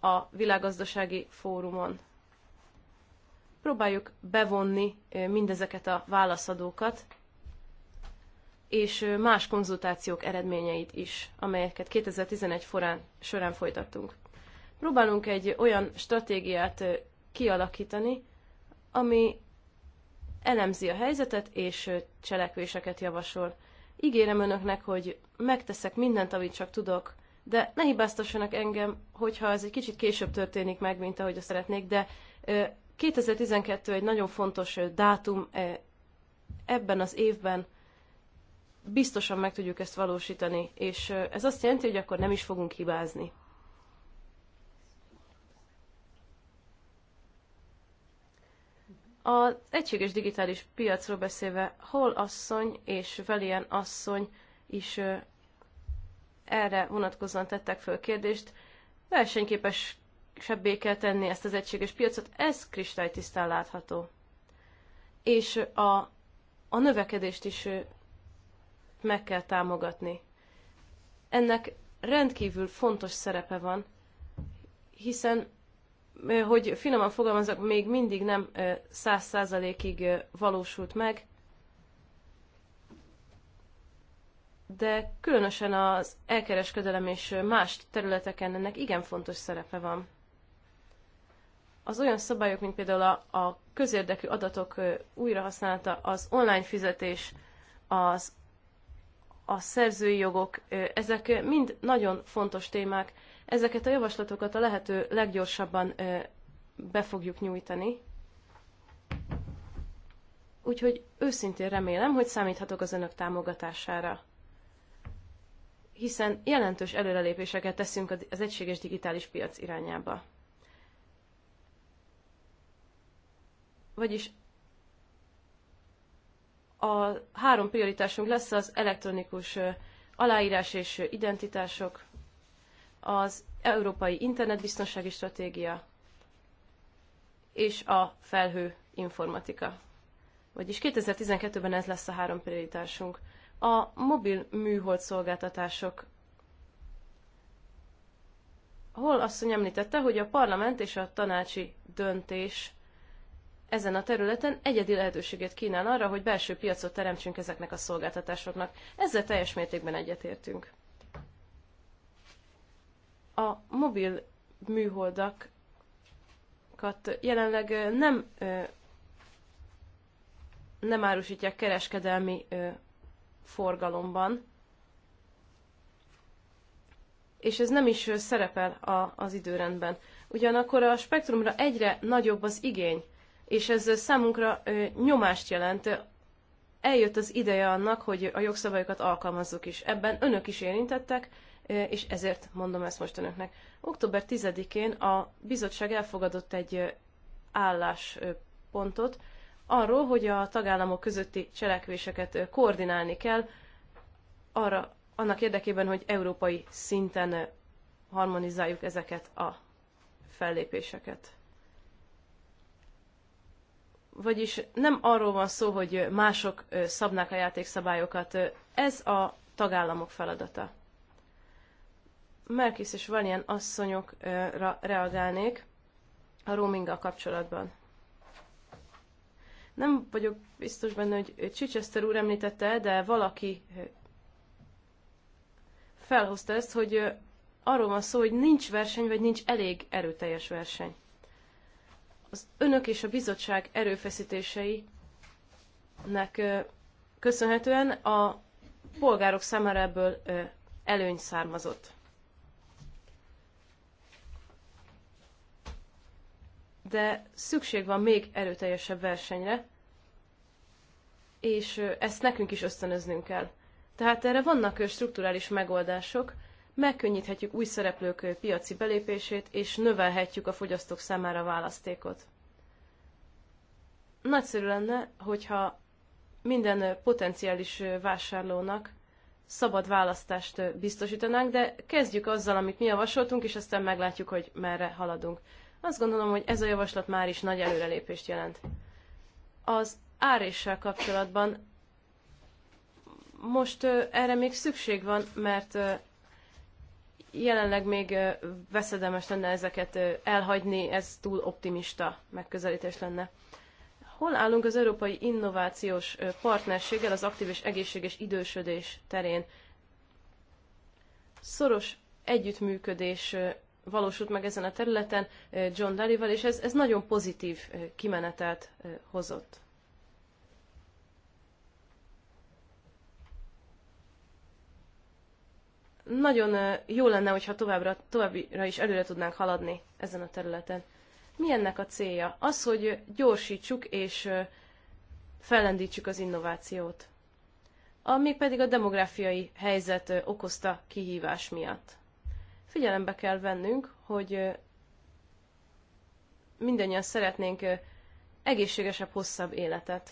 a világgazdasági fórumon. Próbáljuk bevonni mindezeket a válaszadókat, és más konzultációk eredményeit is, amelyeket 2011 forán, során folytattunk. Próbálunk egy olyan stratégiát kialakítani, ami elemzi a helyzetet és cselekvéseket javasol. Ígérem önöknek, hogy megteszek mindent, amit csak tudok, de ne hibáztassanak engem, hogyha ez egy kicsit később történik meg, mint ahogy azt szeretnék, de 2012 egy nagyon fontos dátum ebben az évben biztosan meg tudjuk ezt valósítani, és ez azt jelenti, hogy akkor nem is fogunk hibázni. Az egységes digitális piacról beszélve, Hol asszony és Velien asszony is erre vonatkozóan tettek föl kérdést, versenyképes sebbé kell tenni ezt az egységes piacot, ez kristálytisztán látható. És a, a növekedést is meg kell támogatni. Ennek rendkívül fontos szerepe van, hiszen, hogy finoman fogalmazok, még mindig nem száz százalékig valósult meg, de különösen az elkereskedelem és más területeken ennek igen fontos szerepe van. Az olyan szabályok, mint például a, a közérdekű adatok újrahasználata, az online fizetés, az a szerzői jogok, ezek mind nagyon fontos témák. Ezeket a javaslatokat a lehető leggyorsabban be fogjuk nyújtani. Úgyhogy őszintén remélem, hogy számíthatok az önök támogatására. Hiszen jelentős előrelépéseket teszünk az egységes digitális piac irányába. Vagyis a három prioritásunk lesz az elektronikus aláírás és identitások, az Európai Internetbiztonsági Stratégia és a felhő informatika. Vagyis 2012-ben ez lesz a három prioritásunk. A mobil műhold szolgáltatások hol asszony említette, hogy a parlament és a tanácsi döntés ezen a területen egyedi lehetőséget kínál arra, hogy belső piacot teremtsünk ezeknek a szolgáltatásoknak. Ezzel teljes mértékben egyetértünk. A mobil műholdakat jelenleg nem, nem árusítják kereskedelmi forgalomban, és ez nem is szerepel a, az időrendben. Ugyanakkor a spektrumra egyre nagyobb az igény és ez számunkra nyomást jelent. Eljött az ideje annak, hogy a jogszabályokat alkalmazzuk is. Ebben önök is érintettek, és ezért mondom ezt most önöknek. Október 10-én a bizottság elfogadott egy álláspontot arról, hogy a tagállamok közötti cselekvéseket koordinálni kell arra, annak érdekében, hogy európai szinten harmonizáljuk ezeket a fellépéseket. Vagyis nem arról van szó, hogy mások szabnák a játékszabályokat. Ez a tagállamok feladata. Merkis és van ilyen asszonyokra reagálnék a roaminggal kapcsolatban. Nem vagyok biztos benne, hogy Chichester úr említette, de valaki felhozta ezt, hogy arról van szó, hogy nincs verseny, vagy nincs elég erőteljes verseny az önök és a bizottság erőfeszítéseinek köszönhetően a polgárok számára ebből előny származott. De szükség van még erőteljesebb versenyre, és ezt nekünk is ösztönöznünk kell. Tehát erre vannak strukturális megoldások, megkönnyíthetjük új szereplők piaci belépését, és növelhetjük a fogyasztók számára a választékot. Nagyszerű lenne, hogyha minden potenciális vásárlónak szabad választást biztosítanánk, de kezdjük azzal, amit mi javasoltunk, és aztán meglátjuk, hogy merre haladunk. Azt gondolom, hogy ez a javaslat már is nagy előrelépést jelent. Az áréssel kapcsolatban most erre még szükség van, mert jelenleg még veszedelmes lenne ezeket elhagyni, ez túl optimista megközelítés lenne. Hol állunk az Európai Innovációs Partnerséggel az aktív és egészséges idősödés terén? Szoros együttműködés valósult meg ezen a területen John Dalyval, és ez, ez nagyon pozitív kimenetelt hozott. nagyon jó lenne, hogyha továbbra, továbbra is előre tudnánk haladni ezen a területen. Mi ennek a célja? Az, hogy gyorsítsuk és fellendítsük az innovációt, ami pedig a demográfiai helyzet okozta kihívás miatt. Figyelembe kell vennünk, hogy mindannyian szeretnénk egészségesebb, hosszabb életet.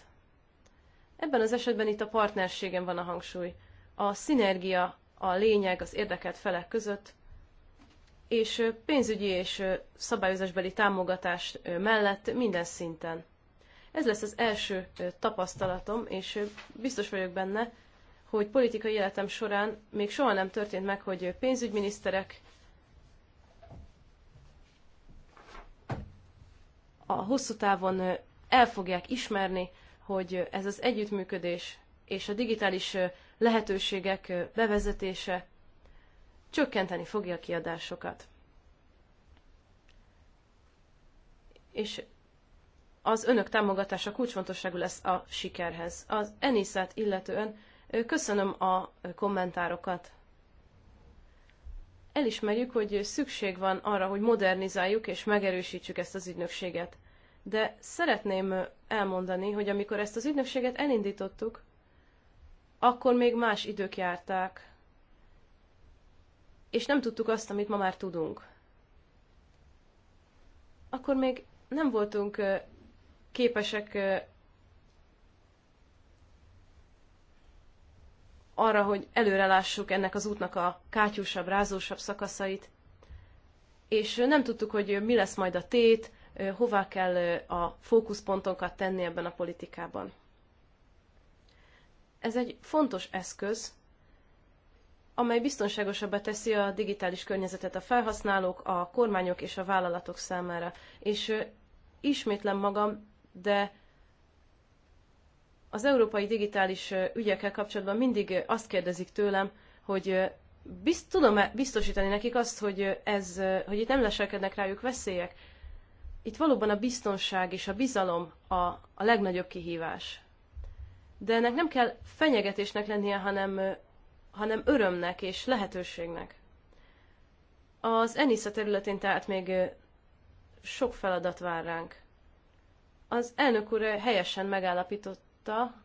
Ebben az esetben itt a partnerségen van a hangsúly. A szinergia a lényeg az érdekelt felek között, és pénzügyi és szabályozásbeli támogatás mellett minden szinten. Ez lesz az első tapasztalatom, és biztos vagyok benne, hogy politikai életem során még soha nem történt meg, hogy pénzügyminiszterek a hosszú távon el fogják ismerni, hogy ez az együttműködés és a digitális lehetőségek bevezetése csökkenteni fogja a kiadásokat. És az önök támogatása kulcsfontosságú lesz a sikerhez. Az Enisát illetően köszönöm a kommentárokat. Elismerjük, hogy szükség van arra, hogy modernizáljuk és megerősítsük ezt az ügynökséget. De szeretném elmondani, hogy amikor ezt az ügynökséget elindítottuk, akkor még más idők járták. És nem tudtuk azt, amit ma már tudunk. Akkor még nem voltunk képesek arra, hogy előrelássuk ennek az útnak a kátyúsabb, rázósabb szakaszait, és nem tudtuk, hogy mi lesz majd a tét, hová kell a fókuszpontokat tenni ebben a politikában. Ez egy fontos eszköz, amely biztonságosabbá teszi a digitális környezetet a felhasználók, a kormányok és a vállalatok számára. És ismétlem magam, de az európai digitális ügyekkel kapcsolatban mindig azt kérdezik tőlem, hogy bizt, tudom-e biztosítani nekik azt, hogy, ez, hogy itt nem leselkednek rájuk veszélyek? Itt valóban a biztonság és a bizalom a, a legnagyobb kihívás de ennek nem kell fenyegetésnek lennie, hanem, hanem örömnek és lehetőségnek. Az Enisza területén tehát még sok feladat vár ránk. Az elnök úr helyesen megállapította,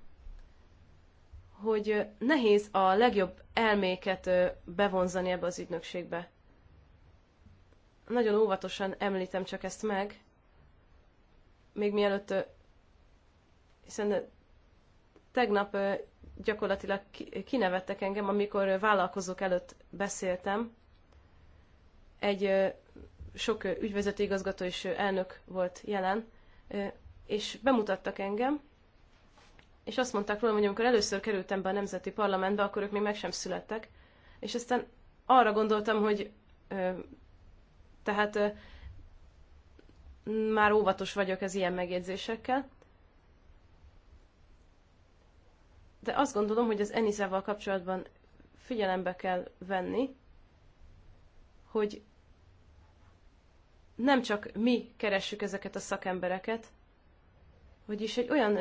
hogy nehéz a legjobb elméket bevonzani ebbe az ügynökségbe. Nagyon óvatosan említem csak ezt meg, még mielőtt, hiszen tegnap gyakorlatilag kinevettek engem, amikor vállalkozók előtt beszéltem. Egy sok ügyvezető igazgató és elnök volt jelen, és bemutattak engem, és azt mondták rólam, hogy amikor először kerültem be a Nemzeti Parlamentbe, akkor ők még meg sem születtek, és aztán arra gondoltam, hogy tehát már óvatos vagyok ez ilyen megjegyzésekkel, de azt gondolom, hogy az Enizával kapcsolatban figyelembe kell venni, hogy nem csak mi keressük ezeket a szakembereket, vagyis egy olyan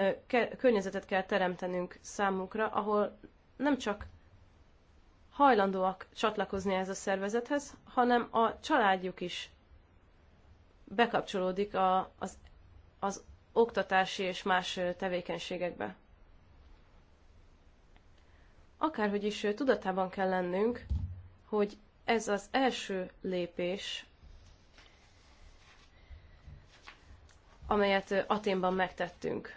környezetet kell teremtenünk számukra, ahol nem csak hajlandóak csatlakozni ez a szervezethez, hanem a családjuk is bekapcsolódik a, az, az oktatási és más tevékenységekbe akárhogy is tudatában kell lennünk, hogy ez az első lépés, amelyet Aténban megtettünk.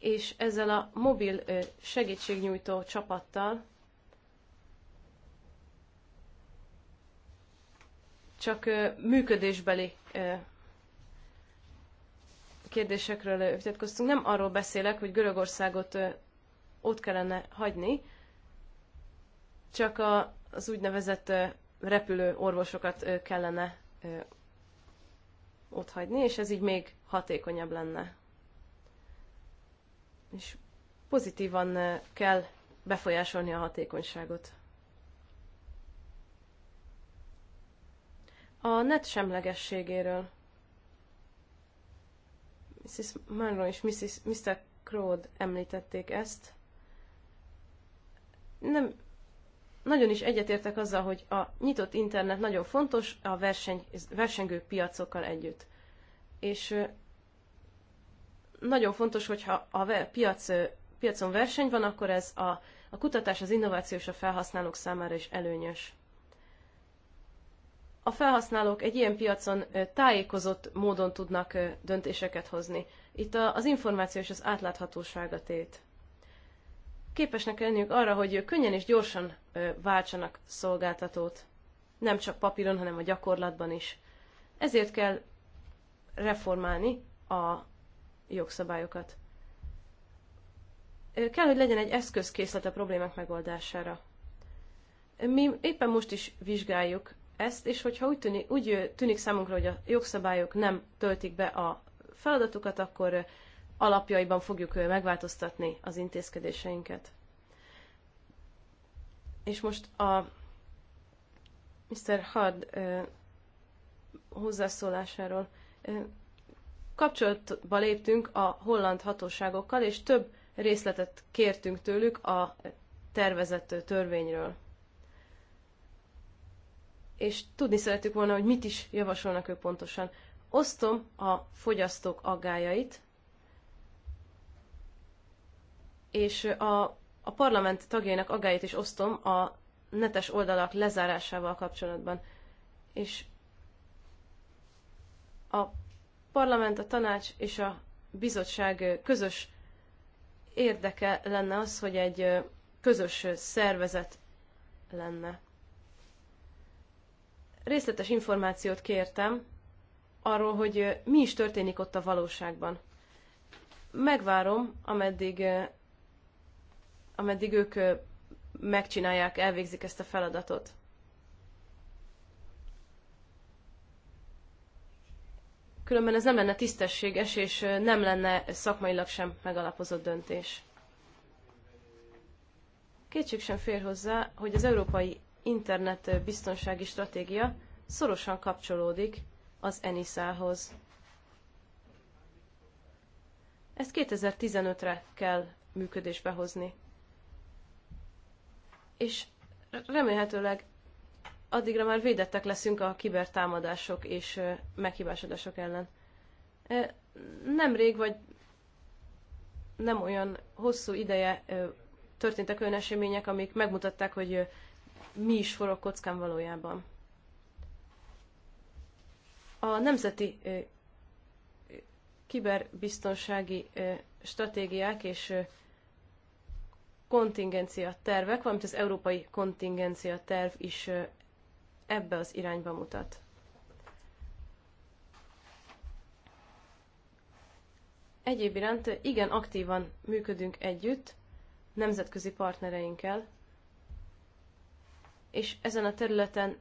És ezzel a mobil segítségnyújtó csapattal csak működésbeli kérdésekről vitatkoztunk. Nem arról beszélek, hogy Görögországot ott kellene hagyni, csak az úgynevezett repülő orvosokat kellene ott hagyni, és ez így még hatékonyabb lenne. És pozitívan kell befolyásolni a hatékonyságot. A net semlegességéről. Mrs. Monroe és Mrs. Mr. Crowd említették ezt. Nem, nagyon is egyetértek azzal, hogy a nyitott internet nagyon fontos a verseny, versengő piacokkal együtt. És nagyon fontos, hogyha a piac, piacon verseny van, akkor ez a, a kutatás, az innováció és a felhasználók számára is előnyös a felhasználók egy ilyen piacon tájékozott módon tudnak döntéseket hozni. Itt az információ és az átláthatóság a tét. Képesnek lenniük arra, hogy könnyen és gyorsan váltsanak szolgáltatót. Nem csak papíron, hanem a gyakorlatban is. Ezért kell reformálni a jogszabályokat. Kell, hogy legyen egy eszközkészlet a problémák megoldására. Mi éppen most is vizsgáljuk ezt, és hogyha úgy tűnik, úgy tűnik számunkra, hogy a jogszabályok nem töltik be a feladatukat, akkor alapjaiban fogjuk megváltoztatni az intézkedéseinket. És most a Mr. Hard hozzászólásáról kapcsolatba léptünk a holland hatóságokkal, és több részletet kértünk tőlük a tervezett törvényről és tudni szerettük volna, hogy mit is javasolnak ők pontosan. Osztom a fogyasztók aggájait, és a, a parlament tagjainak aggájait is osztom a netes oldalak lezárásával kapcsolatban. És a parlament, a tanács és a bizottság közös érdeke lenne az, hogy egy közös szervezet lenne részletes információt kértem arról, hogy mi is történik ott a valóságban. Megvárom, ameddig, ameddig ők megcsinálják, elvégzik ezt a feladatot. Különben ez nem lenne tisztességes, és nem lenne szakmailag sem megalapozott döntés. Kétség sem fér hozzá, hogy az Európai internet biztonsági stratégia szorosan kapcsolódik az ENISA-hoz. Ezt 2015-re kell működésbe hozni. És remélhetőleg addigra már védettek leszünk a kibertámadások és meghibásodások ellen. Nemrég, vagy nem olyan hosszú ideje történtek olyan események, amik megmutatták, hogy mi is forog kockán valójában. A nemzeti kiberbiztonsági stratégiák és kontingencia tervek, valamint az európai kontingencia terv is ebbe az irányba mutat. Egyéb iránt igen aktívan működünk együtt nemzetközi partnereinkkel, és ezen a területen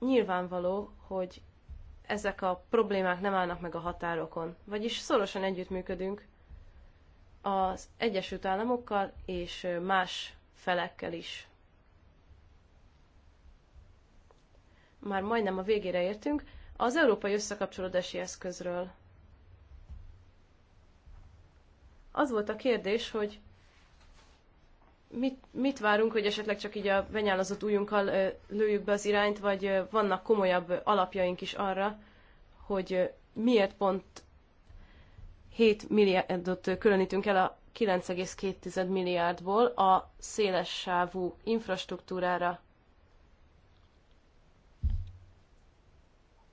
nyilvánvaló, hogy ezek a problémák nem állnak meg a határokon. Vagyis szorosan együttműködünk az Egyesült Államokkal és más felekkel is. Már majdnem a végére értünk. Az Európai Összekapcsolódási Eszközről. Az volt a kérdés, hogy mit, mit várunk, hogy esetleg csak így a benyálazott ujjunkkal lőjük be az irányt, vagy vannak komolyabb alapjaink is arra, hogy miért pont 7 milliárdot különítünk el a 9,2 milliárdból a széles sávú infrastruktúrára.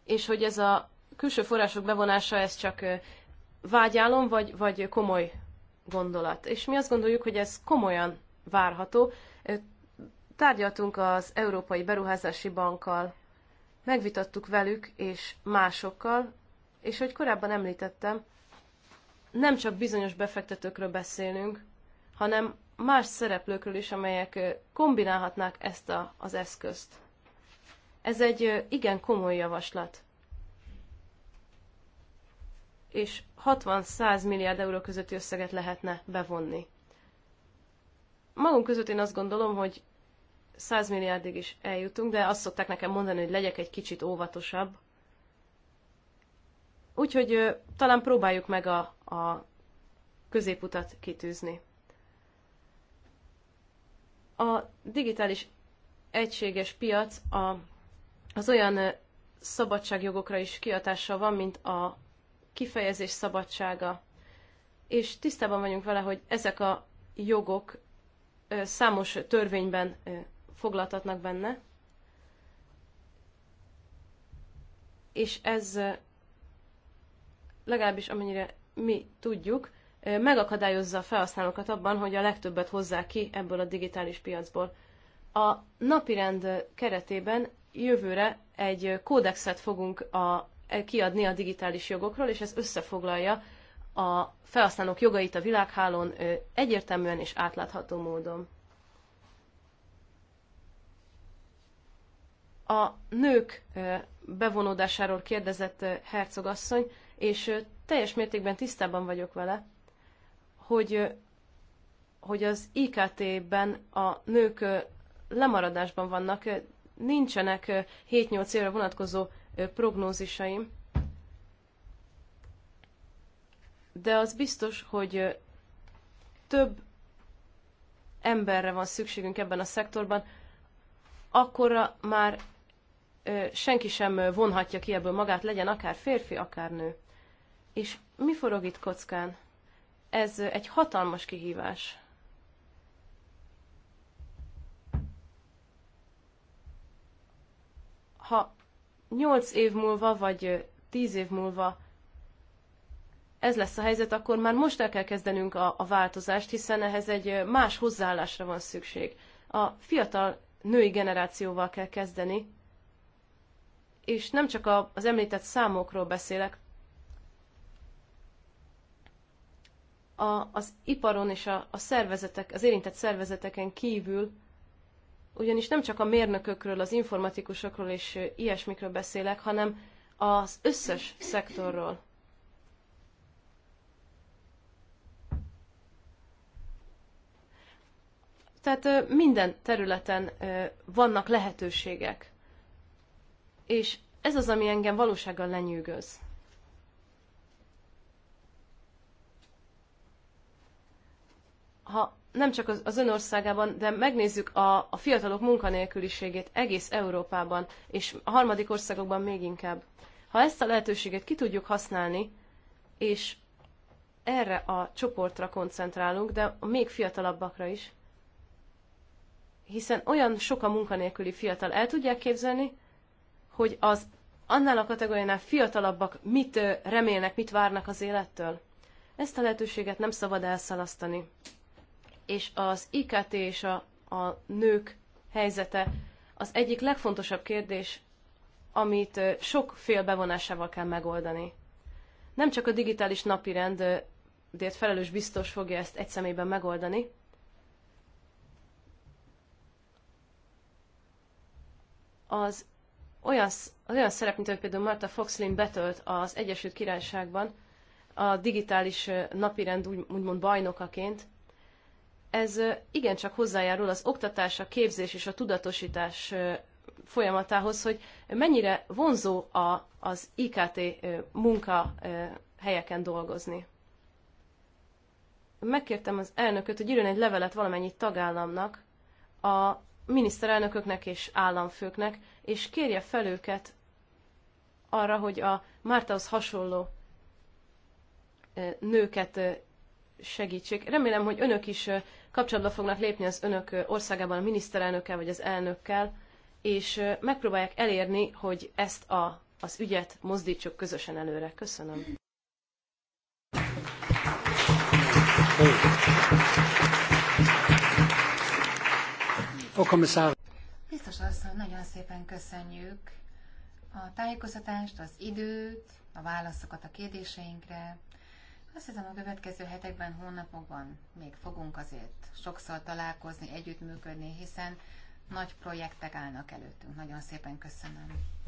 És hogy ez a külső források bevonása, ez csak vágyálom, vagy, vagy komoly gondolat. És mi azt gondoljuk, hogy ez komolyan várható. Tárgyaltunk az Európai Beruházási Bankkal, megvitattuk velük és másokkal, és hogy korábban említettem, nem csak bizonyos befektetőkről beszélünk, hanem más szereplőkről is, amelyek kombinálhatnák ezt a, az eszközt. Ez egy igen komoly javaslat. És 60-100 milliárd euró közötti összeget lehetne bevonni magunk között én azt gondolom, hogy 100 milliárdig is eljutunk, de azt szokták nekem mondani, hogy legyek egy kicsit óvatosabb. Úgyhogy talán próbáljuk meg a, a középutat kitűzni. A digitális egységes piac a, az olyan szabadságjogokra is kiatással van, mint a kifejezés szabadsága. És tisztában vagyunk vele, hogy ezek a jogok számos törvényben foglaltatnak benne, és ez legalábbis amennyire mi tudjuk, megakadályozza a felhasználókat abban, hogy a legtöbbet hozzák ki ebből a digitális piacból. A napirend keretében jövőre egy kódexet fogunk a, kiadni a digitális jogokról, és ez összefoglalja a felhasználók jogait a világhálón egyértelműen és átlátható módon. A nők bevonódásáról kérdezett hercogasszony, és teljes mértékben tisztában vagyok vele, hogy, hogy az IKT-ben a nők lemaradásban vannak, nincsenek 7-8 évre vonatkozó prognózisaim, de az biztos, hogy több emberre van szükségünk ebben a szektorban, akkor már senki sem vonhatja ki ebből magát, legyen akár férfi, akár nő. És mi forog itt kockán? Ez egy hatalmas kihívás. Ha nyolc év múlva, vagy tíz év múlva ez lesz a helyzet, akkor már most el kell kezdenünk a, a változást, hiszen ehhez egy más hozzáállásra van szükség. A fiatal női generációval kell kezdeni, és nem csak a, az említett számokról beszélek, a, az iparon és a, a szervezetek, az érintett szervezeteken kívül, ugyanis nem csak a mérnökökről, az informatikusokról és ilyesmikről beszélek, hanem az összes szektorról Tehát minden területen vannak lehetőségek. És ez az, ami engem valósággal lenyűgöz. Ha nem csak az, önországában, de megnézzük a, a fiatalok munkanélküliségét egész Európában, és a harmadik országokban még inkább. Ha ezt a lehetőséget ki tudjuk használni, és erre a csoportra koncentrálunk, de a még fiatalabbakra is, hiszen olyan sok a munkanélküli fiatal. El tudják képzelni, hogy az annál a kategóriánál fiatalabbak mit remélnek, mit várnak az élettől? Ezt a lehetőséget nem szabad elszalasztani. És az IKT és a, a nők helyzete az egyik legfontosabb kérdés, amit sok fél bevonásával kell megoldani. Nem csak a digitális napirend, de felelős biztos fogja ezt egy személyben megoldani, az olyan, az olyan szerep, mint hogy például Marta Foxlin betölt az Egyesült Királyságban a digitális napirend úgy, úgymond bajnokaként, ez igencsak hozzájárul az oktatás, a képzés és a tudatosítás folyamatához, hogy mennyire vonzó a, az IKT munka helyeken dolgozni. Megkértem az elnököt, hogy írjon egy levelet valamennyi tagállamnak a miniszterelnököknek és államfőknek, és kérje fel őket arra, hogy a Mártahoz hasonló nőket segítsék. Remélem, hogy önök is kapcsolatba fognak lépni az önök országában a miniszterelnökkel vagy az elnökkel, és megpróbálják elérni, hogy ezt a, az ügyet mozdítsuk közösen előre. Köszönöm. Köszönöm. Biztos asszony, nagyon szépen köszönjük a tájékoztatást, az időt, a válaszokat a kérdéseinkre. Azt hiszem, a következő hetekben, hónapokban még fogunk azért sokszor találkozni, együttműködni, hiszen nagy projektek állnak előttünk. Nagyon szépen köszönöm.